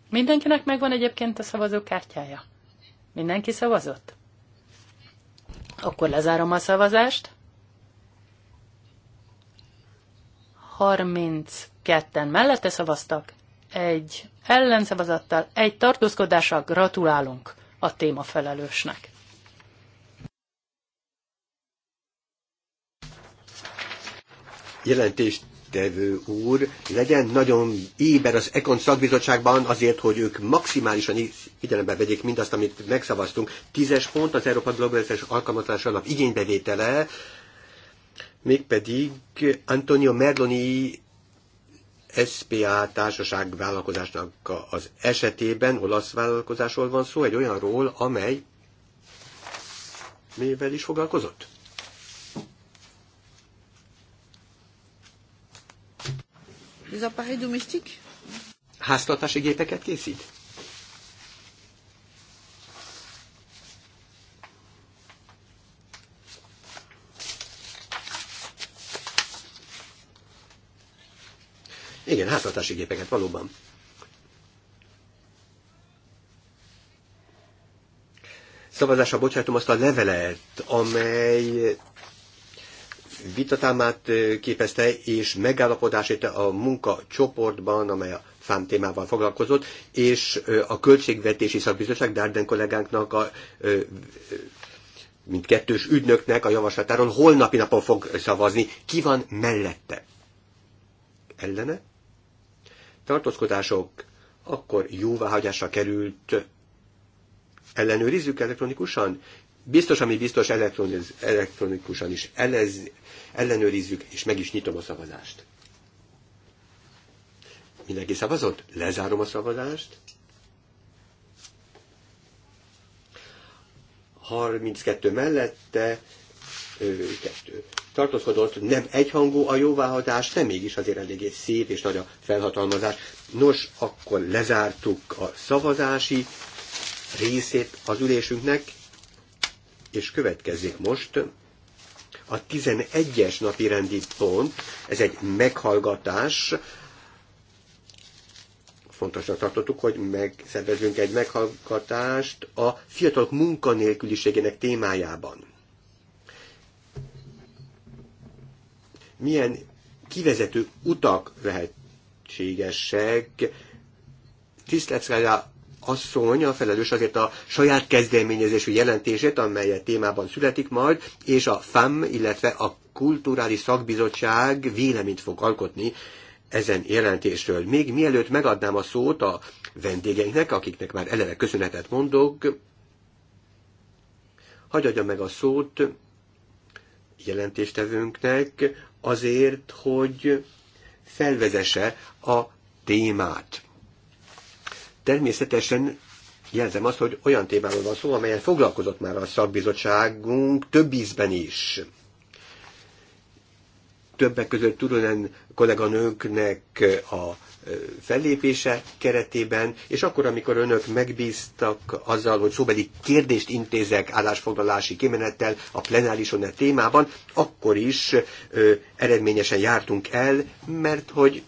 Mindenkinek megvan egyébként a szavazókártyája? Mindenki szavazott? Akkor lezárom a szavazást. 32-en mellette szavaztak, egy ellenszavazattal, egy tartózkodással gratulálunk a témafelelősnek. jelentéstevő úr legyen nagyon éber az Ekon szakbizottságban azért, hogy ők maximálisan figyelembe vegyék mindazt, amit megszavaztunk. Tízes pont az Európa Globalizációs Alkalmazás Alap igénybevétele, mégpedig Antonio Merloni SPA társaság vállalkozásnak az esetében olasz vállalkozásról van szó, egy olyanról, amely mivel is foglalkozott? Les appareils domestiques? Háztartási gépeket készít? Igen, háztartási gépeket, valóban. Szavazásra bocsátom azt a levelet, amely vitatámát képezte, és megállapodásait a munkacsoportban, amely a FAM témával foglalkozott, és a Költségvetési Szakbizottság Dárden kollégánknak a mint kettős ügynöknek a javaslatáról holnapi napon fog szavazni. Ki van mellette? Ellene? Tartózkodások akkor jóváhagyásra került. Ellenőrizzük elektronikusan? biztos, ami biztos, elektronikusan is elez, ellenőrizzük, és meg is nyitom a szavazást. Mindenki szavazott? Lezárom a szavazást. 32 mellette, kettő. tartózkodott, nem egyhangú a jóváhagyás, de mégis azért eléggé szép és nagy a felhatalmazás. Nos, akkor lezártuk a szavazási részét az ülésünknek és következik most a 11-es napi rendi pont, ez egy meghallgatás, fontosnak tartottuk, hogy megszervezünk egy meghallgatást a fiatalok munkanélküliségének témájában. Milyen kivezető utak lehetségesek? Tisztleckája asszony a felelős azért a saját kezdeményezésű jelentését, amelyet témában születik majd, és a FAM, illetve a Kulturális Szakbizottság véleményt fog alkotni ezen jelentésről. Még mielőtt megadnám a szót a vendégeinknek, akiknek már eleve köszönetet mondok, hagyja meg a szót jelentéstevőnknek azért, hogy felvezesse a témát. Természetesen jelzem azt, hogy olyan témáról van szó, amelyen foglalkozott már a szakbizottságunk több ízben is. Többek között Turunen kolléganőknek a fellépése keretében, és akkor, amikor önök megbíztak azzal, hogy szóbeli kérdést intézek állásfoglalási kimenettel a plenárison a e témában, akkor is ö, eredményesen jártunk el, mert hogy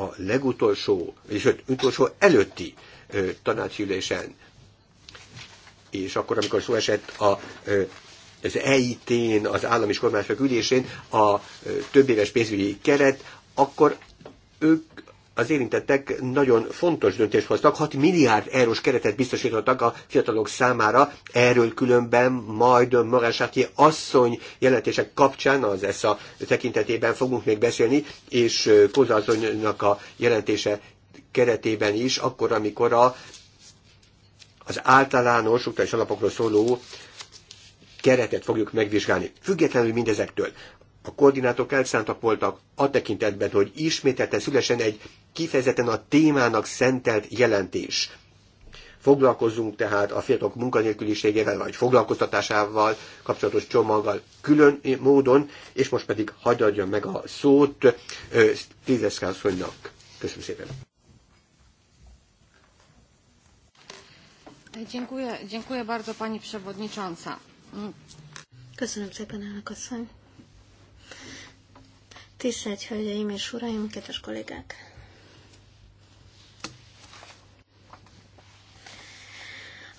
a legutolsó, és az utolsó előtti tanácsülésen, és akkor, amikor szó esett a az EIT-n, az állam és kormányfők ülésén a több éves pénzügyi keret, akkor ők az érintettek nagyon fontos döntést hoztak, 6 milliárd eurós keretet biztosítottak a fiatalok számára, erről különben majd Marásáti asszony jelentések kapcsán az a tekintetében fogunk még beszélni, és Kóza asszonynak a jelentése keretében is, akkor, amikor a, az általános utális alapokról szóló keretet fogjuk megvizsgálni. Függetlenül mindezektől a koordinátok elszántak voltak a tekintetben, hogy ismételte szülesen egy kifejezetten a témának szentelt jelentés. Foglalkozunk tehát a fiatalok munkanélküliségével vagy foglalkoztatásával kapcsolatos csomaggal külön módon, és most pedig hagyadjon meg a szót Tízeszkászonynak. Köszönöm szépen! Dziękuję, dziękuję bardzo Pani Przewodnicząca. Köszönöm szépen, elnök asszony. Tisztelt Hölgyeim és Uraim, kedves kollégák!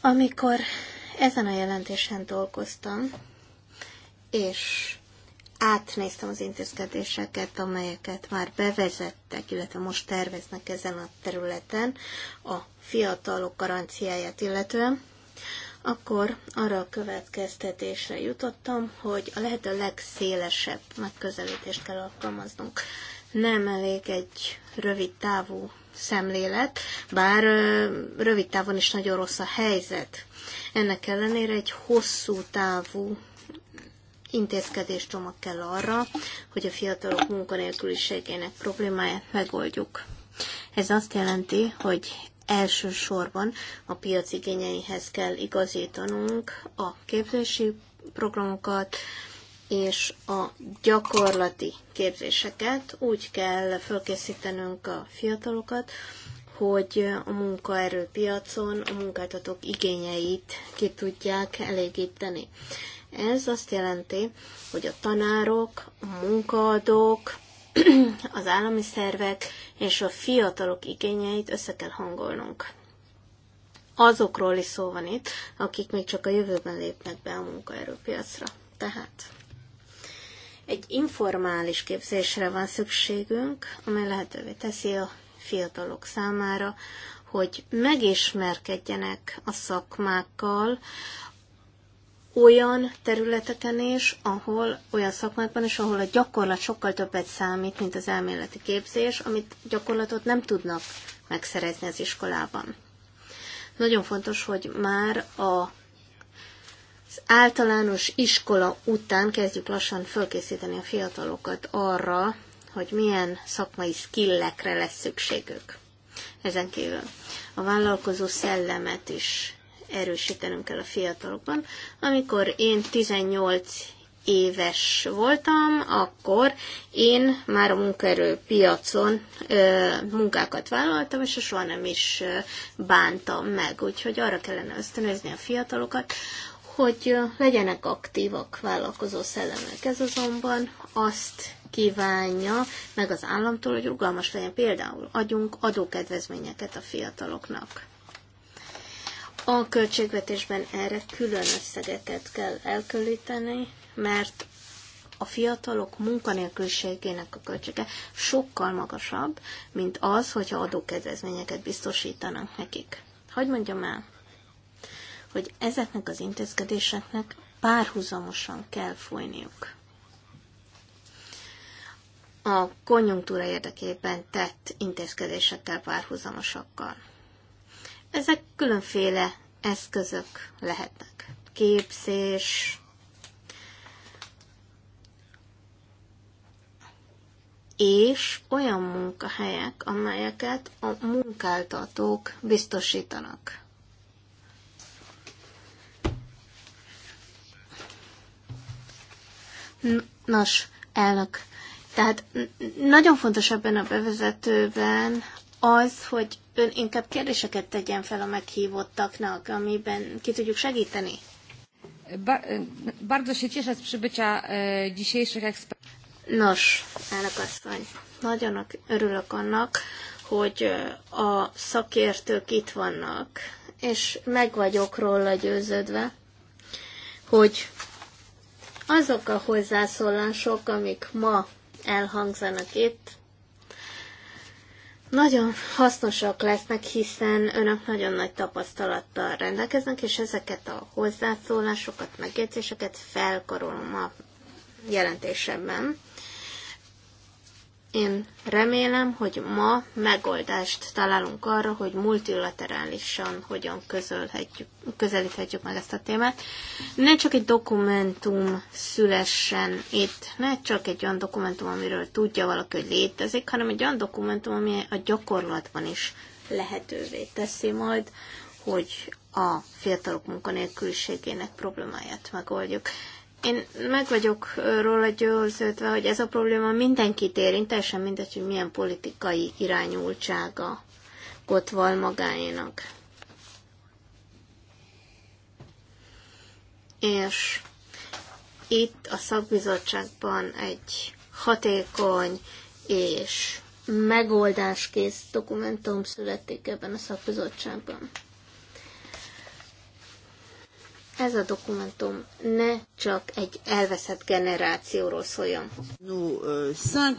Amikor ezen a jelentésen dolgoztam, és átnéztem az intézkedéseket, amelyeket már bevezettek, illetve most terveznek ezen a területen a fiatalok garanciáját illetően, akkor arra a következtetésre jutottam, hogy a lehető legszélesebb megközelítést kell alkalmaznunk. Nem elég egy rövid távú szemlélet, bár rövid távon is nagyon rossz a helyzet. Ennek ellenére egy hosszú távú intézkedéscsomag kell arra, hogy a fiatalok munkanélküliségének problémáját megoldjuk. Ez azt jelenti, hogy elsősorban a piac igényeihez kell igazítanunk a képzési programokat, és a gyakorlati képzéseket úgy kell fölkészítenünk a fiatalokat, hogy a munkaerőpiacon a munkáltatók igényeit ki tudják elégíteni. Ez azt jelenti, hogy a tanárok, a munkaadók, az állami szervek és a fiatalok igényeit össze kell hangolnunk. Azokról is szó van itt, akik még csak a jövőben lépnek be a munkaerőpiacra. Tehát egy informális képzésre van szükségünk, amely lehetővé teszi a fiatalok számára, hogy megismerkedjenek a szakmákkal, olyan területeken is, ahol olyan szakmákban is, ahol a gyakorlat sokkal többet számít, mint az elméleti képzés, amit gyakorlatot nem tudnak megszerezni az iskolában. Nagyon fontos, hogy már a az általános iskola után kezdjük lassan fölkészíteni a fiatalokat arra, hogy milyen szakmai skillekre lesz szükségük. Ezen kívül a vállalkozó szellemet is erősítenünk kell a fiatalokban. Amikor én 18 éves voltam, akkor én már a munkaerőpiacon munkákat vállaltam, és soha nem is bántam meg. Úgyhogy arra kellene ösztönözni a fiatalokat, hogy legyenek aktívak vállalkozó szellemek. Ez azonban azt kívánja meg az államtól, hogy rugalmas legyen. Például adjunk adókedvezményeket a fiataloknak. A költségvetésben erre külön összegeket kell elkülöníteni, mert a fiatalok munkanélküliségének a költsége sokkal magasabb, mint az, hogyha adókedvezményeket biztosítanak nekik. Hogy mondjam el, hogy ezeknek az intézkedéseknek párhuzamosan kell folyniuk. A konjunktúra érdekében tett intézkedésekkel párhuzamosakkal. Ezek különféle eszközök lehetnek. Képzés, és olyan munkahelyek, amelyeket a munkáltatók biztosítanak. Nos, elnök, tehát nagyon fontos ebben a bevezetőben az, hogy ön inkább kérdéseket tegyen fel a meghívottaknak, amiben ki tudjuk segíteni. E, bardzo się cieszę z przybycia e, dzisiejszych ekspertów. Nos, elnök asszony, nagyon örülök annak, hogy e, a szakértők itt vannak, és meg vagyok róla győződve, hogy azok a hozzászólások, amik ma elhangzanak itt, nagyon hasznosak lesznek, hiszen önök nagyon nagy tapasztalattal rendelkeznek, és ezeket a hozzászólásokat, megjegyzéseket felkarolom a jelentésemben. Én remélem, hogy ma megoldást találunk arra, hogy multilaterálisan hogyan közölhetjük, közelíthetjük meg ezt a témát. Ne csak egy dokumentum szülessen itt, ne csak egy olyan dokumentum, amiről tudja valaki, hogy létezik, hanem egy olyan dokumentum, ami a gyakorlatban is lehetővé teszi majd, hogy a fiatalok munkanélküliségének problémáját megoldjuk. Én meg vagyok róla győződve, hogy ez a probléma mindenkit érint, teljesen mindegy, hogy milyen politikai irányultsága ott van magáénak. És itt a szakbizottságban egy hatékony és megoldáskész dokumentum születik ebben a szakbizottságban ez a dokumentum ne csak egy elveszett generációról szóljon. Euh,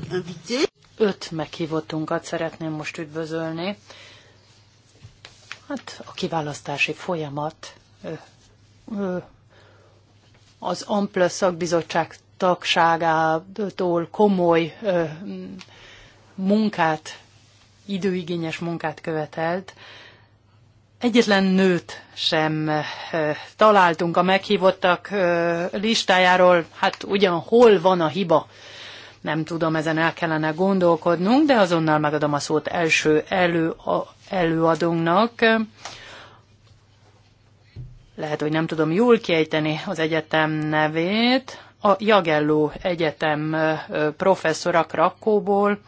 Öt meghívottunkat szeretném most üdvözölni. Hát a kiválasztási folyamat ö, ö, az Ample szakbizottság tagságától komoly ö, munkát, időigényes munkát követelt, Egyetlen nőt sem találtunk a meghívottak listájáról, hát ugyan hol van a hiba? Nem tudom, ezen el kellene gondolkodnunk, de azonnal megadom a szót első elő, a, előadónknak. Lehet, hogy nem tudom jól kiejteni az egyetem nevét. A Jagelló Egyetem professzora Krakóból,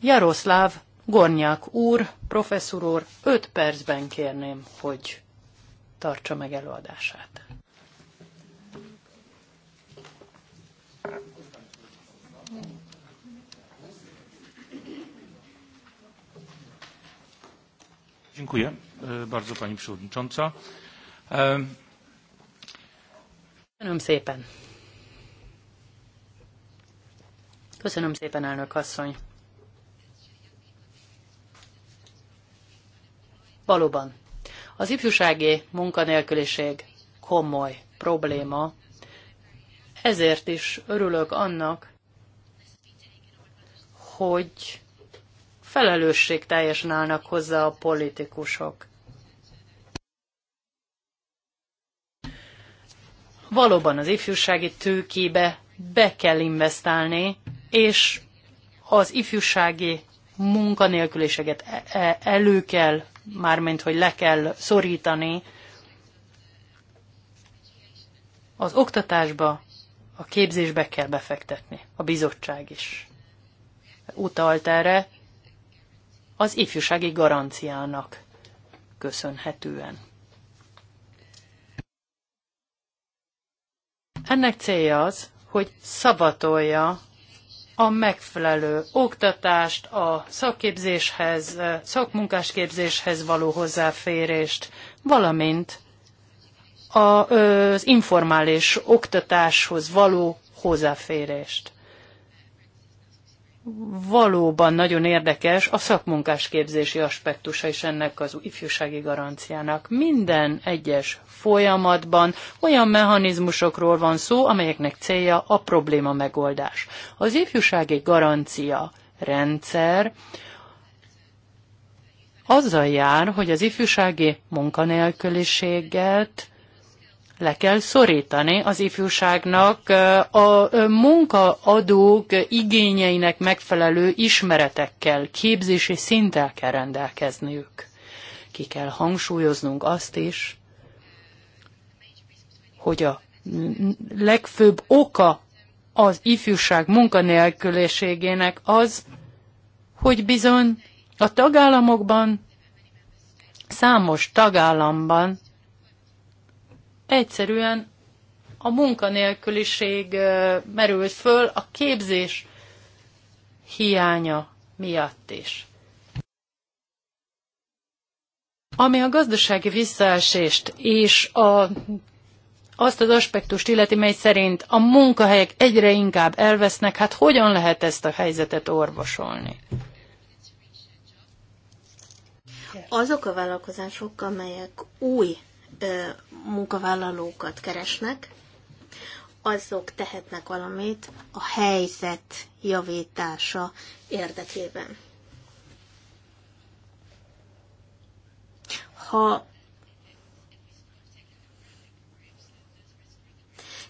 Jaroszláv Gornyák úr, professzor úr, 5 percben kérném, hogy tartsa meg előadását. Dziękuję e, bardzo Pani Przewodnicząca. E, Köszönöm szépen. Köszönöm szépen, elnök asszony. Valóban. Az ifjúsági munkanélküliség komoly probléma, ezért is örülök annak, hogy felelősség teljesen állnak hozzá a politikusok. Valóban az ifjúsági tőkébe be kell investálni, és az ifjúsági munkanélküliséget e- e- elő kell mármint hogy le kell szorítani az oktatásba, a képzésbe kell befektetni, a bizottság is. Utalt erre az ifjúsági garanciának köszönhetően. Ennek célja az, hogy szavatolja a megfelelő oktatást, a szakképzéshez, szakmunkásképzéshez való hozzáférést, valamint az informális oktatáshoz való hozzáférést valóban nagyon érdekes a szakmunkás képzési aspektusa is ennek az ifjúsági garanciának. Minden egyes folyamatban olyan mechanizmusokról van szó, amelyeknek célja a probléma megoldás. Az ifjúsági garancia rendszer azzal jár, hogy az ifjúsági munkanélküliséget le kell szorítani az ifjúságnak a munkaadók igényeinek megfelelő ismeretekkel, képzési szinttel kell rendelkezniük. Ki kell hangsúlyoznunk azt is, hogy a legfőbb oka az ifjúság munkanélküliségének az, hogy bizony a tagállamokban, számos tagállamban egyszerűen a munkanélküliség merült föl a képzés hiánya miatt is. Ami a gazdasági visszaesést és a, azt az aspektust illeti, mely szerint a munkahelyek egyre inkább elvesznek, hát hogyan lehet ezt a helyzetet orvosolni? Azok a vállalkozások, amelyek új munkavállalókat keresnek, azok tehetnek valamit a helyzet javítása érdekében. Ha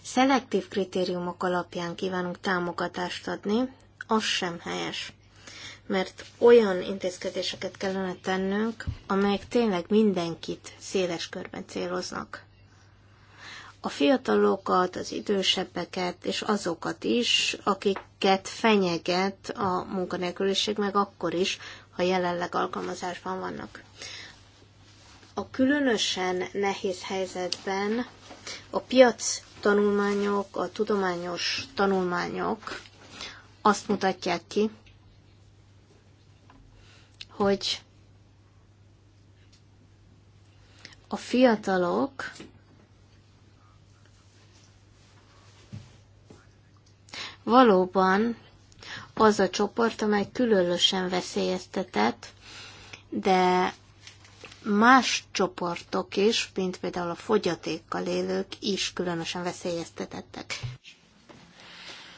szelektív kritériumok alapján kívánunk támogatást adni, az sem helyes mert olyan intézkedéseket kellene tennünk, amelyek tényleg mindenkit széles körben céloznak. A fiatalokat, az idősebbeket, és azokat is, akiket fenyeget a munkanélküliség, meg akkor is, ha jelenleg alkalmazásban vannak. A különösen nehéz helyzetben a piac tanulmányok, a tudományos tanulmányok azt mutatják ki, hogy a fiatalok valóban az a csoport, amely különösen veszélyeztetett, de más csoportok is, mint például a fogyatékkal élők is különösen veszélyeztetettek.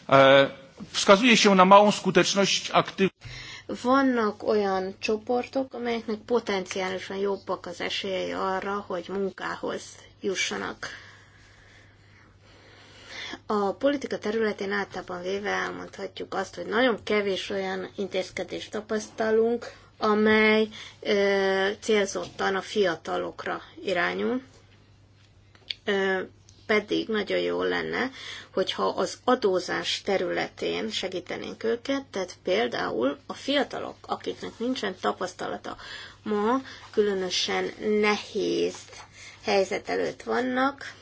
E, wskazuje się na małą skuteczność aktyw... Vannak olyan csoportok, amelyeknek potenciálisan jobbak az esélyei arra, hogy munkához jussanak. A politika területén általában véve elmondhatjuk azt, hogy nagyon kevés olyan intézkedést tapasztalunk, amely ö, célzottan a fiatalokra irányul. Ö, pedig nagyon jó lenne, hogyha az adózás területén segítenénk őket, tehát például a fiatalok, akiknek nincsen tapasztalata, ma különösen nehéz helyzet előtt vannak.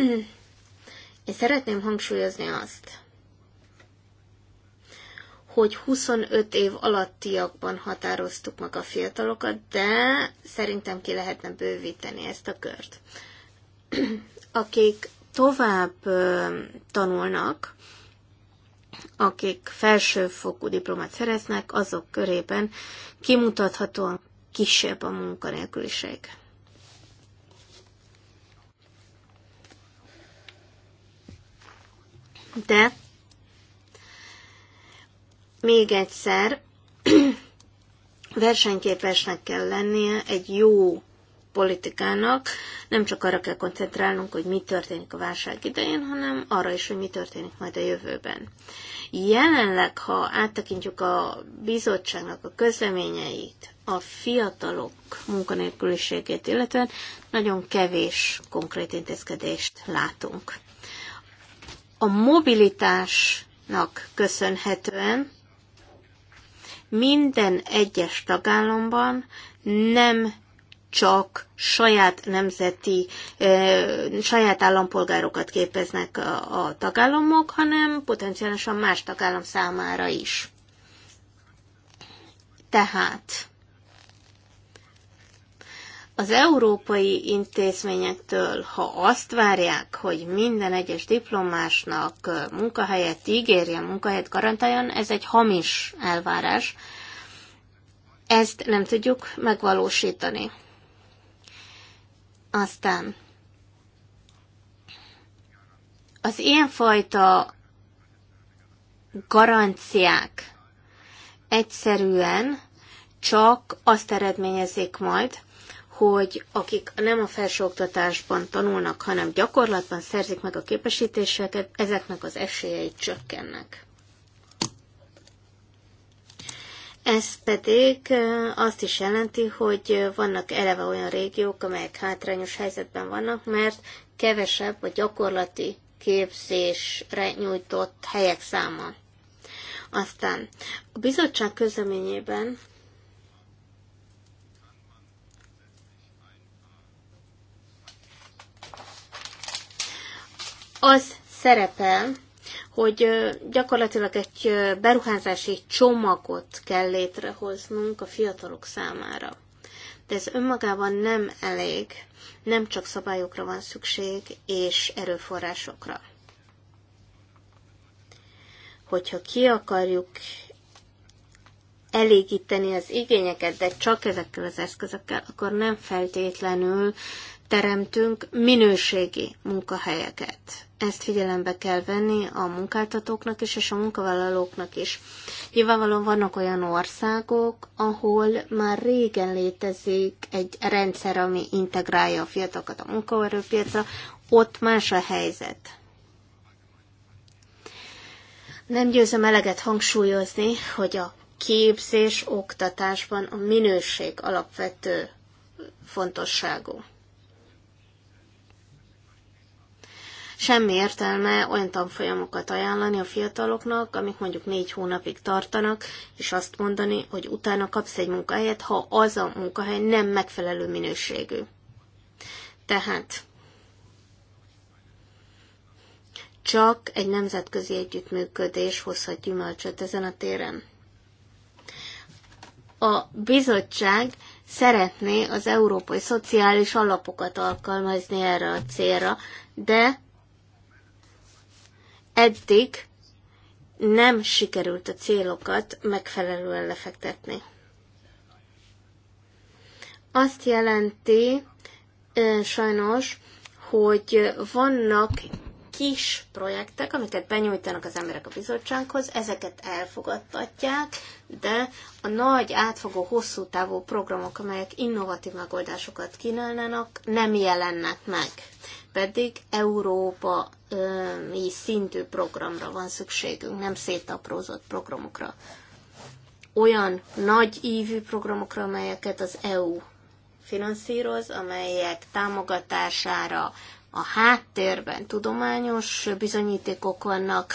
Én szeretném hangsúlyozni azt, hogy 25 év alattiakban határoztuk meg a fiatalokat, de szerintem ki lehetne bővíteni ezt a kört. akik tovább tanulnak, akik felsőfokú diplomát szereznek, azok körében kimutathatóan kisebb a munkanélküliség. De még egyszer versenyképesnek kell lennie egy jó politikának nem csak arra kell koncentrálnunk, hogy mi történik a válság idején, hanem arra is, hogy mi történik majd a jövőben. Jelenleg, ha áttekintjük a bizottságnak a közleményeit, a fiatalok munkanélküliségét illetően nagyon kevés konkrét intézkedést látunk. A mobilitásnak köszönhetően minden egyes tagállamban nem csak saját nemzeti, saját állampolgárokat képeznek a tagállamok, hanem potenciálisan más tagállam számára is. Tehát az európai intézményektől, ha azt várják, hogy minden egyes diplomásnak munkahelyet ígérjen, munkahelyet garantáljon, ez egy hamis elvárás. Ezt nem tudjuk megvalósítani. Aztán az ilyenfajta garanciák egyszerűen csak azt eredményezik majd, hogy akik nem a felsőoktatásban tanulnak, hanem gyakorlatban szerzik meg a képesítéseket, ezeknek az esélyei csökkennek. Ez pedig azt is jelenti, hogy vannak eleve olyan régiók, amelyek hátrányos helyzetben vannak, mert kevesebb a gyakorlati képzésre nyújtott helyek száma. Aztán a bizottság közleményében az szerepel, hogy gyakorlatilag egy beruházási csomagot kell létrehoznunk a fiatalok számára. De ez önmagában nem elég, nem csak szabályokra van szükség és erőforrásokra. Hogyha ki akarjuk elégíteni az igényeket, de csak ezekkel az eszközökkel, akkor nem feltétlenül teremtünk minőségi munkahelyeket. Ezt figyelembe kell venni a munkáltatóknak is, és a munkavállalóknak is. Nyilvánvalóan vannak olyan országok, ahol már régen létezik egy rendszer, ami integrálja a fiatalokat a munkaerőpiacra, ott más a helyzet. Nem győzöm eleget hangsúlyozni, hogy a képzés, oktatásban a minőség alapvető fontosságú. Semmi értelme olyan tanfolyamokat ajánlani a fiataloknak, amik mondjuk négy hónapig tartanak, és azt mondani, hogy utána kapsz egy munkahelyet, ha az a munkahely nem megfelelő minőségű. Tehát csak egy nemzetközi együttműködés hozhat gyümölcsöt ezen a téren. A bizottság szeretné az európai szociális alapokat alkalmazni erre a célra, de eddig nem sikerült a célokat megfelelően lefektetni. Azt jelenti sajnos, hogy vannak kis projektek, amiket benyújtanak az emberek a bizottsághoz, ezeket elfogadtatják, de a nagy, átfogó, hosszú távú programok, amelyek innovatív megoldásokat kínálnának, nem jelennek meg pedig Európa szintű programra van szükségünk, nem szétaprózott programokra. Olyan nagy ívű programokra, amelyeket az EU finanszíroz, amelyek támogatására a háttérben tudományos bizonyítékok vannak,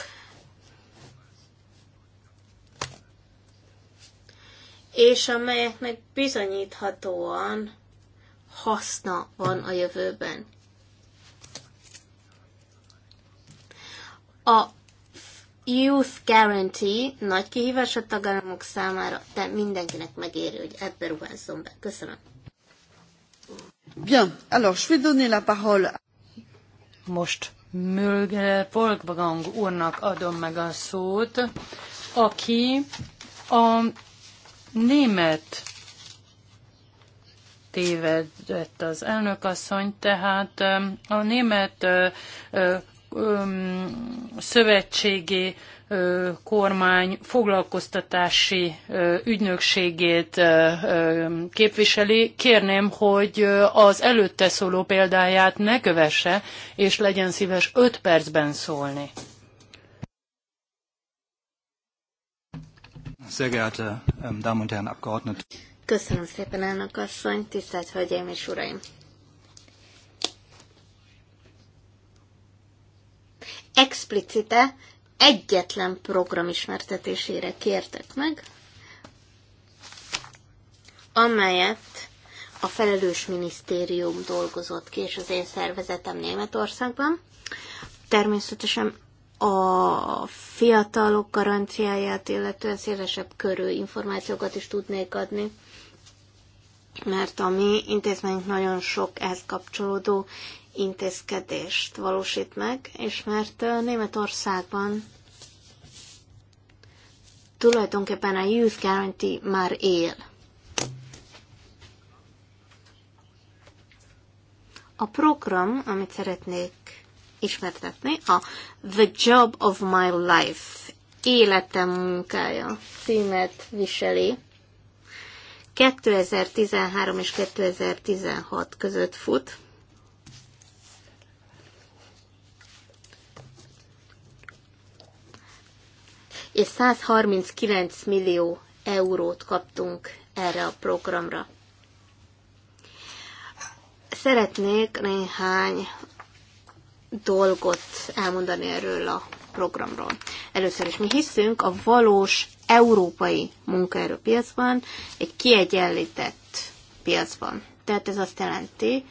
és amelyeknek bizonyíthatóan haszna van a jövőben. A Youth Guarantee nagy kihívás a tagállamok számára, de mindenkinek megéri, hogy ebbe ruházzon be. Köszönöm. Bien, alors je vais donner la parole. Most Mölger Polkbagang úrnak adom meg a szót, aki a német tévedett az elnökasszony, tehát a német szövetségi kormány foglalkoztatási ügynökségét képviseli. Kérném, hogy az előtte szóló példáját ne kövesse, és legyen szíves 5 percben szólni. Ähm, Köszönöm szépen, elnök asszony, tisztelt hölgyeim és uraim! explicite egyetlen program ismertetésére kértek meg, amelyet a felelős minisztérium dolgozott ki, és az én szervezetem Németországban. Természetesen a fiatalok garanciáját, illetően szélesebb körű információkat is tudnék adni, mert a mi intézményünk nagyon sok ehhez kapcsolódó intézkedést valósít meg, és mert Németországban tulajdonképpen a Youth Guarantee már él. A program, amit szeretnék ismertetni, a The Job of My Life, életem munkája címet viseli. 2013 és 2016 között fut. és 139 millió eurót kaptunk erre a programra. Szeretnék néhány dolgot elmondani erről a programról. Először is mi hiszünk a valós európai munkaerőpiacban, egy kiegyenlített piacban. Tehát ez azt jelenti,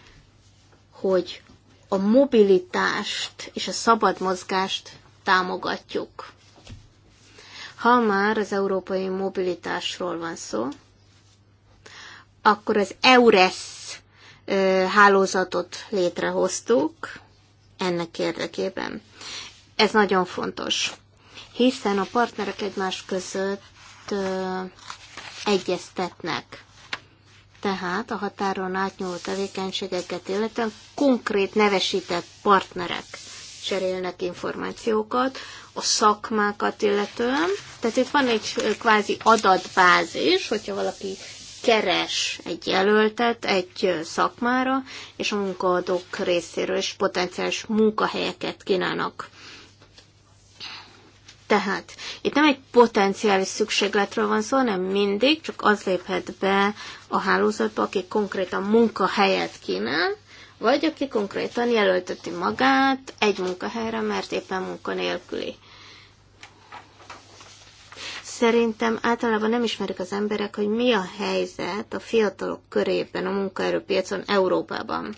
hogy a mobilitást és a szabad mozgást támogatjuk. Ha már az európai mobilitásról van szó, akkor az EURES hálózatot létrehoztuk ennek érdekében. Ez nagyon fontos, hiszen a partnerek egymás között egyeztetnek. Tehát a határon átnyúló tevékenységeket illetően konkrét nevesített partnerek cserélnek információkat a szakmákat illetően. Tehát itt van egy kvázi adatbázis, hogyha valaki keres egy jelöltet egy szakmára, és a munkaadók részéről is potenciális munkahelyeket kínálnak. Tehát itt nem egy potenciális szükségletről van szó, hanem mindig csak az léphet be a hálózatba, aki konkrétan munkahelyet kínál, vagy aki konkrétan jelölteti magát egy munkahelyre, mert éppen munkanélküli. Szerintem általában nem ismerik az emberek, hogy mi a helyzet a fiatalok körében a munkaerőpiacon Európában.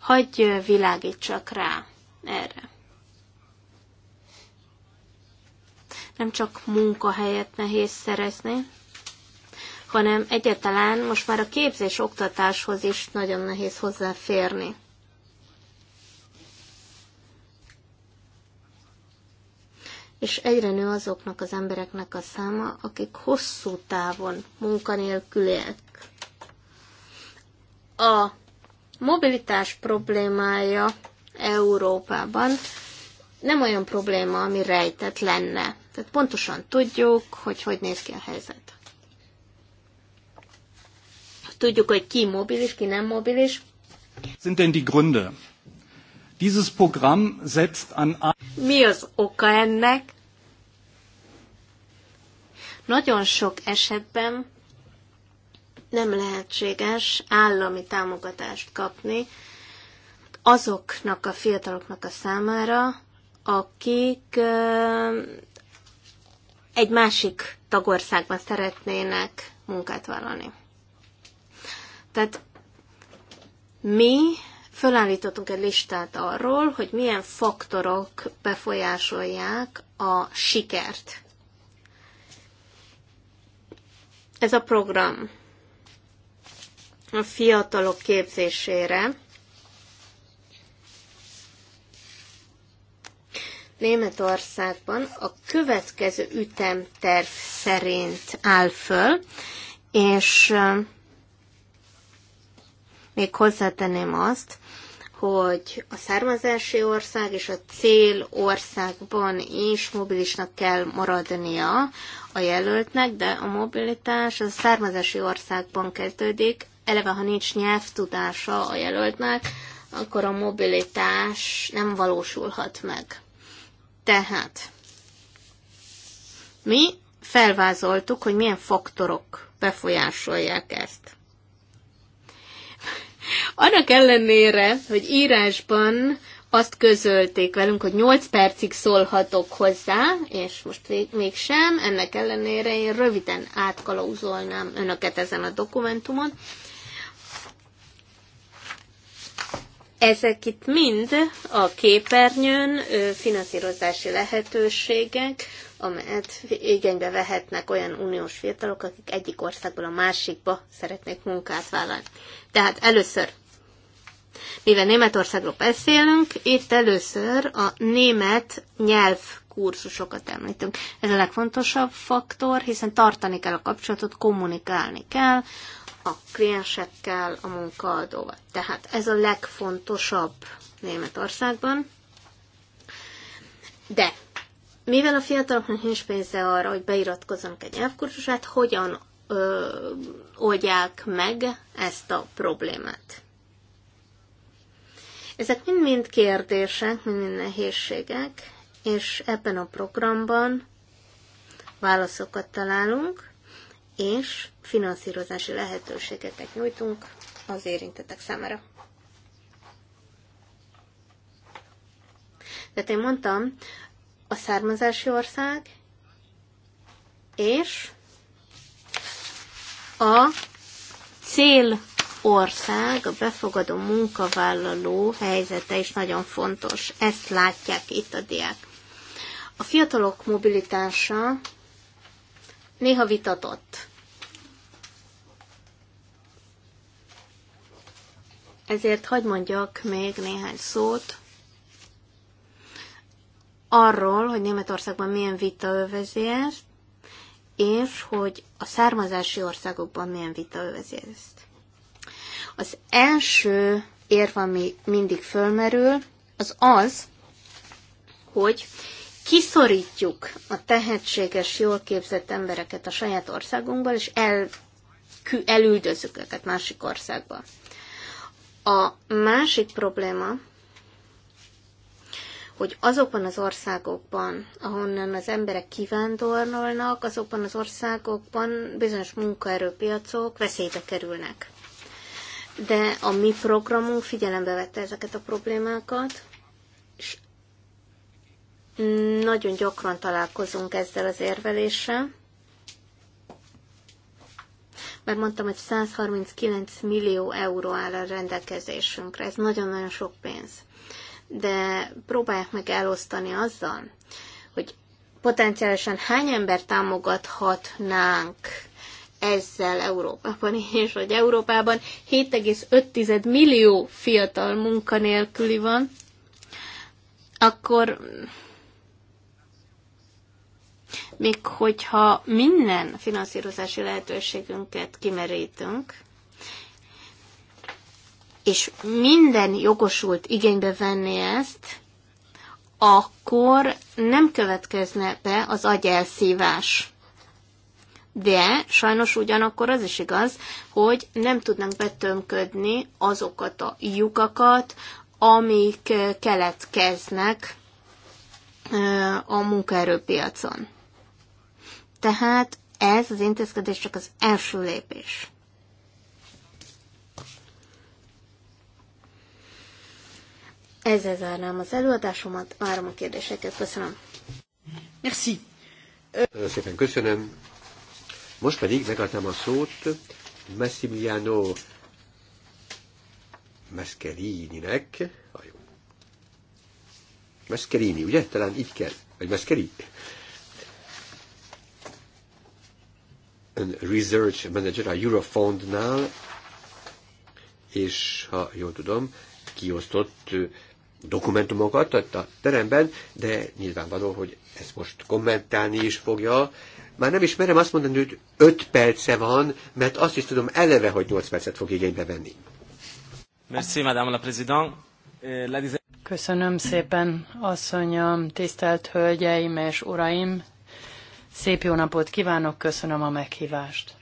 Hagyj világítsak rá erre. Nem csak munkahelyet nehéz szerezni, hanem egyetlen most már a képzés oktatáshoz is nagyon nehéz hozzáférni. És egyre nő azoknak az embereknek a száma, akik hosszú távon munkanélküliek. A mobilitás problémája Európában nem olyan probléma, ami rejtett lenne. Tehát pontosan tudjuk, hogy hogy néz ki a helyzet tudjuk, hogy ki mobilis, ki nem mobilis. Sind denn die Gründe? Dieses Programm setzt an... Mi az oka ennek? Nagyon sok esetben nem lehetséges állami támogatást kapni azoknak a fiataloknak a számára, akik egy másik tagországban szeretnének munkát vállalni. Tehát mi fölállítottunk egy listát arról, hogy milyen faktorok befolyásolják a sikert. Ez a program a fiatalok képzésére Németországban a következő ütemterv szerint áll föl, és még hozzátenném azt, hogy a származási ország és a cél országban is mobilisnak kell maradnia a jelöltnek, de a mobilitás a származási országban kezdődik, eleve ha nincs nyelvtudása a jelöltnek, akkor a mobilitás nem valósulhat meg. Tehát mi felvázoltuk, hogy milyen faktorok befolyásolják ezt. Annak ellenére, hogy írásban azt közölték velünk, hogy 8 percig szólhatok hozzá, és most mégsem, ennek ellenére én röviden átkalauzolnám önöket ezen a dokumentumon. Ezek itt mind a képernyőn finanszírozási lehetőségek, amelyet igénybe vehetnek olyan uniós fiatalok, akik egyik országból a másikba szeretnék munkát vállalni. Tehát először, mivel Németországról beszélünk, itt először a német nyelv kurzusokat említünk. Ez a legfontosabb faktor, hiszen tartani kell a kapcsolatot, kommunikálni kell a kliensekkel, a munkaadóval. Tehát ez a legfontosabb Németországban. De mivel a fiataloknak nincs pénze arra, hogy beiratkozzanak egy nyelvkursust, hogyan ö, oldják meg ezt a problémát? Ezek mind-mind kérdések, mind-mind nehézségek, és ebben a programban válaszokat találunk, és finanszírozási lehetőségeket nyújtunk az érintettek számára. Tehát én mondtam, a származási ország és a cél ország, a befogadó munkavállaló helyzete is nagyon fontos. Ezt látják itt a diák. A fiatalok mobilitása néha vitatott. Ezért hagy mondjak még néhány szót arról, hogy Németországban milyen vita övezi ezt, és hogy a származási országokban milyen vita övezi ezt. Az első érv, ami mindig fölmerül, az az, hogy kiszorítjuk a tehetséges, jól képzett embereket a saját országunkból, és el, elüldözzük őket másik országba. A másik probléma hogy azokban az országokban, ahonnan az emberek kivándorolnak, azokban az országokban bizonyos munkaerőpiacok veszélybe kerülnek. De a mi programunk figyelembe vette ezeket a problémákat, és nagyon gyakran találkozunk ezzel az érveléssel. Mert mondtam, hogy 139 millió euró áll a rendelkezésünkre, ez nagyon-nagyon sok pénz de próbálják meg elosztani azzal, hogy potenciálisan hány ember támogathatnánk ezzel Európában, és hogy Európában 7,5 millió fiatal munkanélküli van, akkor még hogyha minden finanszírozási lehetőségünket kimerítünk, és minden jogosult igénybe venni ezt, akkor nem következne be az agyelszívás. De sajnos ugyanakkor az is igaz, hogy nem tudnak betömködni azokat a lyukakat, amik eh, keletkeznek eh, a munkaerőpiacon. Tehát ez az intézkedés csak az első lépés. Ezzel zárnám az előadásomat, várom a kérdéseket. Köszönöm. Merci. Nagyon szépen köszönöm. Most pedig megadnám a szót Massimiliano Mascherini-nek, Mascherini-nek. Mascherini, ugye? Talán így kell. Vagy Mascherini? Ön research manager a Eurofondnál, és ha jól tudom, kiosztott dokumentumokat ott a teremben, de nyilvánvaló, hogy ezt most kommentálni is fogja. Már nem is merem azt mondani, hogy 5 perce van, mert azt is tudom eleve, hogy 8 percet fog igénybe venni. Merci, Madame la président. Euh, köszönöm szépen, asszonyom, tisztelt hölgyeim és uraim. Szép jó napot kívánok, köszönöm a meghívást.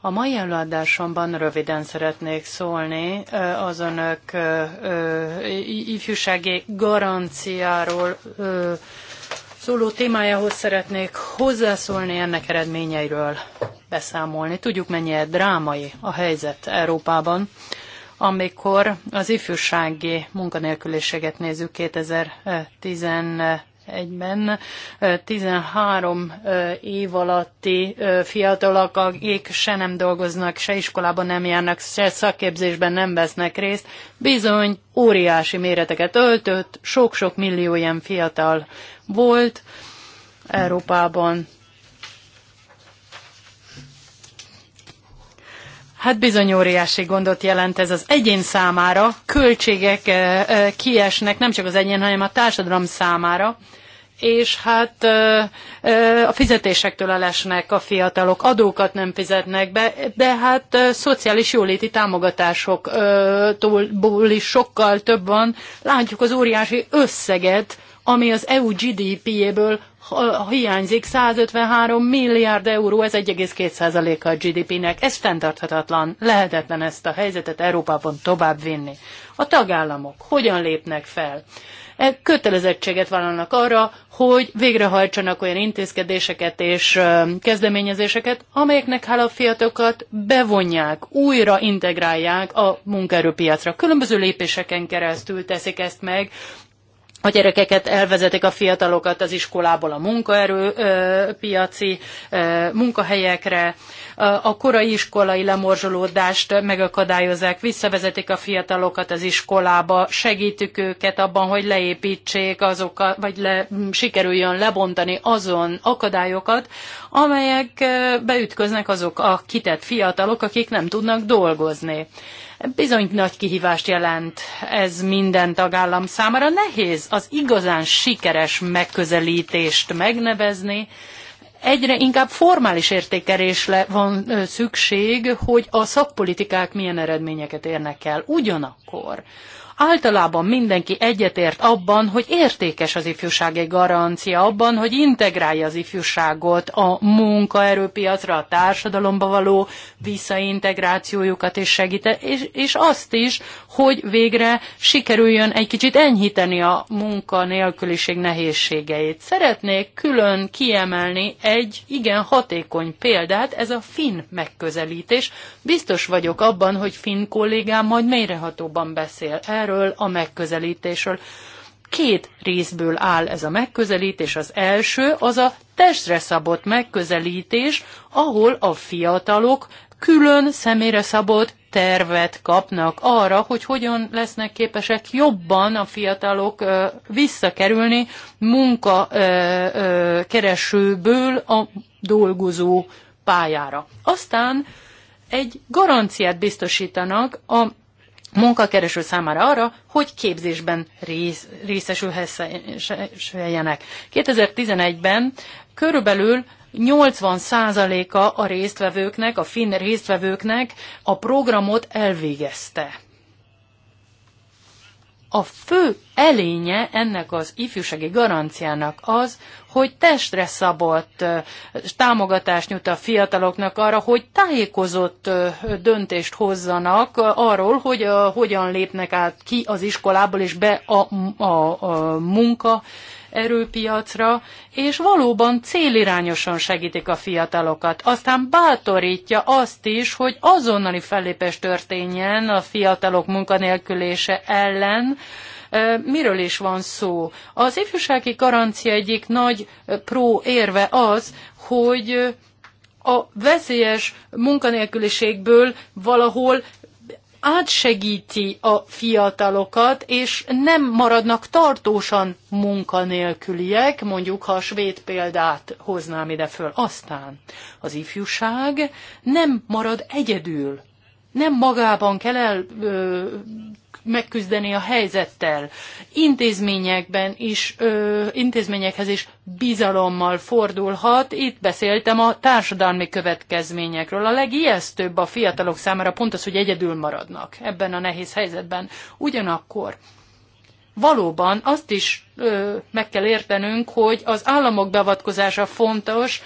A mai előadásomban röviden szeretnék szólni az önök ifjúsági garanciáról szóló témájához szeretnék hozzászólni, ennek eredményeiről beszámolni. Tudjuk, mennyire drámai a helyzet Európában amikor az ifjúsági munkanélküliséget nézzük 2010 egyben 13 év alatti fiatalok, akik se nem dolgoznak, se iskolában nem járnak, se szakképzésben nem vesznek részt, bizony óriási méreteket öltött, sok-sok millió ilyen fiatal volt Európában. Hát bizony óriási gondot jelent ez az egyén számára, költségek kiesnek nem csak az egyén, hanem a társadalom számára és hát a fizetésektől elesnek a fiatalok, adókat nem fizetnek be, de hát szociális jóléti támogatásoktól is sokkal több van. Látjuk az óriási összeget, ami az EU GDP-jéből hiányzik 153 milliárd euró, ez 1,2%-a a, a GDP-nek. Ez fenntarthatatlan, lehetetlen ezt a helyzetet Európában tovább vinni. A tagállamok hogyan lépnek fel? kötelezettséget vállalnak arra, hogy végrehajtsanak olyan intézkedéseket és kezdeményezéseket, amelyeknek hála a fiatalokat bevonják, újra integrálják a munkaerőpiacra. Különböző lépéseken keresztül teszik ezt meg, a gyerekeket elvezetik a fiatalokat az iskolából a munkaerő piaci munkahelyekre, a korai iskolai lemorzsolódást megakadályozzák, visszavezetik a fiatalokat az iskolába, segítük őket abban, hogy leépítsék azokat, vagy le, sikerüljön lebontani azon akadályokat, amelyek beütköznek azok a kitett fiatalok, akik nem tudnak dolgozni bizony nagy kihívást jelent ez minden tagállam számára. Nehéz az igazán sikeres megközelítést megnevezni, egyre inkább formális értékelésre van szükség, hogy a szakpolitikák milyen eredményeket érnek el. Ugyanakkor Általában mindenki egyetért abban, hogy értékes az ifjúság egy garancia, abban, hogy integrálja az ifjúságot a munkaerőpiacra, a társadalomba való visszaintegrációjukat és segíte, és, és azt is, hogy végre sikerüljön egy kicsit enyhíteni a munkanélküliség nehézségeit. Szeretnék külön kiemelni egy igen hatékony példát, ez a finn megközelítés. Biztos vagyok abban, hogy finn kollégám majd mélyrehatóban beszél erről, erről a megközelítésről. Két részből áll ez a megközelítés. Az első az a testre szabott megközelítés, ahol a fiatalok külön személyre szabott tervet kapnak arra, hogy hogyan lesznek képesek jobban a fiatalok visszakerülni munkakeresőből a dolgozó pályára. Aztán egy garanciát biztosítanak a munkakereső számára arra, hogy képzésben rész, részesülhessenek. 2011-ben körülbelül 80%-a a résztvevőknek, a finn résztvevőknek a programot elvégezte a fő elénye ennek az ifjúsági garanciának az, hogy testre szabott támogatást nyújt a fiataloknak arra, hogy tájékozott döntést hozzanak arról, hogy hogyan lépnek át ki az iskolából és be a, a, a munka erőpiacra, és valóban célirányosan segítik a fiatalokat. Aztán bátorítja azt is, hogy azonnali fellépés történjen a fiatalok munkanélkülése ellen, miről is van szó. Az ifjúsági garancia egyik nagy pró érve az, hogy a veszélyes munkanélküliségből valahol átsegíti a fiatalokat, és nem maradnak tartósan munkanélküliek, mondjuk ha a svéd példát hoznám ide föl. Aztán az ifjúság nem marad egyedül, nem magában kell el ö, megküzdeni a helyzettel. Intézményekben is, ö, intézményekhez is bizalommal fordulhat. Itt beszéltem a társadalmi következményekről. A legijesztőbb a fiatalok számára pont az, hogy egyedül maradnak ebben a nehéz helyzetben. Ugyanakkor valóban azt is ö, meg kell értenünk, hogy az államok beavatkozása fontos,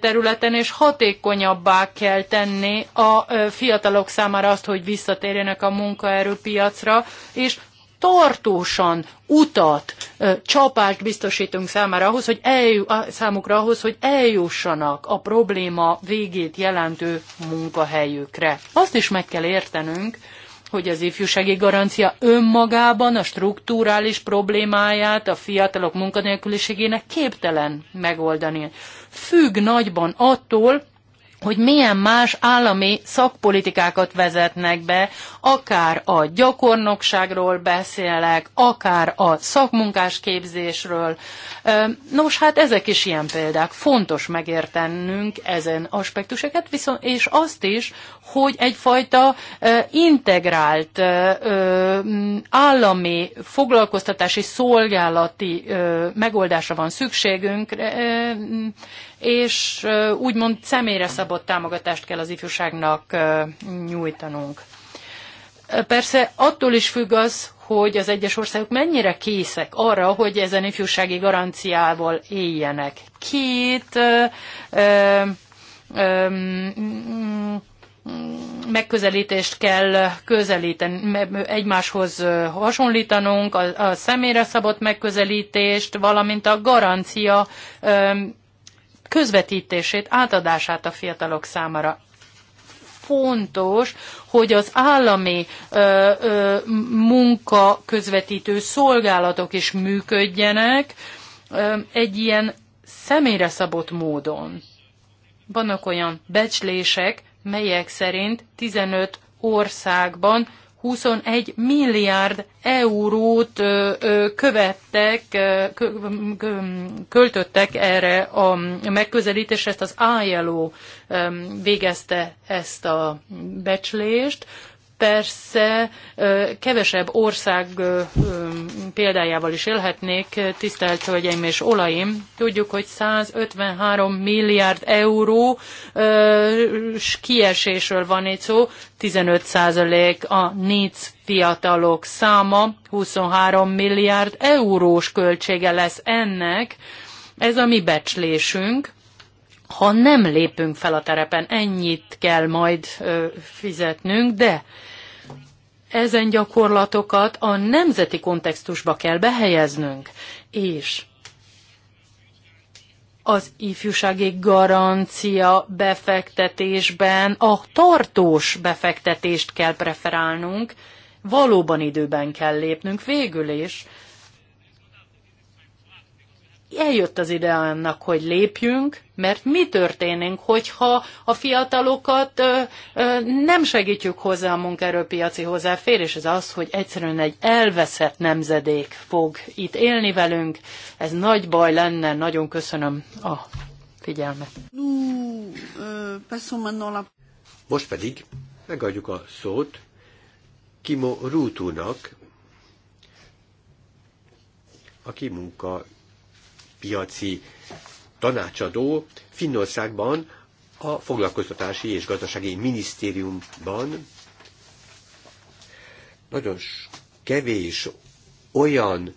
területen, és hatékonyabbá kell tenni a fiatalok számára azt, hogy visszatérjenek a munkaerőpiacra, és tartósan utat, csapást biztosítunk számára ahhoz, hogy eljú, számukra ahhoz, hogy eljussanak a probléma végét jelentő munkahelyükre. Azt is meg kell értenünk, hogy az ifjúsági garancia önmagában a strukturális problémáját, a fiatalok munkanélküliségének képtelen megoldani függ nagyban attól, hogy milyen más állami szakpolitikákat vezetnek be, akár a gyakornokságról beszélek, akár a szakmunkásképzésről. Nos, hát ezek is ilyen példák. Fontos megértenünk ezen aspektuseket, viszont, és azt is, hogy egyfajta integrált állami foglalkoztatási szolgálati megoldásra van szükségünk, és úgymond személyre szabott támogatást kell az ifjúságnak nyújtanunk. Persze attól is függ az, hogy az egyes országok mennyire készek arra, hogy ezen ifjúsági garanciával éljenek. Két ö, ö, ö, megközelítést kell közelíteni, egymáshoz hasonlítanunk, a, a személyre szabott megközelítést, valamint a garancia közvetítését, átadását a fiatalok számára. Fontos, hogy az állami ö, ö, munka közvetítő szolgálatok is működjenek ö, egy ilyen személyre szabott módon. Vannak olyan becslések, melyek szerint 15 országban 21 milliárd eurót követtek, költöttek erre a megközelítésre, ezt az ILO végezte ezt a becslést persze kevesebb ország példájával is élhetnék, tisztelt Hölgyeim és Olaim. Tudjuk, hogy 153 milliárd euró kiesésről van itt szó, 15 százalék a NIC fiatalok száma, 23 milliárd eurós költsége lesz ennek. Ez a mi becslésünk ha nem lépünk fel a terepen, ennyit kell majd ö, fizetnünk, de ezen gyakorlatokat a nemzeti kontextusba kell behelyeznünk, és az ifjúsági garancia befektetésben a tartós befektetést kell preferálnunk, valóban időben kell lépnünk végül is, eljött az ide annak, hogy lépjünk, mert mi történik, hogyha a fiatalokat ö, ö, nem segítjük hozzá a munkaerőpiaci hozzáférés, ez az, hogy egyszerűen egy elveszett nemzedék fog itt élni velünk. Ez nagy baj lenne, nagyon köszönöm a figyelmet. Most pedig megadjuk a szót Kimo Rútúnak, aki munka piaci tanácsadó Finnországban a foglalkoztatási és gazdasági minisztériumban nagyon kevés olyan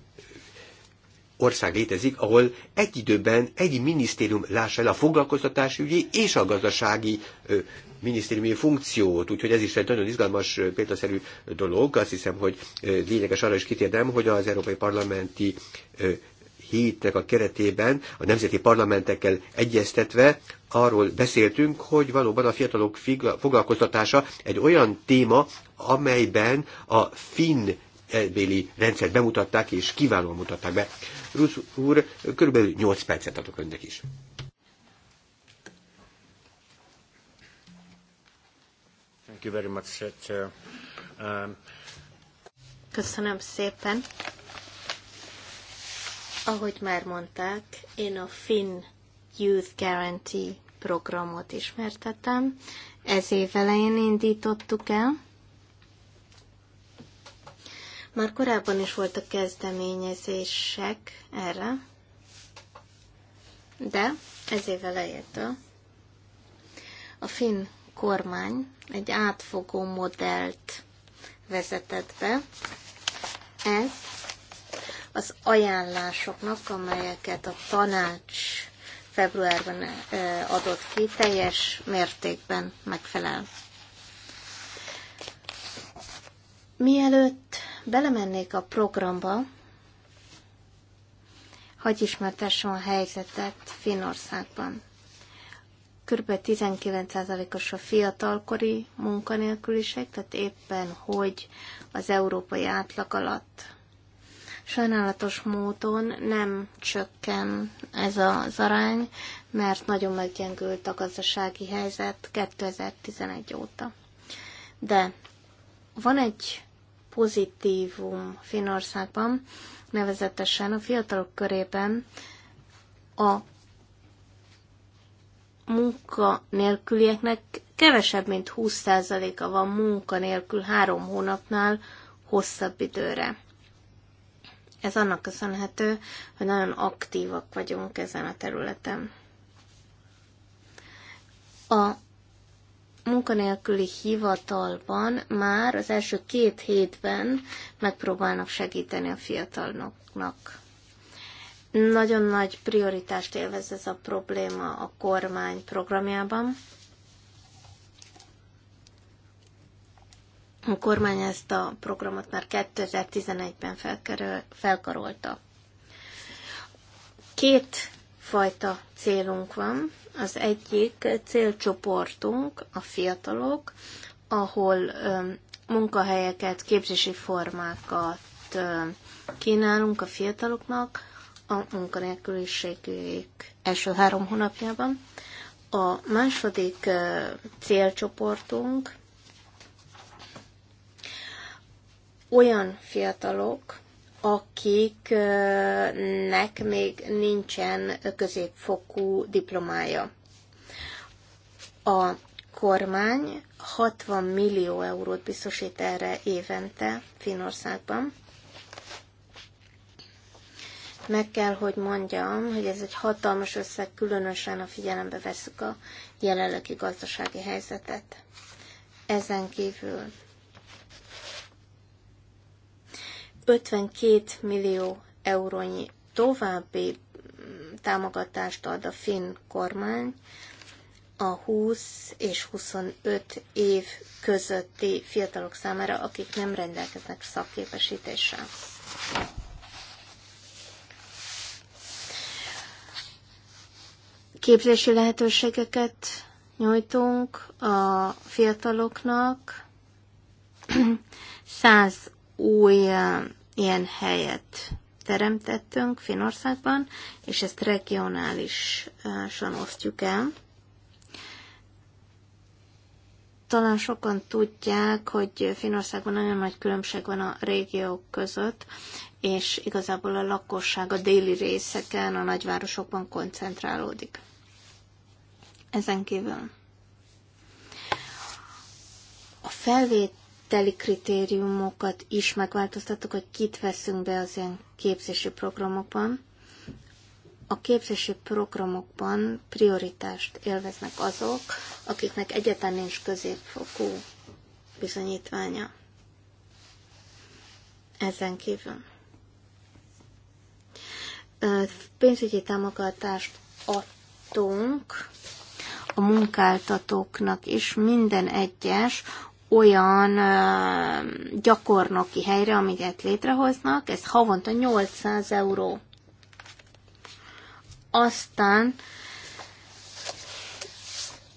ország létezik, ahol egy időben egy minisztérium lássa el a foglalkoztatási ügyi és a gazdasági minisztériumi funkciót, úgyhogy ez is egy nagyon izgalmas, példaszerű dolog. Azt hiszem, hogy lényeges arra is kitérdem, hogy az Európai Parlamenti hétnek a keretében a nemzeti parlamentekkel egyeztetve arról beszéltünk, hogy valóban a fiatalok foglalkoztatása egy olyan téma, amelyben a finn elbéli rendszert bemutatták, és kiválóan mutatták be. Rusz úr, körülbelül 8 percet adok önnek is. Thank you very much. Um, Köszönöm szépen. Ahogy már mondták, én a Finn Youth Guarantee programot ismertetem. Ez év elején indítottuk el. Már korábban is voltak kezdeményezések erre, de ez év elejétől a finn kormány egy átfogó modellt vezetett be. Ez az ajánlásoknak, amelyeket a tanács februárban eh, adott ki, teljes mértékben megfelel. Mielőtt belemennék a programba, hagyj ismertessem a helyzetet Finnországban. Kb. 19%-os a fiatalkori munkanélküliség, tehát éppen hogy az európai átlag alatt Sajnálatos módon nem csökken ez az arány, mert nagyon meggyengült a gazdasági helyzet 2011 óta. De van egy pozitívum Finországban, nevezetesen a fiatalok körében a munkanélkülieknek kevesebb, mint 20%-a van munkanélkül három hónapnál hosszabb időre. Ez annak köszönhető, hogy nagyon aktívak vagyunk ezen a területen. A munkanélküli hivatalban már az első két hétben megpróbálnak segíteni a fiataloknak. Nagyon nagy prioritást élvez ez a probléma a kormány programjában A kormány ezt a programot már 2011-ben felkarolta. Két fajta célunk van. Az egyik célcsoportunk a fiatalok, ahol munkahelyeket, képzési formákat kínálunk a fiataloknak a munkanélküliségük első három hónapjában. A második célcsoportunk olyan fiatalok, akiknek még nincsen középfokú diplomája. A kormány 60 millió eurót biztosít erre évente Finországban. Meg kell, hogy mondjam, hogy ez egy hatalmas összeg, különösen a figyelembe veszük a jelenlegi gazdasági helyzetet. Ezen kívül 52 millió eurónyi további mm, támogatást ad a finn kormány a 20 és 25 év közötti fiatalok számára, akik nem rendelkeznek szakképesítéssel. Képzési lehetőségeket nyújtunk a fiataloknak. 100 új ilyen helyet teremtettünk Finországban, és ezt regionálisan osztjuk el. Talán sokan tudják, hogy Finországban nagyon nagy különbség van a régiók között, és igazából a lakosság a déli részeken, a nagyvárosokban koncentrálódik. Ezen kívül a felvét teli kritériumokat is megváltoztattuk, hogy kit veszünk be az ilyen képzési programokban. A képzési programokban prioritást élveznek azok, akiknek egyetlen nincs középfokú bizonyítványa. Ezen kívül. Pénzügyi támogatást adtunk a munkáltatóknak is minden egyes olyan gyakornoki helyre, amiket létrehoznak, ez havonta 800 euró. Aztán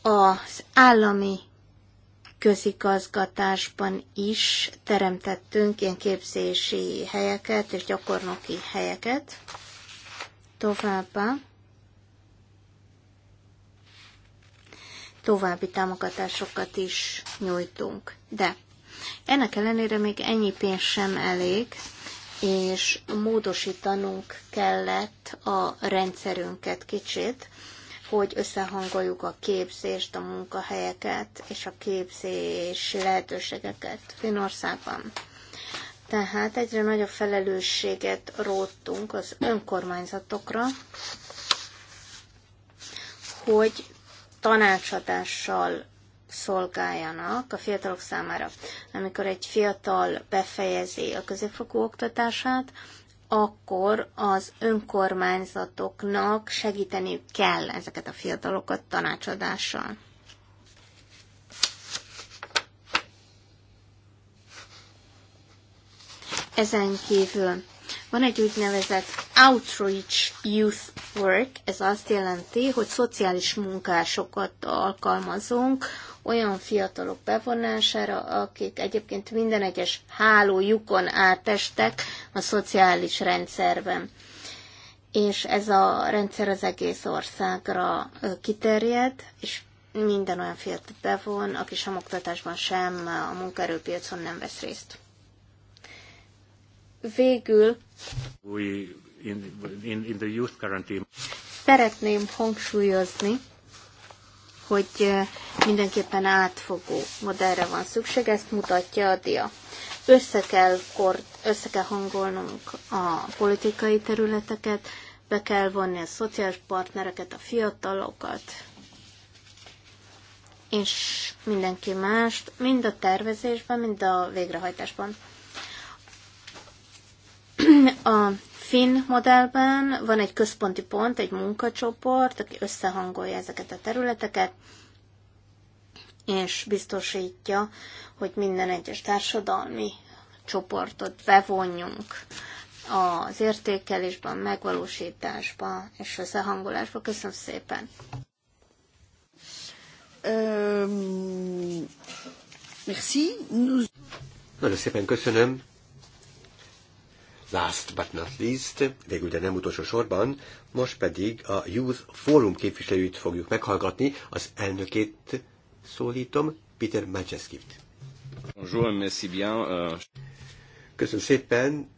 az állami közigazgatásban is teremtettünk ilyen képzési helyeket és gyakornoki helyeket. Továbbá további támogatásokat is nyújtunk. De ennek ellenére még ennyi pénz sem elég, és módosítanunk kellett a rendszerünket kicsit, hogy összehangoljuk a képzést, a munkahelyeket és a képzési lehetőségeket Finországban. Tehát egyre nagyobb felelősséget róttunk az önkormányzatokra, hogy tanácsadással szolgáljanak a fiatalok számára. Amikor egy fiatal befejezi a középfokú oktatását, akkor az önkormányzatoknak segíteniük kell ezeket a fiatalokat tanácsadással. Ezen kívül van egy úgynevezett Outreach Youth work, ez azt jelenti, hogy szociális munkásokat alkalmazunk olyan fiatalok bevonására, akik egyébként minden egyes hálójukon átestek a szociális rendszerben. És ez a rendszer az egész országra kiterjed, és minden olyan fiatal bevon, aki sem oktatásban, sem a munkaerőpiacon nem vesz részt. Végül. Új in, in, in the youth guarantee. Szeretném hangsúlyozni, hogy mindenképpen átfogó modellre van szükség, ezt mutatja a dia. Össze kell, kort, össze kell hangolnunk a politikai területeket, be kell vonni a szociális partnereket, a fiatalokat, és mindenki mást, mind a tervezésben, mind a végrehajtásban. A finn modellben van egy központi pont, egy munkacsoport, aki összehangolja ezeket a területeket, és biztosítja, hogy minden egyes társadalmi csoportot bevonjunk az értékelésben, megvalósításba és összehangolásba. Köszönöm szépen! Um, merci. Nagyon szépen köszönöm last but not least, végül de nem utolsó sorban, most pedig a Youth Forum képviselőjét fogjuk meghallgatni, az elnökét szólítom, Peter Majeskivt. Bonjour, merci bien. Euh, Köszönöm szépen,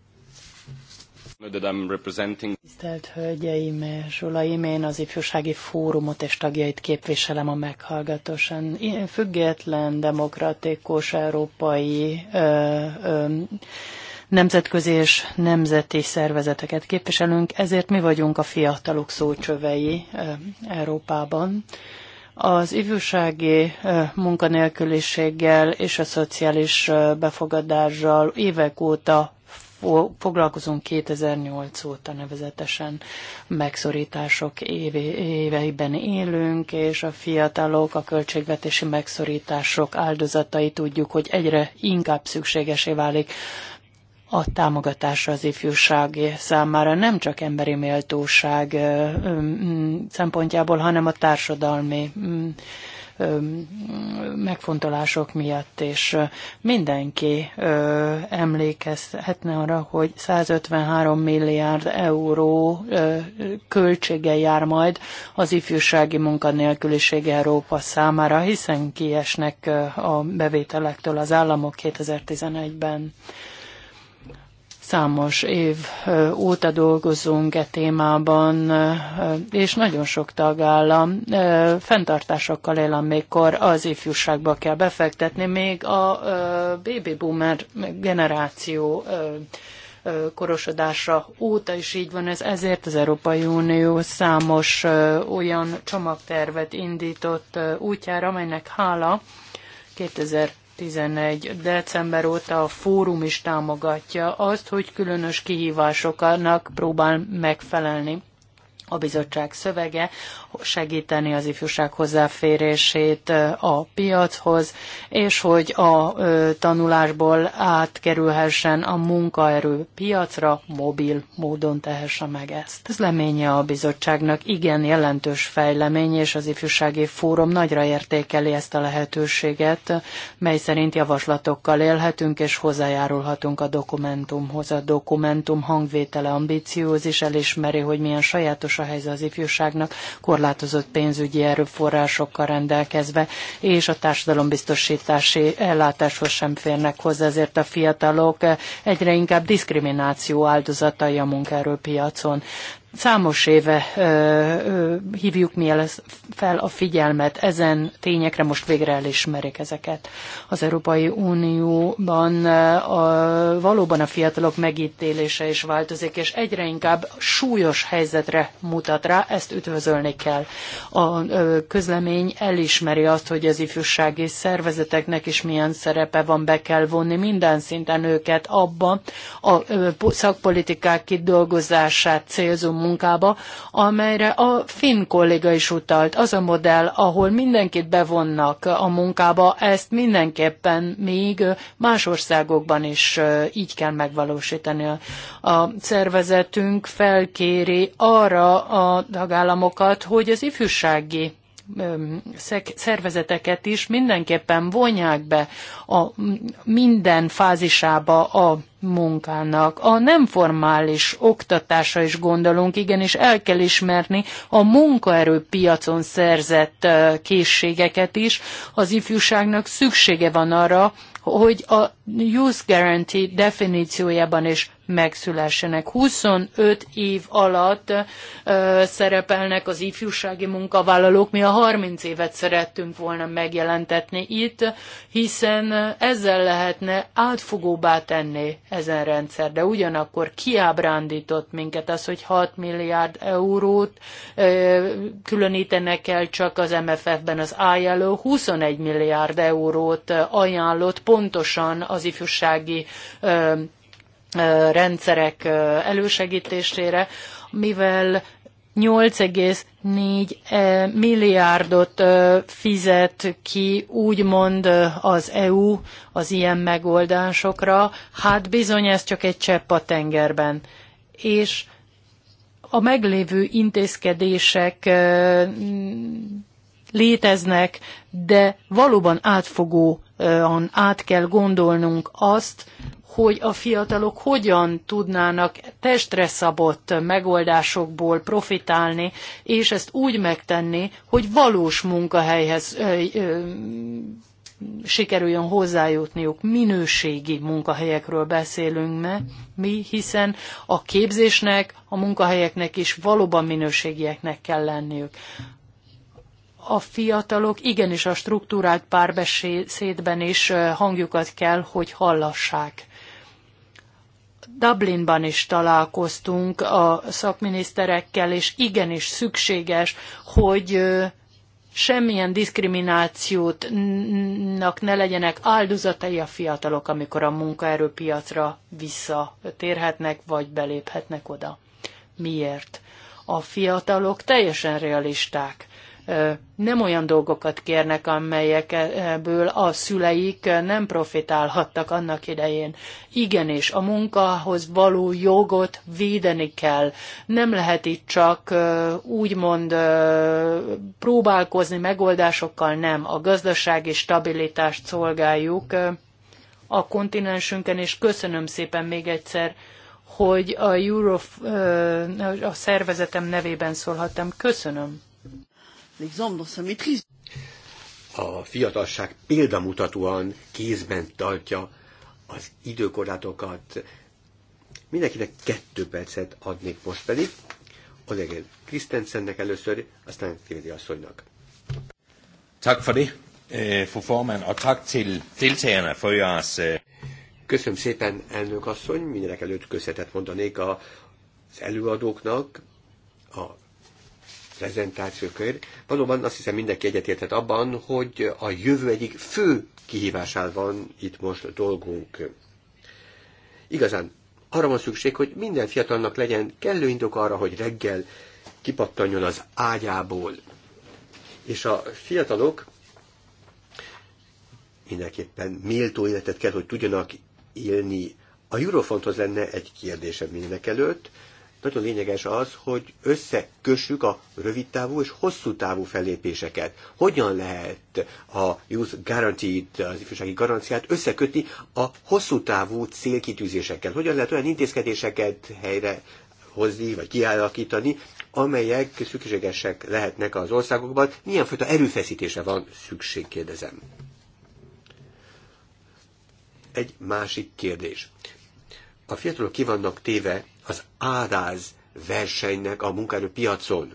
Tisztelt Hölgyeim és Uraim, én az Ifjúsági Fórumot és tagjait képviselem a meghallgatósan. Ilyen független, demokratikus, európai ö, ö, nemzetközi és nemzeti szervezeteket képviselünk, ezért mi vagyunk a fiatalok szócsövei Európában. Az ifjúsági munkanélküliséggel és a szociális befogadással évek óta foglalkozunk 2008 óta nevezetesen megszorítások éveiben élünk, és a fiatalok a költségvetési megszorítások áldozatai tudjuk, hogy egyre inkább szükségesé válik a támogatásra az ifjúság számára nem csak emberi méltóság szempontjából, hanem a társadalmi megfontolások miatt, és mindenki emlékezhetne arra, hogy 153 milliárd euró költsége jár majd az ifjúsági munkanélküliség Európa számára, hiszen kiesnek a bevételektől az államok 2011-ben. Számos év óta dolgozunk e témában, és nagyon sok tagállam fenntartásokkal él, amikor az ifjúságba kell befektetni, még a baby boomer generáció korosodása óta is így van ez, ezért az Európai Unió számos olyan csomagtervet indított útjára, amelynek hála 2000 2011. december óta a fórum is támogatja azt, hogy különös kihívásoknak próbál megfelelni a bizottság szövege segíteni az ifjúság hozzáférését a piachoz, és hogy a tanulásból átkerülhessen a munkaerő piacra, mobil módon tehesse meg ezt. Ez leménye a bizottságnak igen jelentős fejlemény, és az ifjúsági fórum nagyra értékeli ezt a lehetőséget, mely szerint javaslatokkal élhetünk, és hozzájárulhatunk a dokumentumhoz. A dokumentum hangvétele ambiciózis, elismeri, hogy milyen sajátos súlyos a helyzet az ifjúságnak, korlátozott pénzügyi erőforrásokkal rendelkezve, és a társadalombiztosítási ellátáshoz sem férnek hozzá, ezért a fiatalok egyre inkább diszkrimináció áldozatai a munkaerőpiacon. Számos éve ö, ö, hívjuk mi fel a figyelmet ezen tényekre, most végre elismerik ezeket. Az Európai Unióban a, valóban a fiatalok megítélése is változik, és egyre inkább súlyos helyzetre mutat rá, ezt üdvözölni kell. A ö, közlemény elismeri azt, hogy az ifjúsági szervezeteknek is milyen szerepe van, be kell vonni minden szinten őket abban a ö, szakpolitikák kidolgozását célzó munkába, amelyre a finn kolléga is utalt. Az a modell, ahol mindenkit bevonnak a munkába, ezt mindenképpen még más országokban is így kell megvalósítani. A szervezetünk felkéri arra a tagállamokat, hogy az ifjúsági szervezeteket is mindenképpen vonják be a minden fázisába a munkának. A nem formális oktatásra is gondolunk, igenis el kell ismerni a munkaerőpiacon szerzett készségeket is. Az ifjúságnak szüksége van arra, hogy a Youth Guarantee definíciójában is megszülessenek. 25 év alatt ö, szerepelnek az ifjúsági munkavállalók, mi a 30 évet szerettünk volna megjelentetni itt, hiszen ezzel lehetne átfogóbbá tenni ezen rendszer, de ugyanakkor kiábrándított minket az, hogy 6 milliárd eurót ö, különítenek el csak az MFF-ben az ILO 21 milliárd eurót ajánlott pontosan az ifjúsági ö, rendszerek elősegítésére, mivel 8,4 milliárdot fizet ki, úgymond az EU az ilyen megoldásokra, hát bizony ez csak egy csepp a tengerben. És a meglévő intézkedések léteznek, de valóban átfogóan át kell gondolnunk azt, hogy a fiatalok hogyan tudnának testre szabott megoldásokból profitálni, és ezt úgy megtenni, hogy valós munkahelyhez ö, ö, sikerüljön hozzájutniuk. Minőségi munkahelyekről beszélünk mi, hiszen a képzésnek, a munkahelyeknek is valóban minőségieknek kell lenniük a fiatalok igenis a struktúrált párbeszédben is hangjukat kell, hogy hallassák. Dublinban is találkoztunk a szakminiszterekkel, és igenis szükséges, hogy semmilyen diszkriminációtnak ne legyenek áldozatai a fiatalok, amikor a munkaerőpiacra visszatérhetnek, vagy beléphetnek oda. Miért? A fiatalok teljesen realisták nem olyan dolgokat kérnek, amelyekből a szüleik nem profitálhattak annak idején. Igenis, a munkahoz való jogot védeni kell. Nem lehet itt csak úgymond próbálkozni megoldásokkal, nem. A gazdasági stabilitást szolgáljuk a kontinensünkön, és köszönöm szépen még egyszer, hogy a Euro a szervezetem nevében szólhattam. Köszönöm l'exemple dans sa maîtrise. A fiatalság példamutatóan kézben tartja az időkorlátokat. Mindenkinek kettő percet adnék most pedig. egész Krisztensennek először, aztán Fédi asszonynak. Tak for det, øh, fru formand, og tak til deltagerne for jeres... Øh. Köszönöm szépen, elnök asszony, mindenek előtt köszönetet mondanék a, az előadóknak, a prezentációkért. Valóban azt hiszem mindenki egyetértett abban, hogy a jövő egyik fő kihívásával van itt most dolgunk. Igazán arra van szükség, hogy minden fiatalnak legyen kellő indok arra, hogy reggel kipattanjon az ágyából. És a fiatalok mindenképpen méltó életet kell, hogy tudjanak élni. A Eurofonthoz lenne egy kérdésem mindenek előtt, nagyon lényeges az, hogy összekössük a rövidtávú és hosszú távú fellépéseket. Hogyan lehet a Youth guarantee az ifjúsági garanciát összekötni a hosszú távú célkitűzésekkel? Hogyan lehet olyan intézkedéseket helyre hozni, vagy kialakítani, amelyek szükségesek lehetnek az országokban. Milyen fajta erőfeszítése van szükség, kérdezem. Egy másik kérdés. A fiatalok ki vannak téve az áráz versenynek a munkaerőpiacon.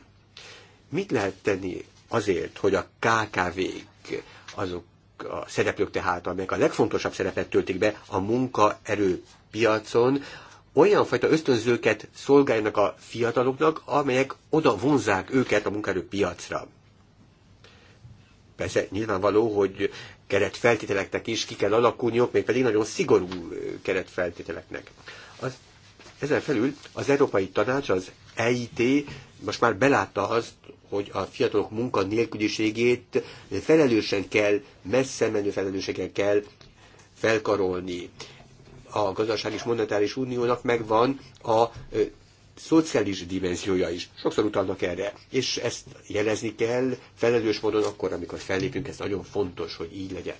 Mit lehet tenni azért, hogy a KKV-k, azok a szereplők tehát, amelyek a legfontosabb szerepet töltik be a munkaerőpiacon, olyan fajta ösztönzőket szolgáljanak a fiataloknak, amelyek oda vonzák őket a munkaerőpiacra. Persze nyilvánvaló, hogy keretfeltételeknek is ki kell alakulniuk, pedig nagyon szigorú keretfeltételeknek. Az ezen felül az Európai Tanács, az EIT most már belátta azt, hogy a fiatalok munkanélküliségét felelősen kell, messze menő felelősséggel kell felkarolni. A gazdaság és monetáris uniónak megvan a ö, szociális dimenziója is. Sokszor utalnak erre, és ezt jelezni kell felelős módon akkor, amikor fellépünk, ez nagyon fontos, hogy így legyen.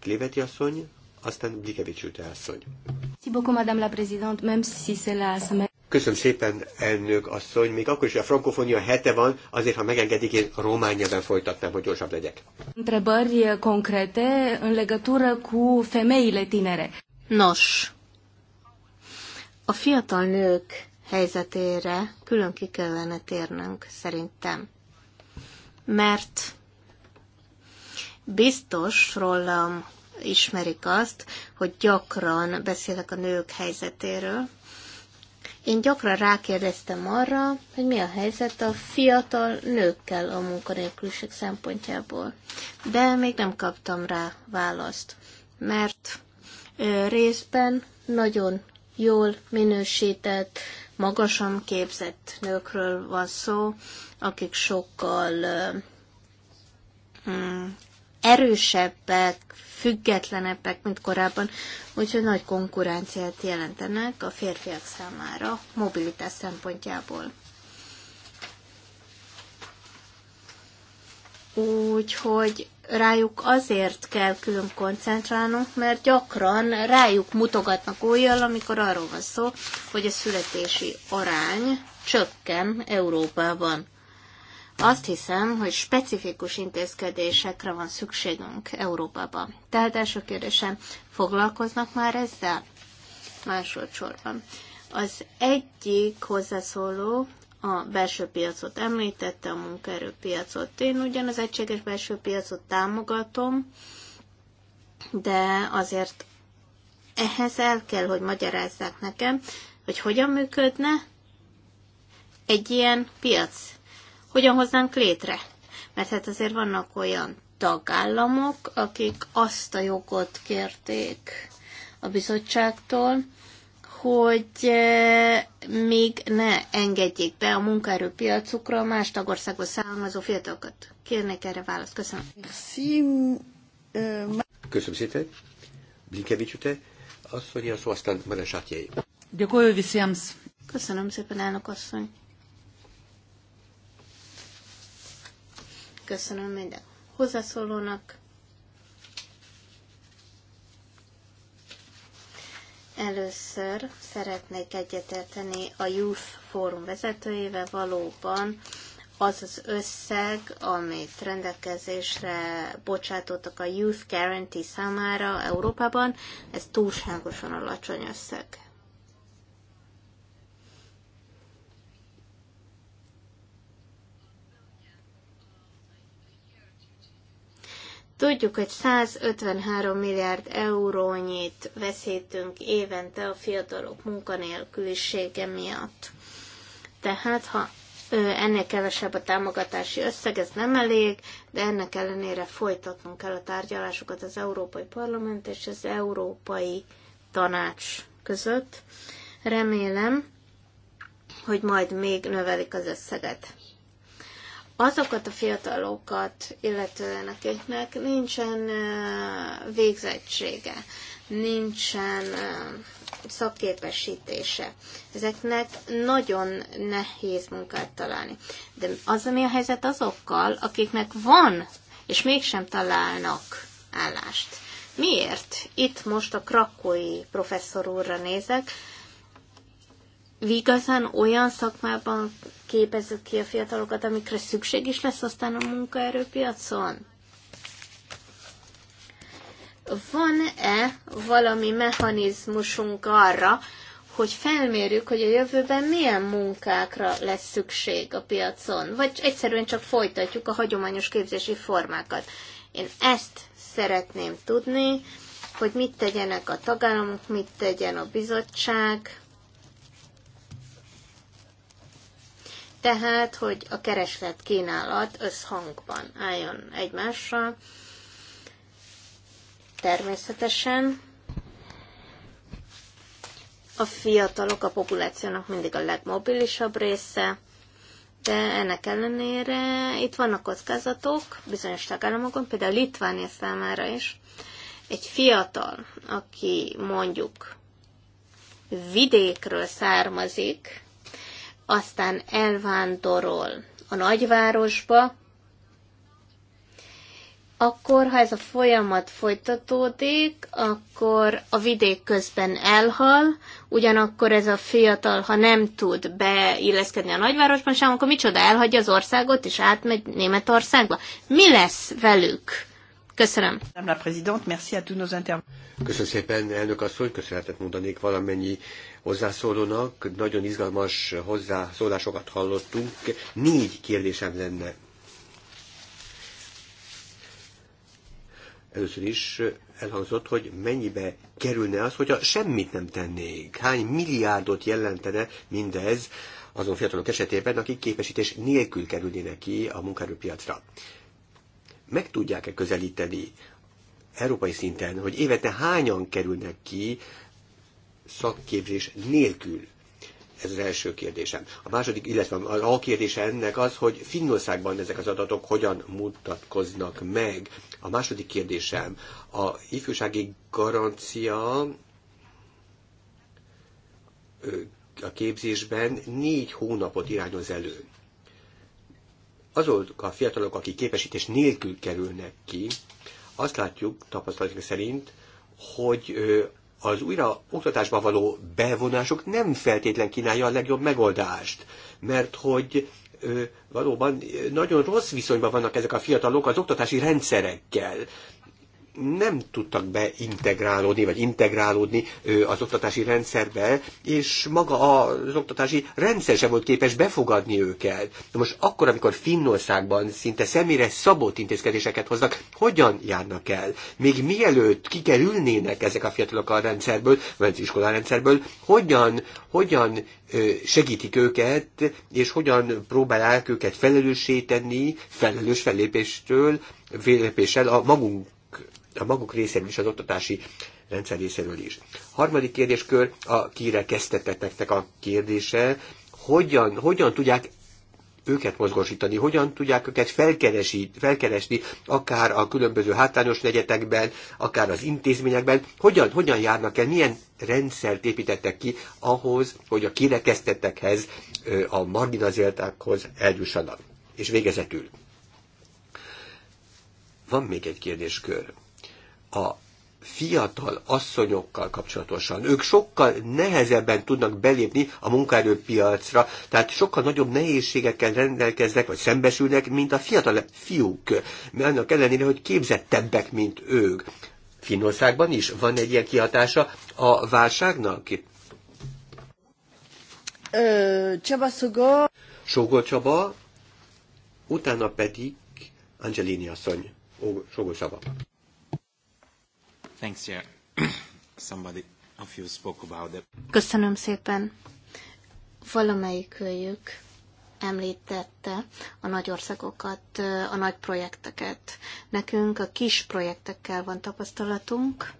Kléveti asszony, aztán Blikevics asszony. Köszönöm szépen, elnök asszony. Még akkor is, hogy a frankofonia hete van, azért, ha megengedik, én a román nyelven folytatnám, hogy gyorsabb legyek. Întrebări concrete în legătură cu femeile tinere. Nos, a fiatal nők helyzetére külön ki kellene térnünk, szerintem. Mert biztos rólam, ismerik azt, hogy gyakran beszélek a nők helyzetéről. Én gyakran rákérdeztem arra, hogy mi a helyzet a fiatal nőkkel a munkanélküliség szempontjából. De még nem kaptam rá választ, mert részben nagyon jól minősített, magasan képzett nőkről van szó, akik sokkal mm, erősebbek, függetlenebbek, mint korábban, úgyhogy nagy konkurenciát jelentenek a férfiak számára mobilitás szempontjából. Úgyhogy rájuk azért kell külön koncentrálnunk, mert gyakran rájuk mutogatnak újjal, amikor arról van szó, hogy a születési arány csökken Európában. Azt hiszem, hogy specifikus intézkedésekre van szükségünk Európában. Tehát első kérdésem, foglalkoznak már ezzel? Másodszorban. Az egyik hozzászóló a belső piacot említette, a munkaerőpiacot. Én ugyan az egységes belső piacot támogatom, de azért ehhez el kell, hogy magyarázzák nekem, hogy hogyan működne egy ilyen piac hogyan hoznánk létre. Mert hát azért vannak olyan tagállamok, akik azt a jogot kérték a bizottságtól, hogy e, még ne engedjék be a munkaerőpiacukra más tagországból származó fiatalokat. Kérnék erre választ. Köszönöm. Köszönöm szépen. Blinkevics üte, azt mondja, szó aztán Mara Köszönöm szépen, elnök asszony. köszönöm minden hozzászólónak. Először szeretnék egyetérteni a Youth Forum vezetőjével valóban az az összeg, amit rendelkezésre bocsátottak a Youth Guarantee számára Európában, ez túlságosan alacsony összeg. Tudjuk, hogy 153 milliárd eurónyit veszítünk évente a fiatalok munkanélkülisége miatt. Tehát, ha ennél kevesebb a támogatási összeg, ez nem elég, de ennek ellenére folytatnunk kell a tárgyalásokat az Európai Parlament és az Európai Tanács között. Remélem, hogy majd még növelik az összeget azokat a fiatalokat, illetően akiknek nincsen végzettsége, nincsen szakképesítése. Ezeknek nagyon nehéz munkát találni. De az, ami a helyzet azokkal, akiknek van, és mégsem találnak állást. Miért? Itt most a krakói professzor úrra nézek. Igazán olyan szakmában képezzük ki a fiatalokat, amikre szükség is lesz aztán a munkaerőpiacon? Van-e valami mechanizmusunk arra, hogy felmérjük, hogy a jövőben milyen munkákra lesz szükség a piacon, vagy egyszerűen csak folytatjuk a hagyományos képzési formákat. Én ezt szeretném tudni, hogy mit tegyenek a tagállamok, mit tegyen a bizottság, Tehát, hogy a kereslet kínálat összhangban álljon egymással. Természetesen a fiatalok a populációnak mindig a legmobilisabb része, de ennek ellenére itt vannak kockázatok bizonyos tagállamokon, például Litvánia számára is. Egy fiatal, aki mondjuk vidékről származik, aztán elvándorol a nagyvárosba, akkor, ha ez a folyamat folytatódik, akkor a vidék közben elhal, ugyanakkor ez a fiatal, ha nem tud beilleszkedni a nagyvárosban sem, akkor micsoda elhagyja az országot, és átmegy Németországba. Mi lesz velük? Köszönöm. Madame la présidente, merci à tous nos Köszönöm szépen, elnök asszony, köszönetet mondanék valamennyi hozzászólónak. Nagyon izgalmas hozzászólásokat hallottunk. Négy kérdésem lenne. Először is elhangzott, hogy mennyibe kerülne az, hogyha semmit nem tennék. Hány milliárdot jelentene mindez azon fiatalok esetében, akik képesítés nélkül kerülnének ki a munkaerőpiacra. Meg tudják-e közelíteni európai szinten, hogy évente hányan kerülnek ki szakképzés nélkül? Ez az első kérdésem. A második, illetve a kérdése ennek az, hogy Finnországban ezek az adatok hogyan mutatkoznak meg. A második kérdésem, a ifjúsági garancia a képzésben négy hónapot irányoz elő. Azok a fiatalok, akik képesítés nélkül kerülnek ki, azt látjuk tapasztalatunk szerint, hogy az újra oktatásba való bevonások nem feltétlen kínálja a legjobb megoldást, mert hogy valóban nagyon rossz viszonyban vannak ezek a fiatalok az oktatási rendszerekkel nem tudtak beintegrálódni, vagy integrálódni az oktatási rendszerbe, és maga az oktatási rendszer sem volt képes befogadni őket. De most akkor, amikor Finnországban szinte személyre szabott intézkedéseket hoznak, hogyan járnak el? Még mielőtt kikerülnének ezek a fiatalok a rendszerből, vagy az rendszerből, hogyan, hogyan segítik őket, és hogyan próbálják őket felelőssé tenni, felelős fellépéstől, fellépéssel a magunk a maguk részéről is, az oktatási rendszer részéről is. Harmadik kérdéskör a kirekesztetetteknek a kérdése, hogyan, hogyan tudják őket mozgósítani, hogyan tudják őket felkeresi, felkeresni, akár a különböző hátrányos negyetekben, akár az intézményekben, hogyan, hogyan járnak el, milyen rendszert építettek ki ahhoz, hogy a kirekesztettekhez, a marginalizáltakhoz eljussanak. És végezetül. Van még egy kérdéskör a fiatal asszonyokkal kapcsolatosan. Ők sokkal nehezebben tudnak belépni a munkaerőpiacra, tehát sokkal nagyobb nehézségekkel rendelkeznek, vagy szembesülnek, mint a fiatal fiúk, mert annak ellenére, hogy képzettebbek, mint ők. Finországban is van egy ilyen kihatása a válságnak? Csaba Szogó. Sogó Csaba, utána pedig Angelini asszony. Sogó Csaba. Thanks, yeah. Somebody of you spoke about Köszönöm szépen. Valamelyik őjük említette a nagy országokat, a nagy projekteket. Nekünk a kis projektekkel van tapasztalatunk.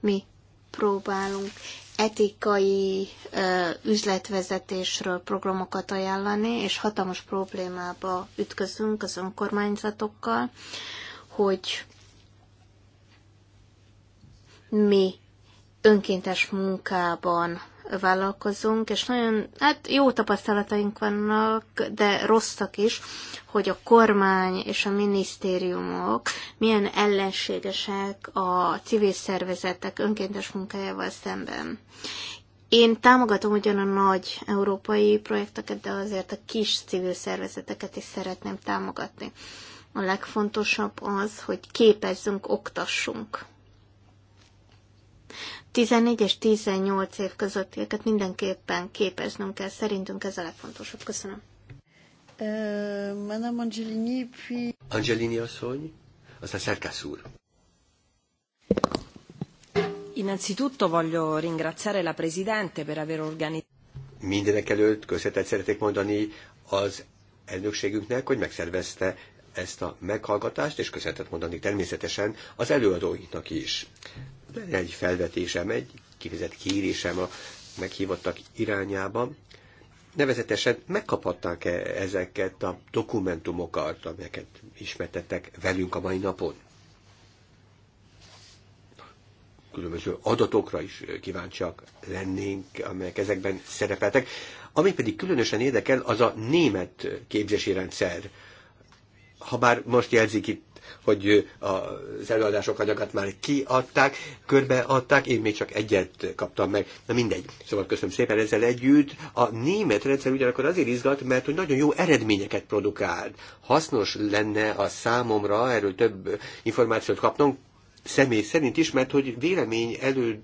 Mi próbálunk etikai üzletvezetésről programokat ajánlani, és hatalmas problémába ütközünk az önkormányzatokkal, hogy mi önkéntes munkában vállalkozunk, és nagyon, hát jó tapasztalataink vannak, de rosszak is, hogy a kormány és a minisztériumok milyen ellenségesek a civil szervezetek önkéntes munkájával szemben. Én támogatom ugyan a nagy európai projekteket, de azért a kis civil szervezeteket is szeretném támogatni. A legfontosabb az, hogy képezzünk, oktassunk. 14 és 18 év közöttieket mindenképpen képeznünk kell. Szerintünk ez a legfontosabb. Köszönöm. Madame Angelini, puis... Angelini asszony, aztán Szerkász úr. Innanzitutto voglio ringraziare la Presidente per aver organizzato. Mindenek előtt köszönetet szeretnék mondani az elnökségünknek, hogy megszervezte ezt a meghallgatást, és köszönetet mondani természetesen az előadóinknak is egy felvetésem, egy kifejezett kérésem a meghívottak irányába. Nevezetesen megkaphatták-e ezeket a dokumentumokat, amelyeket ismertettek velünk a mai napon? Különböző adatokra is kíváncsiak lennénk, amelyek ezekben szerepeltek. Ami pedig különösen érdekel, az a német képzési rendszer. Ha most jelzik itt hogy az előadások anyagát már kiadták, körbeadták, én még csak egyet kaptam meg. Na mindegy. Szóval köszönöm szépen ezzel együtt. A német rendszer ugyanakkor azért izgat, mert hogy nagyon jó eredményeket produkált. Hasznos lenne a számomra, erről több információt kapnom, személy szerint is, mert hogy vélemény elő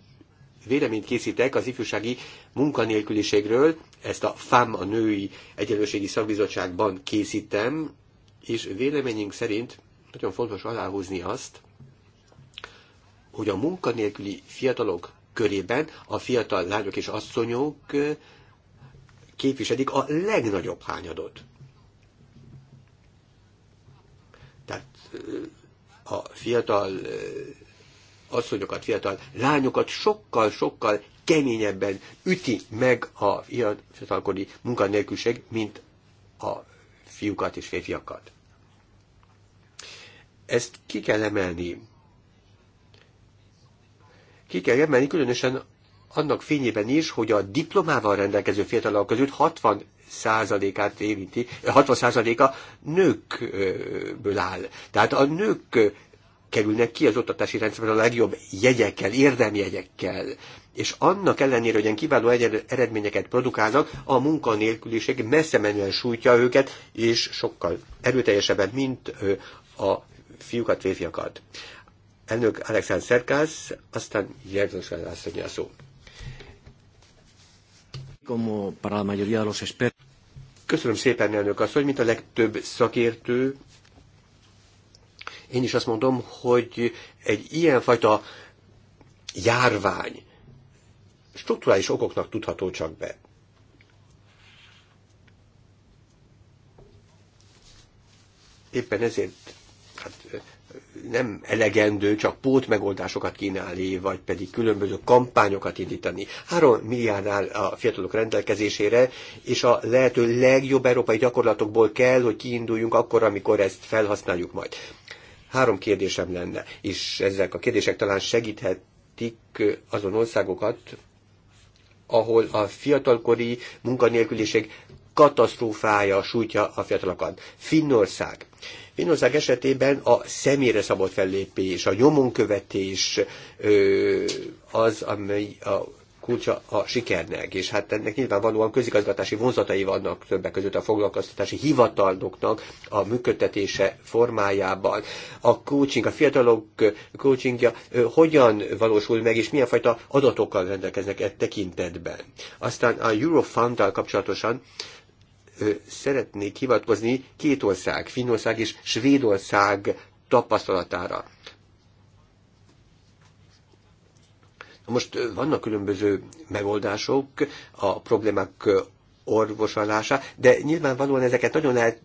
véleményt készítek az ifjúsági munkanélküliségről, ezt a FAM, a Női Egyenlőségi Szakbizottságban készítem, és véleményünk szerint nagyon fontos aláhúzni azt, hogy a munkanélküli fiatalok körében a fiatal lányok és asszonyok képviselik a legnagyobb hányadot. Tehát a fiatal asszonyokat, fiatal lányokat sokkal-sokkal keményebben üti meg a fiatalkori munkanélküliség, mint a fiúkat és férfiakat. Ezt ki kell emelni. Ki kell emelni különösen annak fényében is, hogy a diplomával rendelkező fiatalok között 60 százalékát érinti, 60 százaléka nőkből áll. Tehát a nők kerülnek ki az oktatási rendszerben a legjobb jegyekkel, érdemjegyekkel. És annak ellenére, hogy ilyen kiváló eredményeket produkálnak, a munkanélküliség messze menően sújtja őket, és sokkal erőteljesebben, mint a fiúkat, férfiakat. Elnök Alexán Szerkász, aztán Jelzős asszony a szó. Köszönöm szépen, elnök hogy mint a legtöbb szakértő. Én is azt mondom, hogy egy ilyenfajta járvány strukturális okoknak tudható csak be. Éppen ezért hát nem elegendő csak pót megoldásokat kínálni, vagy pedig különböző kampányokat indítani. Három milliárd áll a fiatalok rendelkezésére, és a lehető legjobb európai gyakorlatokból kell, hogy kiinduljunk akkor, amikor ezt felhasználjuk majd. Három kérdésem lenne, és ezek a kérdések talán segíthetik azon országokat, ahol a fiatalkori munkanélküliség katasztrófája sújtja a fiatalokat. Finnország. Finnország esetében a személyre szabott fellépés, a nyomonkövetés az, amely a kulcsa a sikernek, és hát ennek nyilvánvalóan közigazgatási vonzatai vannak többek között a foglalkoztatási hivatalnoknak a működtetése formájában. A coaching, a fiatalok coachingja hogyan valósul meg, és milyen fajta adatokkal rendelkeznek e tekintetben. Aztán a Eurofund-tal kapcsolatosan szeretnék hivatkozni két ország, Finnország és Svédország tapasztalatára. Most vannak különböző megoldások a problémák orvosolása, de nyilvánvalóan ezeket nagyon, lehet,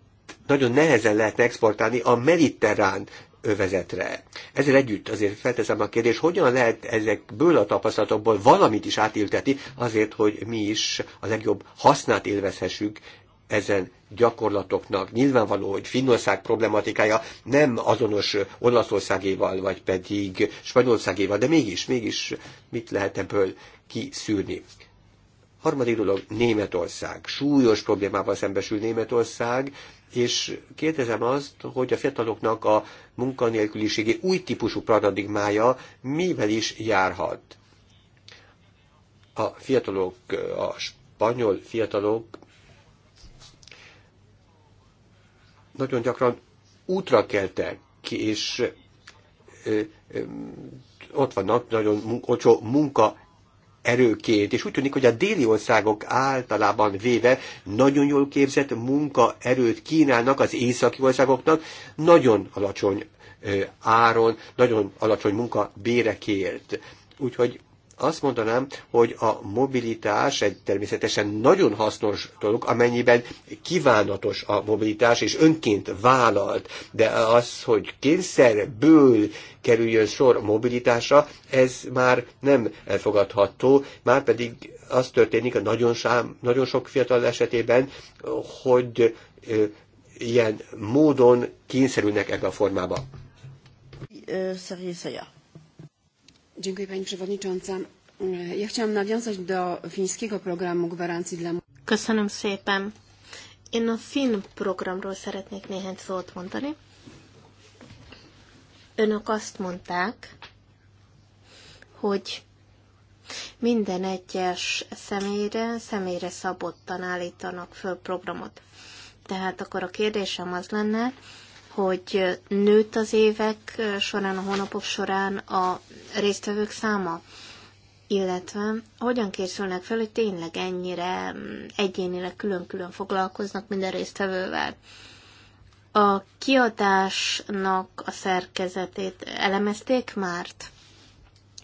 nagyon nehezen lehetne exportálni a mediterrán övezetre. Ezzel együtt azért felteszem a kérdést, hogyan lehet ezekből a tapasztalatokból valamit is átültetni, azért, hogy mi is a legjobb hasznát élvezhessük ezen gyakorlatoknak. Nyilvánvaló, hogy Finnország problematikája nem azonos Olaszországéval, vagy pedig Spanyolországéval, de mégis, mégis mit lehet ebből kiszűrni? Harmadik dolog, Németország. Súlyos problémával szembesül Németország, és kérdezem azt, hogy a fiataloknak a munkanélküliségi új típusú paradigmája mivel is járhat. A fiatalok, a spanyol fiatalok nagyon gyakran útra keltek, és ott vannak nagyon olcsó munka erőként, és úgy tűnik, hogy a déli országok általában véve nagyon jól képzett munkaerőt kínálnak az északi országoknak, nagyon alacsony áron, nagyon alacsony munka bérekért. Úgyhogy azt mondanám, hogy a mobilitás egy természetesen nagyon hasznos dolog, amennyiben kívánatos a mobilitás, és önként vállalt, de az, hogy kényszerből kerüljön sor a mobilitásra, ez már nem elfogadható, már pedig az történik a nagyon, sám, nagyon sok fiatal esetében, hogy ilyen módon kényszerülnek ebbe a formába. Szerintem Dziękuję Pani Przewodnicząca. E, ja chciałam nawiązać do fińskiego programu gwarancji dla Köszönöm szépen. Én a finn programról szeretnék néhány szót mondani. Önök azt mondták, hogy minden egyes személyre, személyre szabottan állítanak föl programot. Tehát akkor a kérdésem az lenne, hogy nőtt az évek során, a hónapok során a résztvevők száma, illetve hogyan készülnek fel, hogy tényleg ennyire mm, egyénileg külön-külön foglalkoznak minden résztvevővel. A kiadásnak a szerkezetét elemezték már?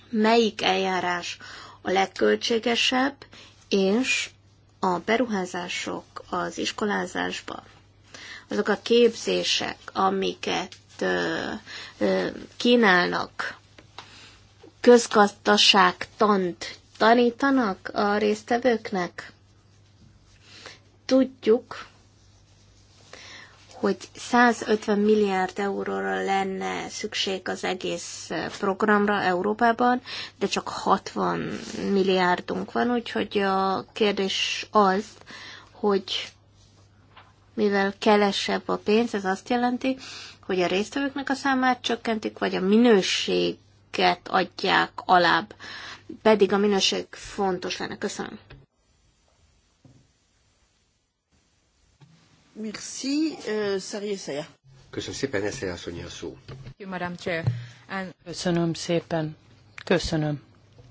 Melyik eljárás a legköltségesebb, és a beruházások az iskolázásba, azok a képzések, amiket kínálnak, közgazdaságtant tanítanak a résztvevőknek? Tudjuk, hogy 150 milliárd euróra lenne szükség az egész programra Európában, de csak 60 milliárdunk van, úgyhogy a kérdés az, hogy mivel kevesebb a pénz, ez azt jelenti, hogy a résztvevőknek a számát csökkentik, vagy a minőséget adják alább. Pedig a minőség fontos lenne. Köszönöm. Merci, euh, Köszönöm szépen, Eszély asszony a szó. Köszönöm szépen. Köszönöm.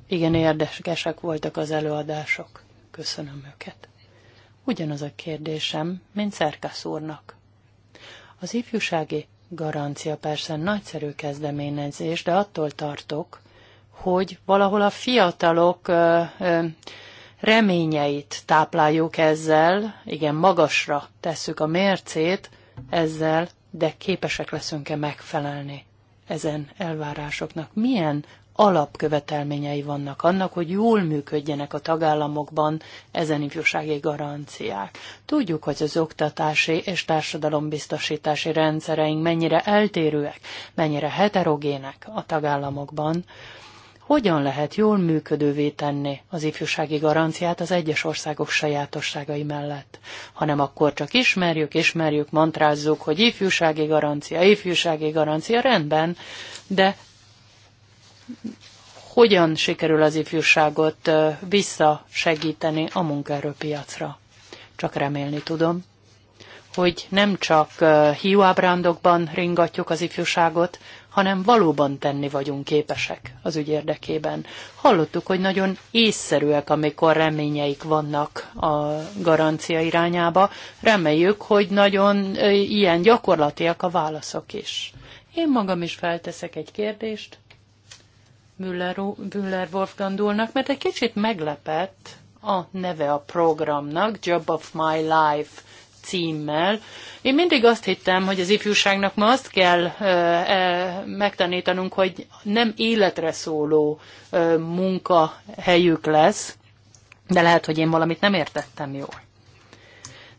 Igen érdekesek voltak az előadások. Köszönöm őket. Ugyanaz a kérdésem, mint Szerkasz úrnak. Az ifjúsági garancia persze nagyszerű kezdeményezés, de attól tartok, hogy valahol a fiatalok ö, ö, reményeit tápláljuk ezzel, igen, magasra tesszük a mércét ezzel, de képesek leszünk-e megfelelni ezen elvárásoknak? Milyen alapkövetelményei vannak annak, hogy jól működjenek a tagállamokban ezen ifjúsági garanciák. Tudjuk, hogy az oktatási és társadalombiztosítási rendszereink mennyire eltérőek, mennyire heterogének a tagállamokban, hogyan lehet jól működővé tenni az ifjúsági garanciát az egyes országok sajátosságai mellett, hanem akkor csak ismerjük, ismerjük, mantrázzuk, hogy ifjúsági garancia, ifjúsági garancia, rendben, de hogyan sikerül az ifjúságot visszasegíteni a munkaerőpiacra. Csak remélni tudom, hogy nem csak hiúábrándokban ringatjuk az ifjúságot, hanem valóban tenni vagyunk képesek az ügy érdekében. Hallottuk, hogy nagyon észszerűek, amikor reményeik vannak a garancia irányába. Reméljük, hogy nagyon ilyen gyakorlatiak a válaszok is. Én magam is felteszek egy kérdést Müller, Wolfgangulnak, mert egy kicsit meglepett a neve a programnak, Job of My Life címmel. Én mindig azt hittem, hogy az ifjúságnak ma azt kell ö, ö, e, megtanítanunk, hogy nem életre szóló ö, munkahelyük lesz, de lehet, hogy én valamit nem értettem jól.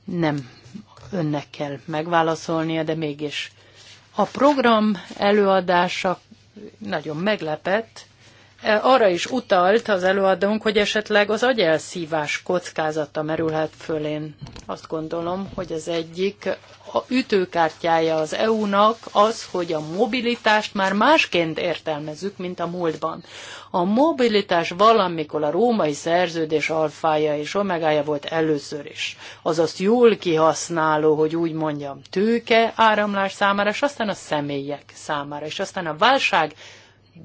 Nem önnek kell megválaszolnia, de mégis a program előadása nagyon meglepett, Eh, arra is utalt az előadónk, hogy esetleg az agyelszívás kockázata merülhet fölén. Azt gondolom, hogy az egyik a ütőkártyája az EU-nak az, hogy a mobilitást már másként értelmezzük, mint a múltban. A mobilitás valamikor a római szerződés alfája és omegája volt először is. Az, azt jól kihasználó, hogy úgy mondjam, tőke áramlás számára, és aztán a személyek számára, és aztán a válság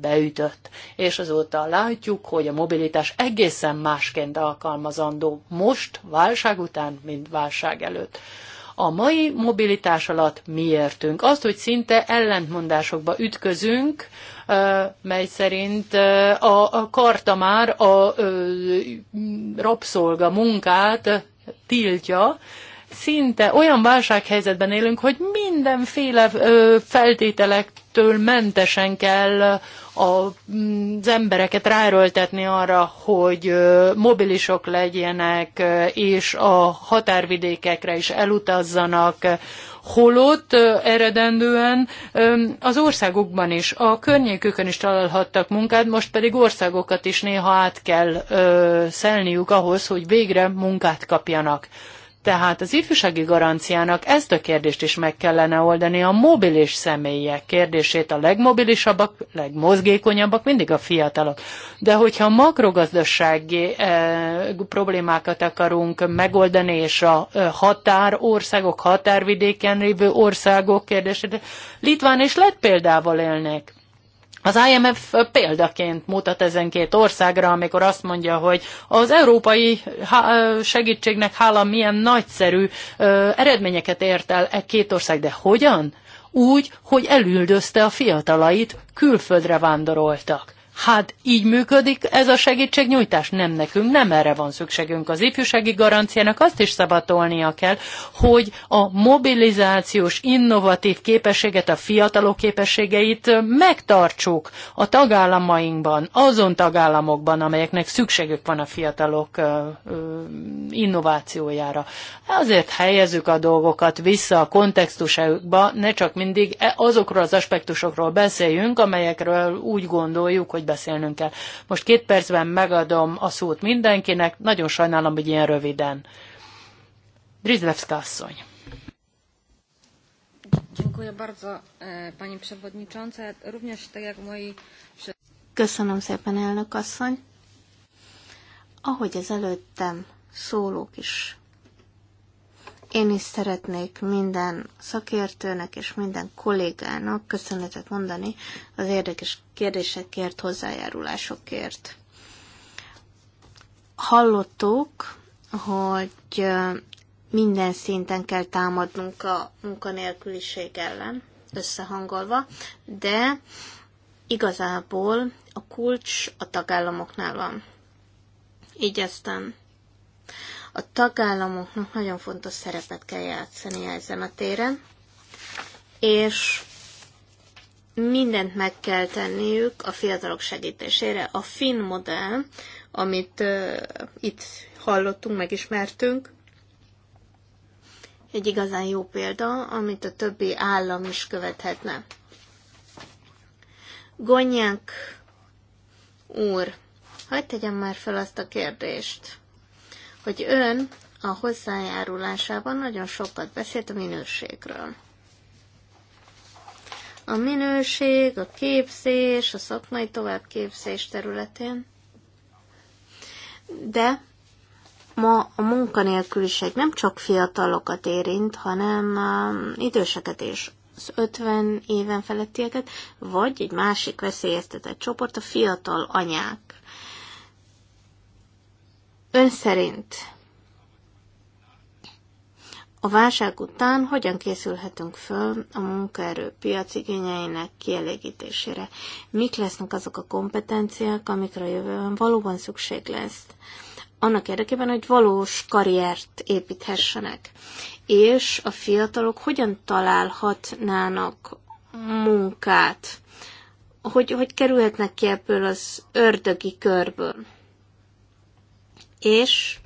beütött. És azóta látjuk, hogy a mobilitás egészen másként alkalmazandó most, válság után, mint válság előtt. A mai mobilitás alatt mi értünk? Azt, hogy szinte ellentmondásokba ütközünk, mely szerint a karta már a rabszolga munkát tiltja, szinte olyan válsághelyzetben élünk, hogy mindenféle feltételek től mentesen kell az embereket ráerőltetni arra, hogy mobilisok legyenek, és a határvidékekre is elutazzanak, holott eredendően az országokban is, a környékükön is találhattak munkát, most pedig országokat is néha át kell szelniük ahhoz, hogy végre munkát kapjanak. Tehát az ifjúsági garanciának ezt a kérdést is meg kellene oldani, a mobilis személyek kérdését, a legmobilisabbak, legmozgékonyabbak mindig a fiatalok. De hogyha makrogazdasági eh, problémákat akarunk megoldani, és a eh, határországok, határvidéken lévő országok kérdését, Litván és lett példával élnek az IMF példaként mutat ezen két országra, amikor azt mondja, hogy az európai segítségnek hála milyen nagyszerű eredményeket ért el e két ország, de hogyan? Úgy, hogy elüldözte a fiatalait, külföldre vándoroltak. Hát így működik ez a segítségnyújtás? Nem nekünk, nem erre van szükségünk. Az ifjúsági garanciának azt is szabatolnia kell, hogy a mobilizációs, innovatív képességet, a fiatalok képességeit megtartsuk a tagállamainkban, azon tagállamokban, amelyeknek szükségük van a fiatalok innovációjára. Azért helyezzük a dolgokat vissza a kontextusokba, ne csak mindig e- azokról az aspektusokról beszéljünk, amelyekről úgy gondoljuk, hogy hogy beszélnünk kell. Most két percben megadom a szót mindenkinek, nagyon sajnálom, hogy ilyen röviden. Drizlevska asszony. Dziękuję bardzo, e, pani przewodnicząca. Również tak jak moi... Köszönöm szépen, elnök asszony. Ahogy az előttem szólók is én is szeretnék minden szakértőnek és minden kollégának köszönetet mondani az érdekes kérdésekért, hozzájárulásokért. Hallottuk, hogy minden szinten kell támadnunk a munkanélküliség ellen, összehangolva, de igazából a kulcs a tagállamoknál van. Így aztán a tagállamoknak nagyon fontos szerepet kell játszani ezen a téren, és mindent meg kell tenniük a fiatalok segítésére. A finn modell, amit uh, itt hallottunk, megismertünk, egy igazán jó példa, amit a többi állam is követhetne. Gonyák úr, hagyd tegyem már fel azt a kérdést hogy ön a hozzájárulásában nagyon sokat beszélt a minőségről. A minőség, a képzés, a szakmai továbbképzés területén. De ma a munkanélküliség nem csak fiatalokat érint, hanem um, időseket is az 50 éven felettieket, vagy egy másik veszélyeztetett csoport, a fiatal anyák. Ön szerint a válság után hogyan készülhetünk föl a piac igényeinek kielégítésére? Mik lesznek azok a kompetenciák, amikre a jövőben valóban szükség lesz? Annak érdekében, hogy valós karriert építhessenek. És a fiatalok hogyan találhatnának munkát? Hogy, hogy kerülhetnek ki ebből az ördögi körből? és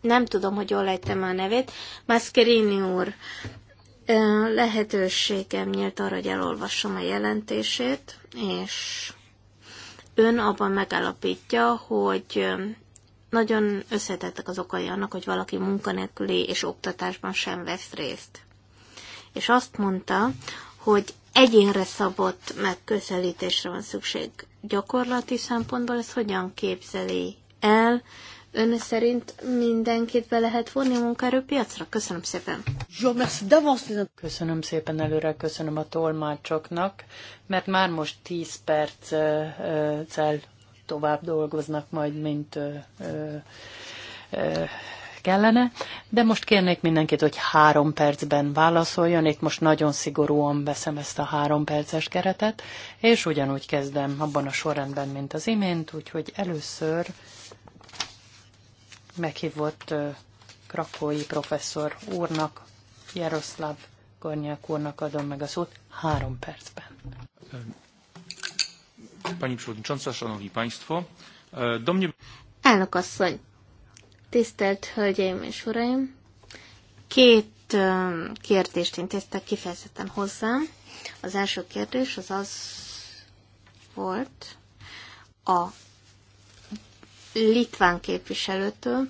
nem tudom, hogy jól lejtem a nevét, Mascherini úr lehetőségem nyílt arra, hogy elolvassam a jelentését, és ön abban megállapítja, hogy nagyon összetettek az okai annak, hogy valaki munkanélküli és oktatásban sem vesz részt. És azt mondta, hogy egyénre szabott megközelítésre van szükség. Gyakorlati szempontból ez hogyan képzeli el, Ön szerint mindenkit be lehet vonni a munkaerőpiacra? Köszönöm szépen. Köszönöm szépen előre, köszönöm a tolmácsoknak, mert már most 10 perccel tovább dolgoznak majd, mint kellene, de most kérnék mindenkit, hogy három percben válaszoljon, itt most nagyon szigorúan veszem ezt a három perces keretet, és ugyanúgy kezdem abban a sorrendben, mint az imént, úgyhogy először meghívott krakói professzor úrnak, Jaroszláv Gornyák úrnak adom meg a szót három percben. Pani Przewodnicząca, Szanowni Państwo, e, do mnie... Elnök asszony, tisztelt Hölgyeim és Uraim, két kérdést intéztek kifejezetten hozzám. Az első kérdés az az volt, a litván képviselőtől,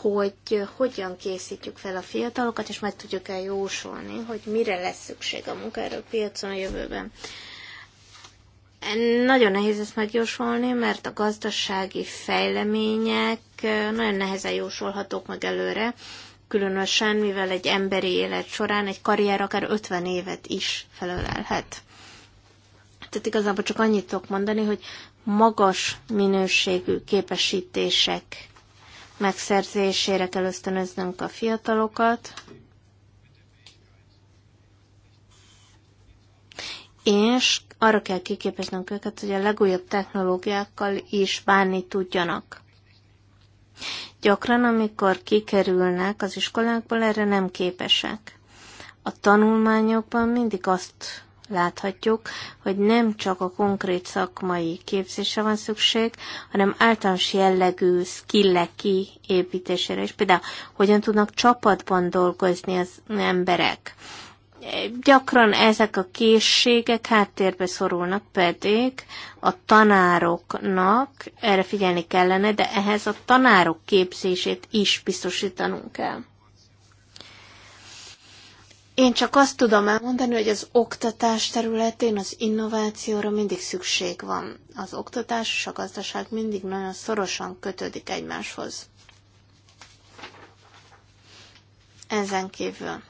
hogy hogyan készítjük fel a fiatalokat, és meg tudjuk el jósolni, hogy mire lesz szükség a munkaerőpiacon a jövőben. Nagyon nehéz ezt megjósolni, mert a gazdasági fejlemények nagyon nehezen jósolhatók meg előre, különösen, mivel egy emberi élet során egy karrier akár 50 évet is felölelhet. Tehát igazából csak annyit tudok mondani, hogy magas minőségű képesítések megszerzésére kell ösztönöznünk a fiatalokat, és arra kell kiképeznünk őket, hogy a legújabb technológiákkal is bánni tudjanak. Gyakran, amikor kikerülnek az iskolákból, erre nem képesek. A tanulmányokban mindig azt láthatjuk, hogy nem csak a konkrét szakmai képzésre van szükség, hanem általános jellegű skillek kiépítésére is. Például, hogyan tudnak csapatban dolgozni az emberek. Gyakran ezek a készségek háttérbe szorulnak, pedig a tanároknak erre figyelni kellene, de ehhez a tanárok képzését is biztosítanunk kell. Én csak azt tudom elmondani, hogy az oktatás területén az innovációra mindig szükség van. Az oktatás és a gazdaság mindig nagyon szorosan kötődik egymáshoz. Ezen kívül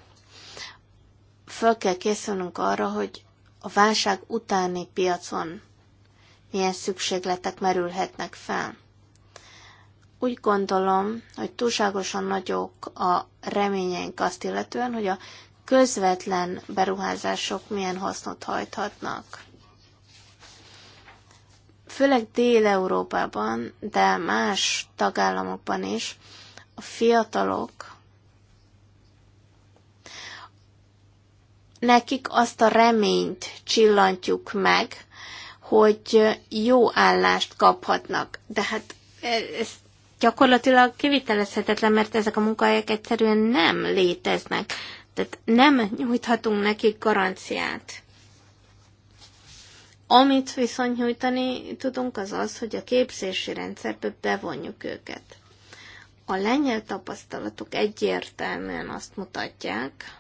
föl kell készülnünk arra, hogy a válság utáni piacon milyen szükségletek merülhetnek fel. Úgy gondolom, hogy túlságosan nagyok a reményeink azt illetően, hogy a közvetlen beruházások milyen hasznot hajthatnak. Főleg Dél-Európában, de más tagállamokban is a fiatalok nekik azt a reményt csillantjuk meg, hogy jó állást kaphatnak. De hát e, ez gyakorlatilag kivitelezhetetlen, mert ezek a munkahelyek egyszerűen nem léteznek. Tehát nem nyújthatunk nekik garanciát. Amit viszont nyújtani tudunk, az az, hogy a képzési rendszerbe bevonjuk őket. A lengyel tapasztalatok egyértelműen azt mutatják,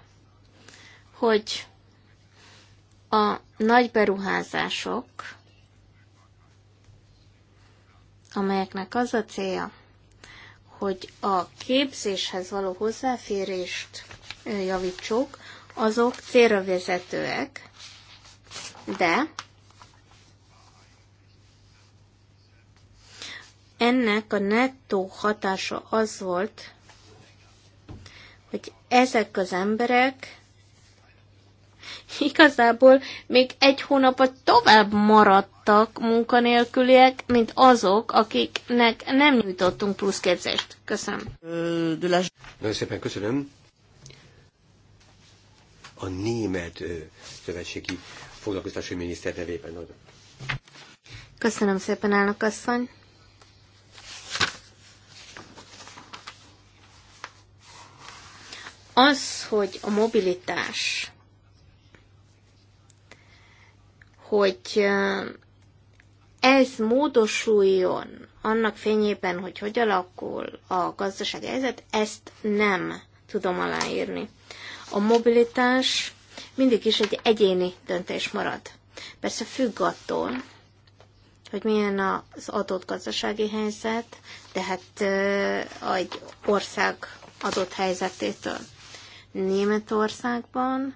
hogy a nagy beruházások, amelyeknek az a célja, hogy a képzéshez való hozzáférést javítsuk, azok célra vezetőek, de ennek a nettó hatása az volt, hogy ezek az emberek igazából még egy hónapot tovább maradtak munkanélküliek, mint azok, akiknek nem nyújtottunk plusz Köszönöm. Nagyon szépen köszönöm a német szövetségi foglalkoztatási miniszter nevében Köszönöm szépen, elnök asszony! Az, hogy a mobilitás, hogy ez módosuljon annak fényében, hogy hogy alakul a gazdaság helyzet, ezt nem tudom aláírni. A mobilitás mindig is egy egyéni döntés marad. Persze függ attól, hogy milyen az adott gazdasági helyzet, tehát egy ország adott helyzetétől. Németországban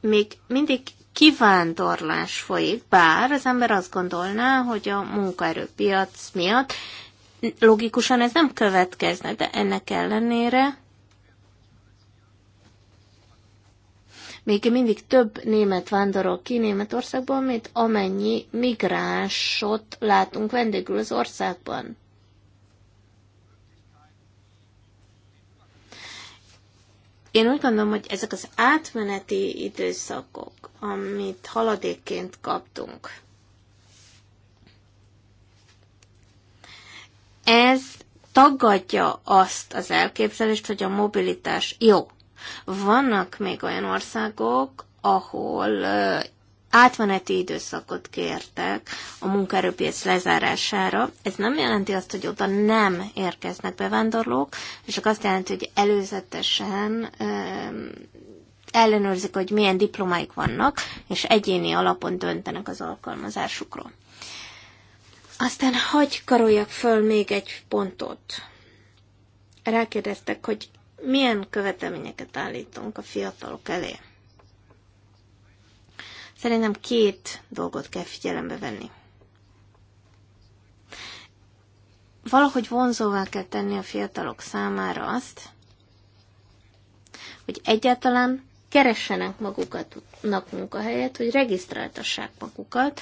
még mindig kivándorlás folyik, bár az ember azt gondolná, hogy a munkaerőpiac miatt logikusan ez nem következne, de ennek ellenére még mindig több német vándorol ki Németországból, mint amennyi migránsot látunk vendégül az országban. Én úgy gondolom, hogy ezek az átmeneti időszakok, amit haladékként kaptunk, ez tagadja azt az elképzelést, hogy a mobilitás jó. Vannak még olyan országok, ahol átmeneti időszakot kértek a munkaerőpiac lezárására. Ez nem jelenti azt, hogy oda nem érkeznek bevándorlók, és csak azt jelenti, hogy előzetesen ellenőrzik, hogy milyen diplomáik vannak, és egyéni alapon döntenek az alkalmazásukról. Aztán hagyj karoljak föl még egy pontot. Rákérdeztek, hogy milyen követelményeket állítunk a fiatalok elé. Szerintem két dolgot kell figyelembe venni. Valahogy vonzóvá kell tenni a fiatalok számára azt, hogy egyáltalán keressenek maguknak munkahelyet, hogy regisztráltassák magukat,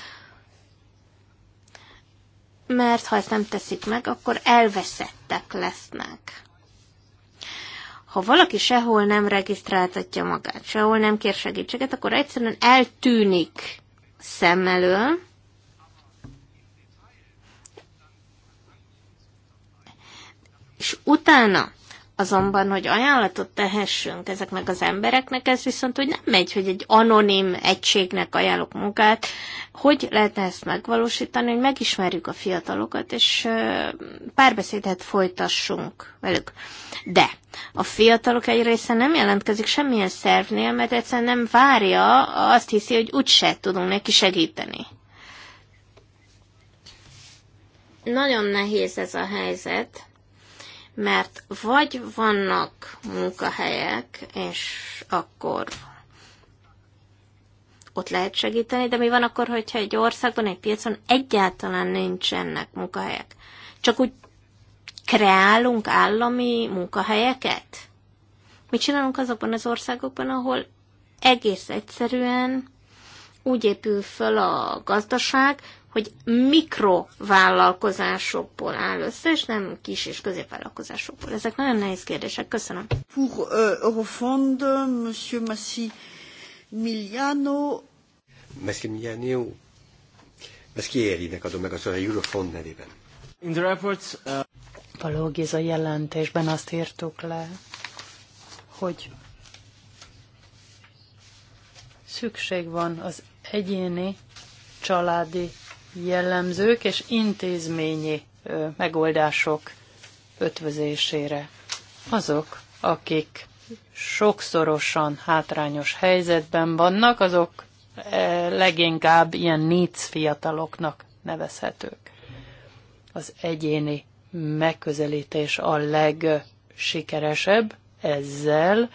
mert ha ezt nem teszik meg, akkor elveszettek lesznek ha valaki sehol nem regisztráltatja magát, sehol nem kér segítséget, akkor egyszerűen eltűnik szem elől, és utána Azonban, hogy ajánlatot tehessünk ezeknek az embereknek, ez viszont, hogy nem megy, hogy egy anonim egységnek ajánlok munkát. Hogy lehetne ezt megvalósítani, hogy megismerjük a fiatalokat, és párbeszédet folytassunk velük. De a fiatalok egy része nem jelentkezik semmilyen szervnél, mert egyszerűen nem várja, azt hiszi, hogy úgyse tudunk neki segíteni. Nagyon nehéz ez a helyzet, mert vagy vannak munkahelyek, és akkor ott lehet segíteni, de mi van akkor, hogyha egy országban, egy piacon egyáltalán nincsenek munkahelyek? Csak úgy kreálunk állami munkahelyeket? Mit csinálunk azokban az országokban, ahol egész egyszerűen úgy épül föl a gazdaság, hogy mikrovállalkozásokból áll össze, és nem kis és középvállalkozásokból. Ezek nagyon nehéz kérdések. Köszönöm. Pour uh, Eurofond, Monsieur Massi Miliano. Massi Miliano. Massi adom meg az a Eurofond nevében. In the reports, uh... Valóg a jelentésben azt írtuk le, hogy szükség van az egyéni családi jellemzők és intézményi megoldások ötvözésére. Azok, akik sokszorosan hátrányos helyzetben vannak, azok e, leginkább ilyen nic fiataloknak nevezhetők. Az egyéni megközelítés a legsikeresebb, ezzel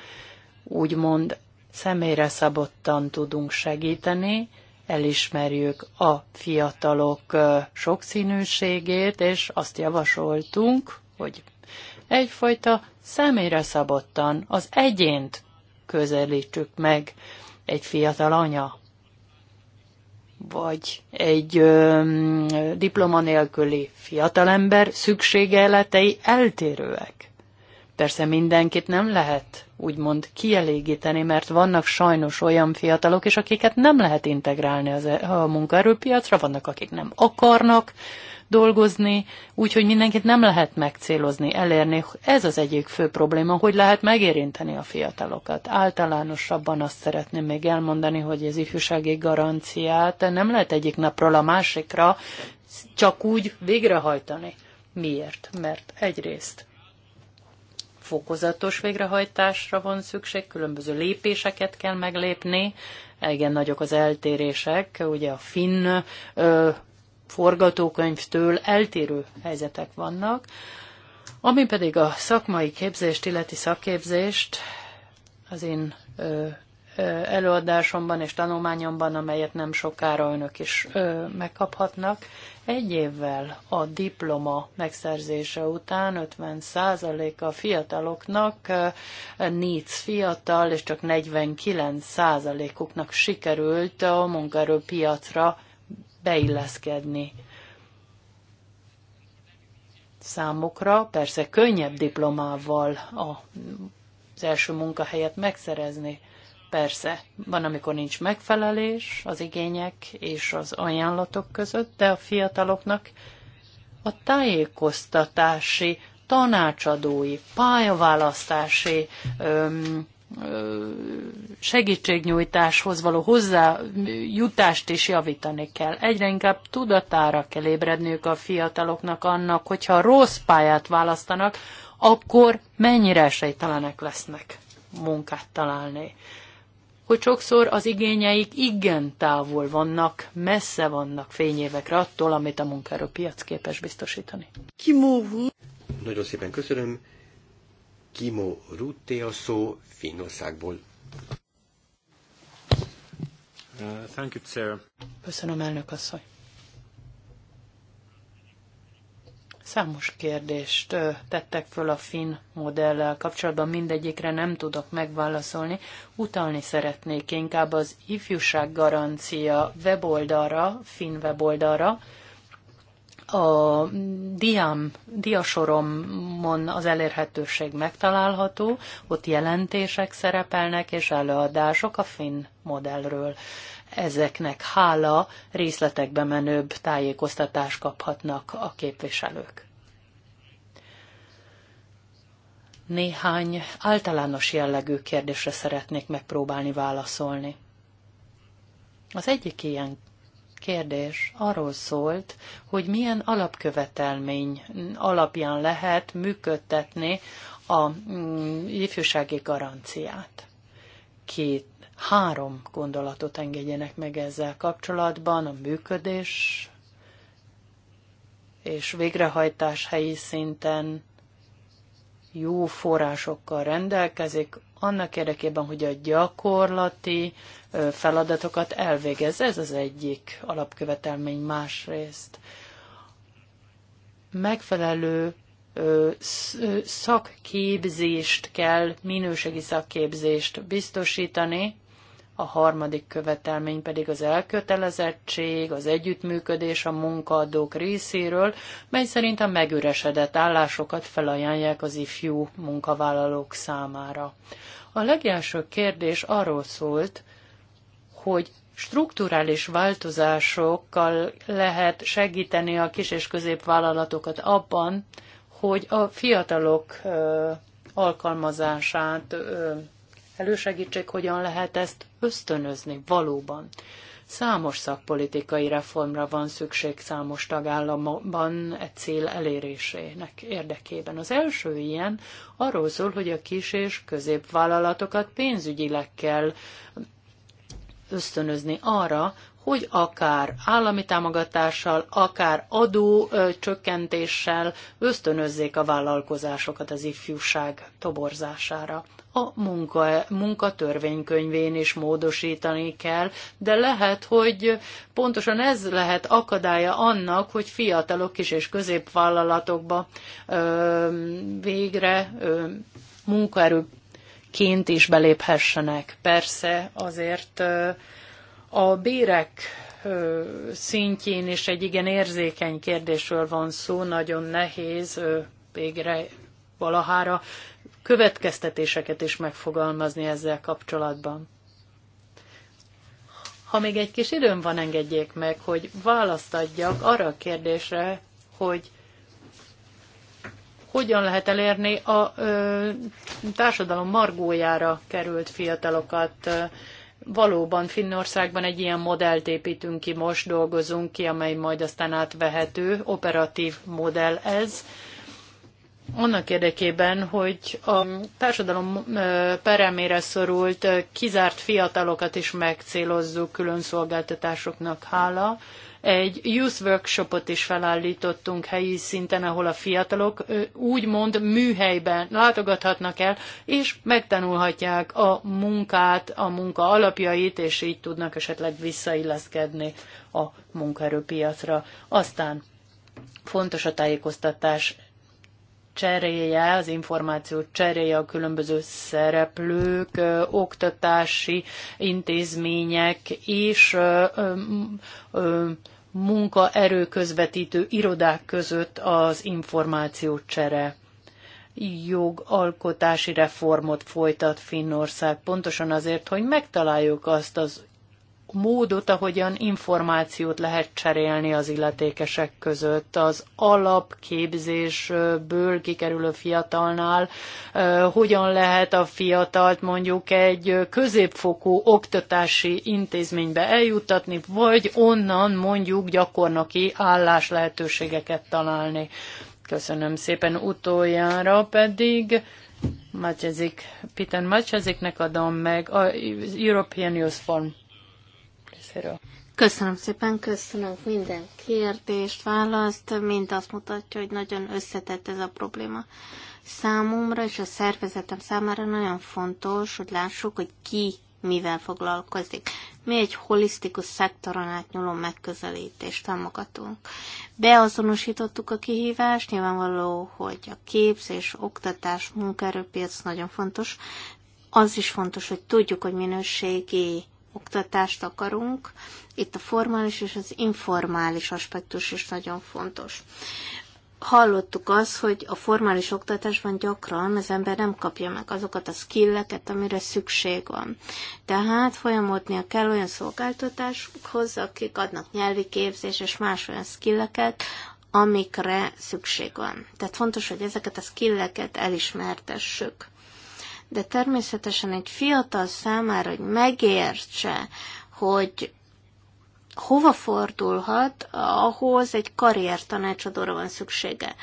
úgymond személyre szabottan tudunk segíteni, elismerjük a fiatalok sokszínűségét, és azt javasoltunk, hogy egyfajta személyre szabottan az egyént közelítsük meg egy fiatal anya, vagy egy ö, diploma nélküli fiatalember szükségeletei eltérőek. Persze mindenkit nem lehet úgymond kielégíteni, mert vannak sajnos olyan fiatalok is, akiket nem lehet integrálni az, e- a munkaerőpiacra, vannak, akik nem akarnak dolgozni, úgyhogy mindenkit nem lehet megcélozni, elérni. Ez az egyik fő probléma, hogy lehet megérinteni a fiatalokat. Általánosabban azt szeretném még elmondani, hogy az ifjúsági garanciát nem lehet egyik napról a másikra csak úgy végrehajtani. Miért? Mert egyrészt fokozatos végrehajtásra van szükség, különböző lépéseket kell meglépni, igen nagyok az eltérések, ugye a finn ö, forgatókönyvtől eltérő helyzetek vannak, ami pedig a szakmai képzést, illeti szakképzést, az én ö, előadásomban és tanulmányomban, amelyet nem sokára önök is megkaphatnak. Egy évvel a diploma megszerzése után 50% a fiataloknak, 4 fiatal, és csak 49%-uknak sikerült a munkaerőpiacra beilleszkedni számukra persze könnyebb diplomával a, az első munkahelyet megszerezni. Persze, van, amikor nincs megfelelés az igények és az ajánlatok között, de a fiataloknak a tájékoztatási, tanácsadói, pályaválasztási öm, ö, segítségnyújtáshoz való hozzájutást is javítani kell. Egyre inkább tudatára kell ébredniük a fiataloknak annak, hogyha rossz pályát választanak, akkor mennyire esélytelenek lesznek munkát találni hogy sokszor az igényeik igen távol vannak, messze vannak fényévekre attól, amit a munkaerőpiac képes biztosítani. Kimó Nagyon szépen köszönöm. Kimó Rutte a szó Finnországból. Uh, thank you, sir. Köszönöm, elnök asszony. Számos kérdést tettek föl a finn modellel kapcsolatban, mindegyikre nem tudok megválaszolni. Utalni szeretnék inkább az ifjúság garancia weboldalra, finn weboldalra, a diám, diasoromon az elérhetőség megtalálható, ott jelentések szerepelnek és előadások a finn modellről ezeknek hála részletekbe menőbb tájékoztatást kaphatnak a képviselők. Néhány általános jellegű kérdésre szeretnék megpróbálni válaszolni. Az egyik ilyen kérdés arról szólt, hogy milyen alapkövetelmény alapján lehet működtetni a mm, ifjúsági garanciát. Két Három gondolatot engedjenek meg ezzel kapcsolatban, a működés és végrehajtás helyi szinten jó forrásokkal rendelkezik, annak érdekében, hogy a gyakorlati feladatokat elvégezze. Ez az egyik alapkövetelmény másrészt. Megfelelő szakképzést kell, minőségi szakképzést biztosítani, a harmadik követelmény pedig az elkötelezettség, az együttműködés a munkaadók részéről, mely szerint a megüresedett állásokat felajánlják az ifjú munkavállalók számára. A legelső kérdés arról szólt, hogy strukturális változásokkal lehet segíteni a kis- és középvállalatokat abban, hogy a fiatalok alkalmazását elősegítsék, hogyan lehet ezt ösztönözni valóban. Számos szakpolitikai reformra van szükség számos tagállamban e cél elérésének érdekében. Az első ilyen arról szól, hogy a kis és középvállalatokat pénzügyileg kell ösztönözni arra, hogy akár állami támogatással, akár adó csökkentéssel ösztönözzék a vállalkozásokat az ifjúság toborzására a munka, munkatörvénykönyvén is módosítani kell, de lehet, hogy pontosan ez lehet akadálya annak, hogy fiatalok kis és középvállalatokba ö, végre ö, munkaerőként is beléphessenek. Persze azért ö, a bérek szintjén is egy igen érzékeny kérdésről van szó, nagyon nehéz végre valahára következtetéseket is megfogalmazni ezzel kapcsolatban. Ha még egy kis időm van, engedjék meg, hogy választ adjak arra a kérdésre, hogy hogyan lehet elérni a ö, társadalom margójára került fiatalokat. valóban Finnországban egy ilyen modellt építünk ki, most dolgozunk ki, amely majd aztán átvehető, operatív modell ez annak érdekében, hogy a társadalom peremére szorult, kizárt fiatalokat is megcélozzuk külön szolgáltatásoknak hála. Egy youth workshopot is felállítottunk helyi szinten, ahol a fiatalok úgymond műhelyben látogathatnak el, és megtanulhatják a munkát, a munka alapjait, és így tudnak esetleg visszailleszkedni a munkaerőpiacra. Aztán fontos a tájékoztatás cseréje, az információ cseréje a különböző szereplők, oktatási intézmények és munkaerő közvetítő irodák között az csere jogalkotási reformot folytat Finnország, pontosan azért, hogy megtaláljuk azt az módot, ahogyan információt lehet cserélni az illetékesek között. Az alapképzésből kikerülő fiatalnál hogyan lehet a fiatalt mondjuk egy középfokú oktatási intézménybe eljuttatni, vagy onnan mondjuk gyakornoki állás lehetőségeket találni. Köszönöm szépen utoljára pedig. Matyazik, Peter Matyaziknek adom meg a European Youth Forum részéről. Köszönöm szépen, köszönöm minden kérdést, választ, mind azt mutatja, hogy nagyon összetett ez a probléma. Számomra és a szervezetem számára nagyon fontos, hogy lássuk, hogy ki mivel foglalkozik. Mi egy holisztikus szektoron átnyúló megközelítést támogatunk. Beazonosítottuk a kihívást, nyilvánvaló, hogy a képzés, oktatás, munkaerőpiac nagyon fontos. Az is fontos, hogy tudjuk, hogy minőségi oktatást akarunk, itt a formális és az informális aspektus is nagyon fontos. Hallottuk azt, hogy a formális oktatásban gyakran az ember nem kapja meg azokat a skilleket, amire szükség van. Tehát folyamodnia kell olyan szolgáltatásokhoz, akik adnak nyelvi képzés és más olyan skilleket, amikre szükség van. Tehát fontos, hogy ezeket a skilleket elismertessük de természetesen egy fiatal számára, hogy megértse, hogy hova fordulhat, ahhoz egy karrier tanácsadóra van szüksége.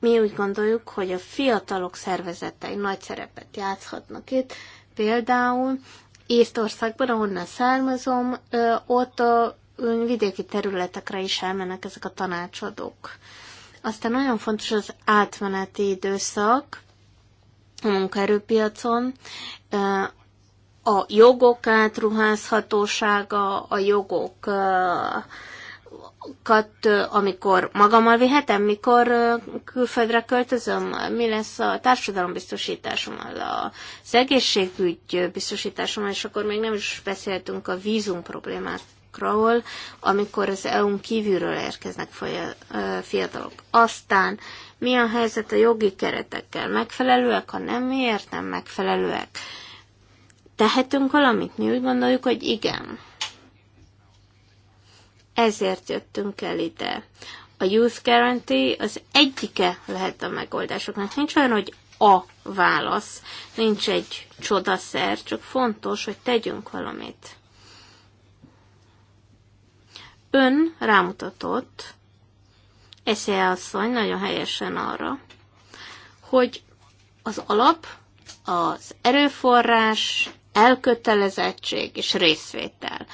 Mi úgy gondoljuk, hogy a fiatalok szervezetei nagy szerepet játszhatnak itt, például Írtországban, ahonnan származom, ott a vidéki területekre is elmennek ezek a tanácsadók. Aztán nagyon fontos az átmeneti időszak, a munkaerőpiacon, a jogok átruházhatósága, a jogok kat, amikor magammal vihetem, mikor külföldre költözöm, mi lesz a társadalombiztosításommal, az egészségügy biztosításommal, és akkor még nem is beszéltünk a vízum problémákról, amikor az EU-n kívülről érkeznek fiatalok. Aztán mi a helyzet a jogi keretekkel, megfelelőek, ha nem, miért nem megfelelőek. Tehetünk valamit? Mi úgy gondoljuk, hogy igen. Ezért jöttünk el ide. A Youth Guarantee az egyike lehet a megoldásoknak. Nincs olyan, hogy a válasz, nincs egy csodaszer, csak fontos, hogy tegyünk valamit. Ön rámutatott, Esze asszony nagyon helyesen arra, hogy az alap az erőforrás, elkötelezettség és részvétel.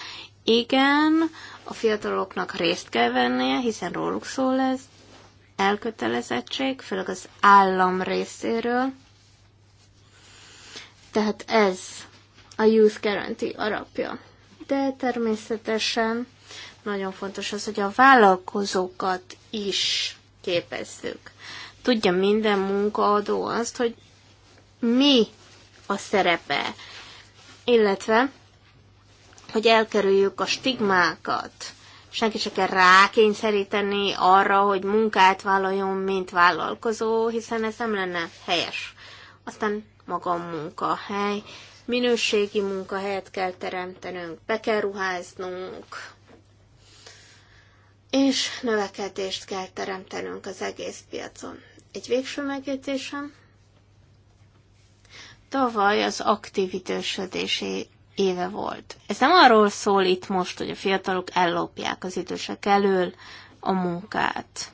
Igen, a fiataloknak részt kell vennie, hiszen róluk szól ez, elkötelezettség, főleg az állam részéről. Tehát ez a Youth Guarantee alapja. De természetesen nagyon fontos az, hogy a vállalkozókat is képezzük. Tudja minden munkaadó azt, hogy mi a szerepe, illetve, hogy elkerüljük a stigmákat. Senki se kell rákényszeríteni arra, hogy munkát vállaljon, mint vállalkozó, hiszen ez nem lenne helyes. Aztán maga a munkahely, minőségi munkahelyet kell teremtenünk, be kell ruháznunk, és növekedést kell teremtenünk az egész piacon. Egy végső megjegyzésem. Tavaly az aktív idősödési éve volt. Ez nem arról szól itt most, hogy a fiatalok ellopják az idősek elől a munkát.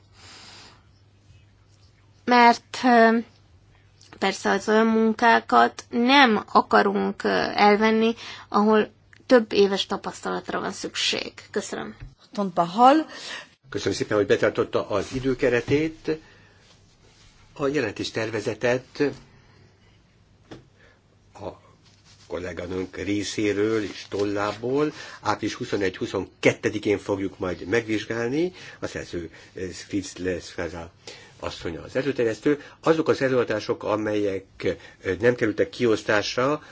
Mert persze az olyan munkákat nem akarunk elvenni, ahol több éves tapasztalatra van szükség. Köszönöm. Köszönöm szépen, hogy betartotta az időkeretét. A jelentés tervezetet a kolléganőnk részéről és tollából április 21-22-én fogjuk majd megvizsgálni. A szerző Fritz lesz fel a asszony az előterjesztő. Azok az előadások, amelyek nem kerültek kiosztásra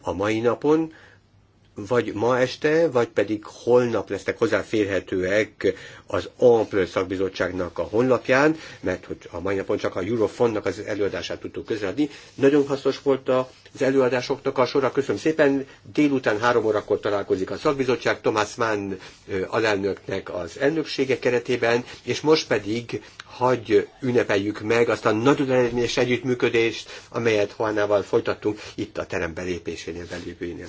a mai napon, vagy ma este, vagy pedig holnap lesznek hozzáférhetőek az Ample szakbizottságnak a honlapján, mert hogy a mai napon csak a Eurofondnak az előadását tudtuk közreadni. Nagyon hasznos volt az előadásoknak a sora. Köszönöm szépen. Délután három órakor találkozik a szakbizottság Thomas Mann alelnöknek az elnöksége keretében, és most pedig hagy ünnepeljük meg azt a nagyon eredményes együttműködést, amelyet Hoánával folytattunk itt a terem belépésénél, belépőjénél.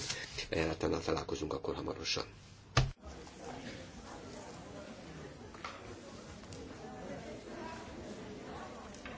Erre találkozunk akkor hamarosan.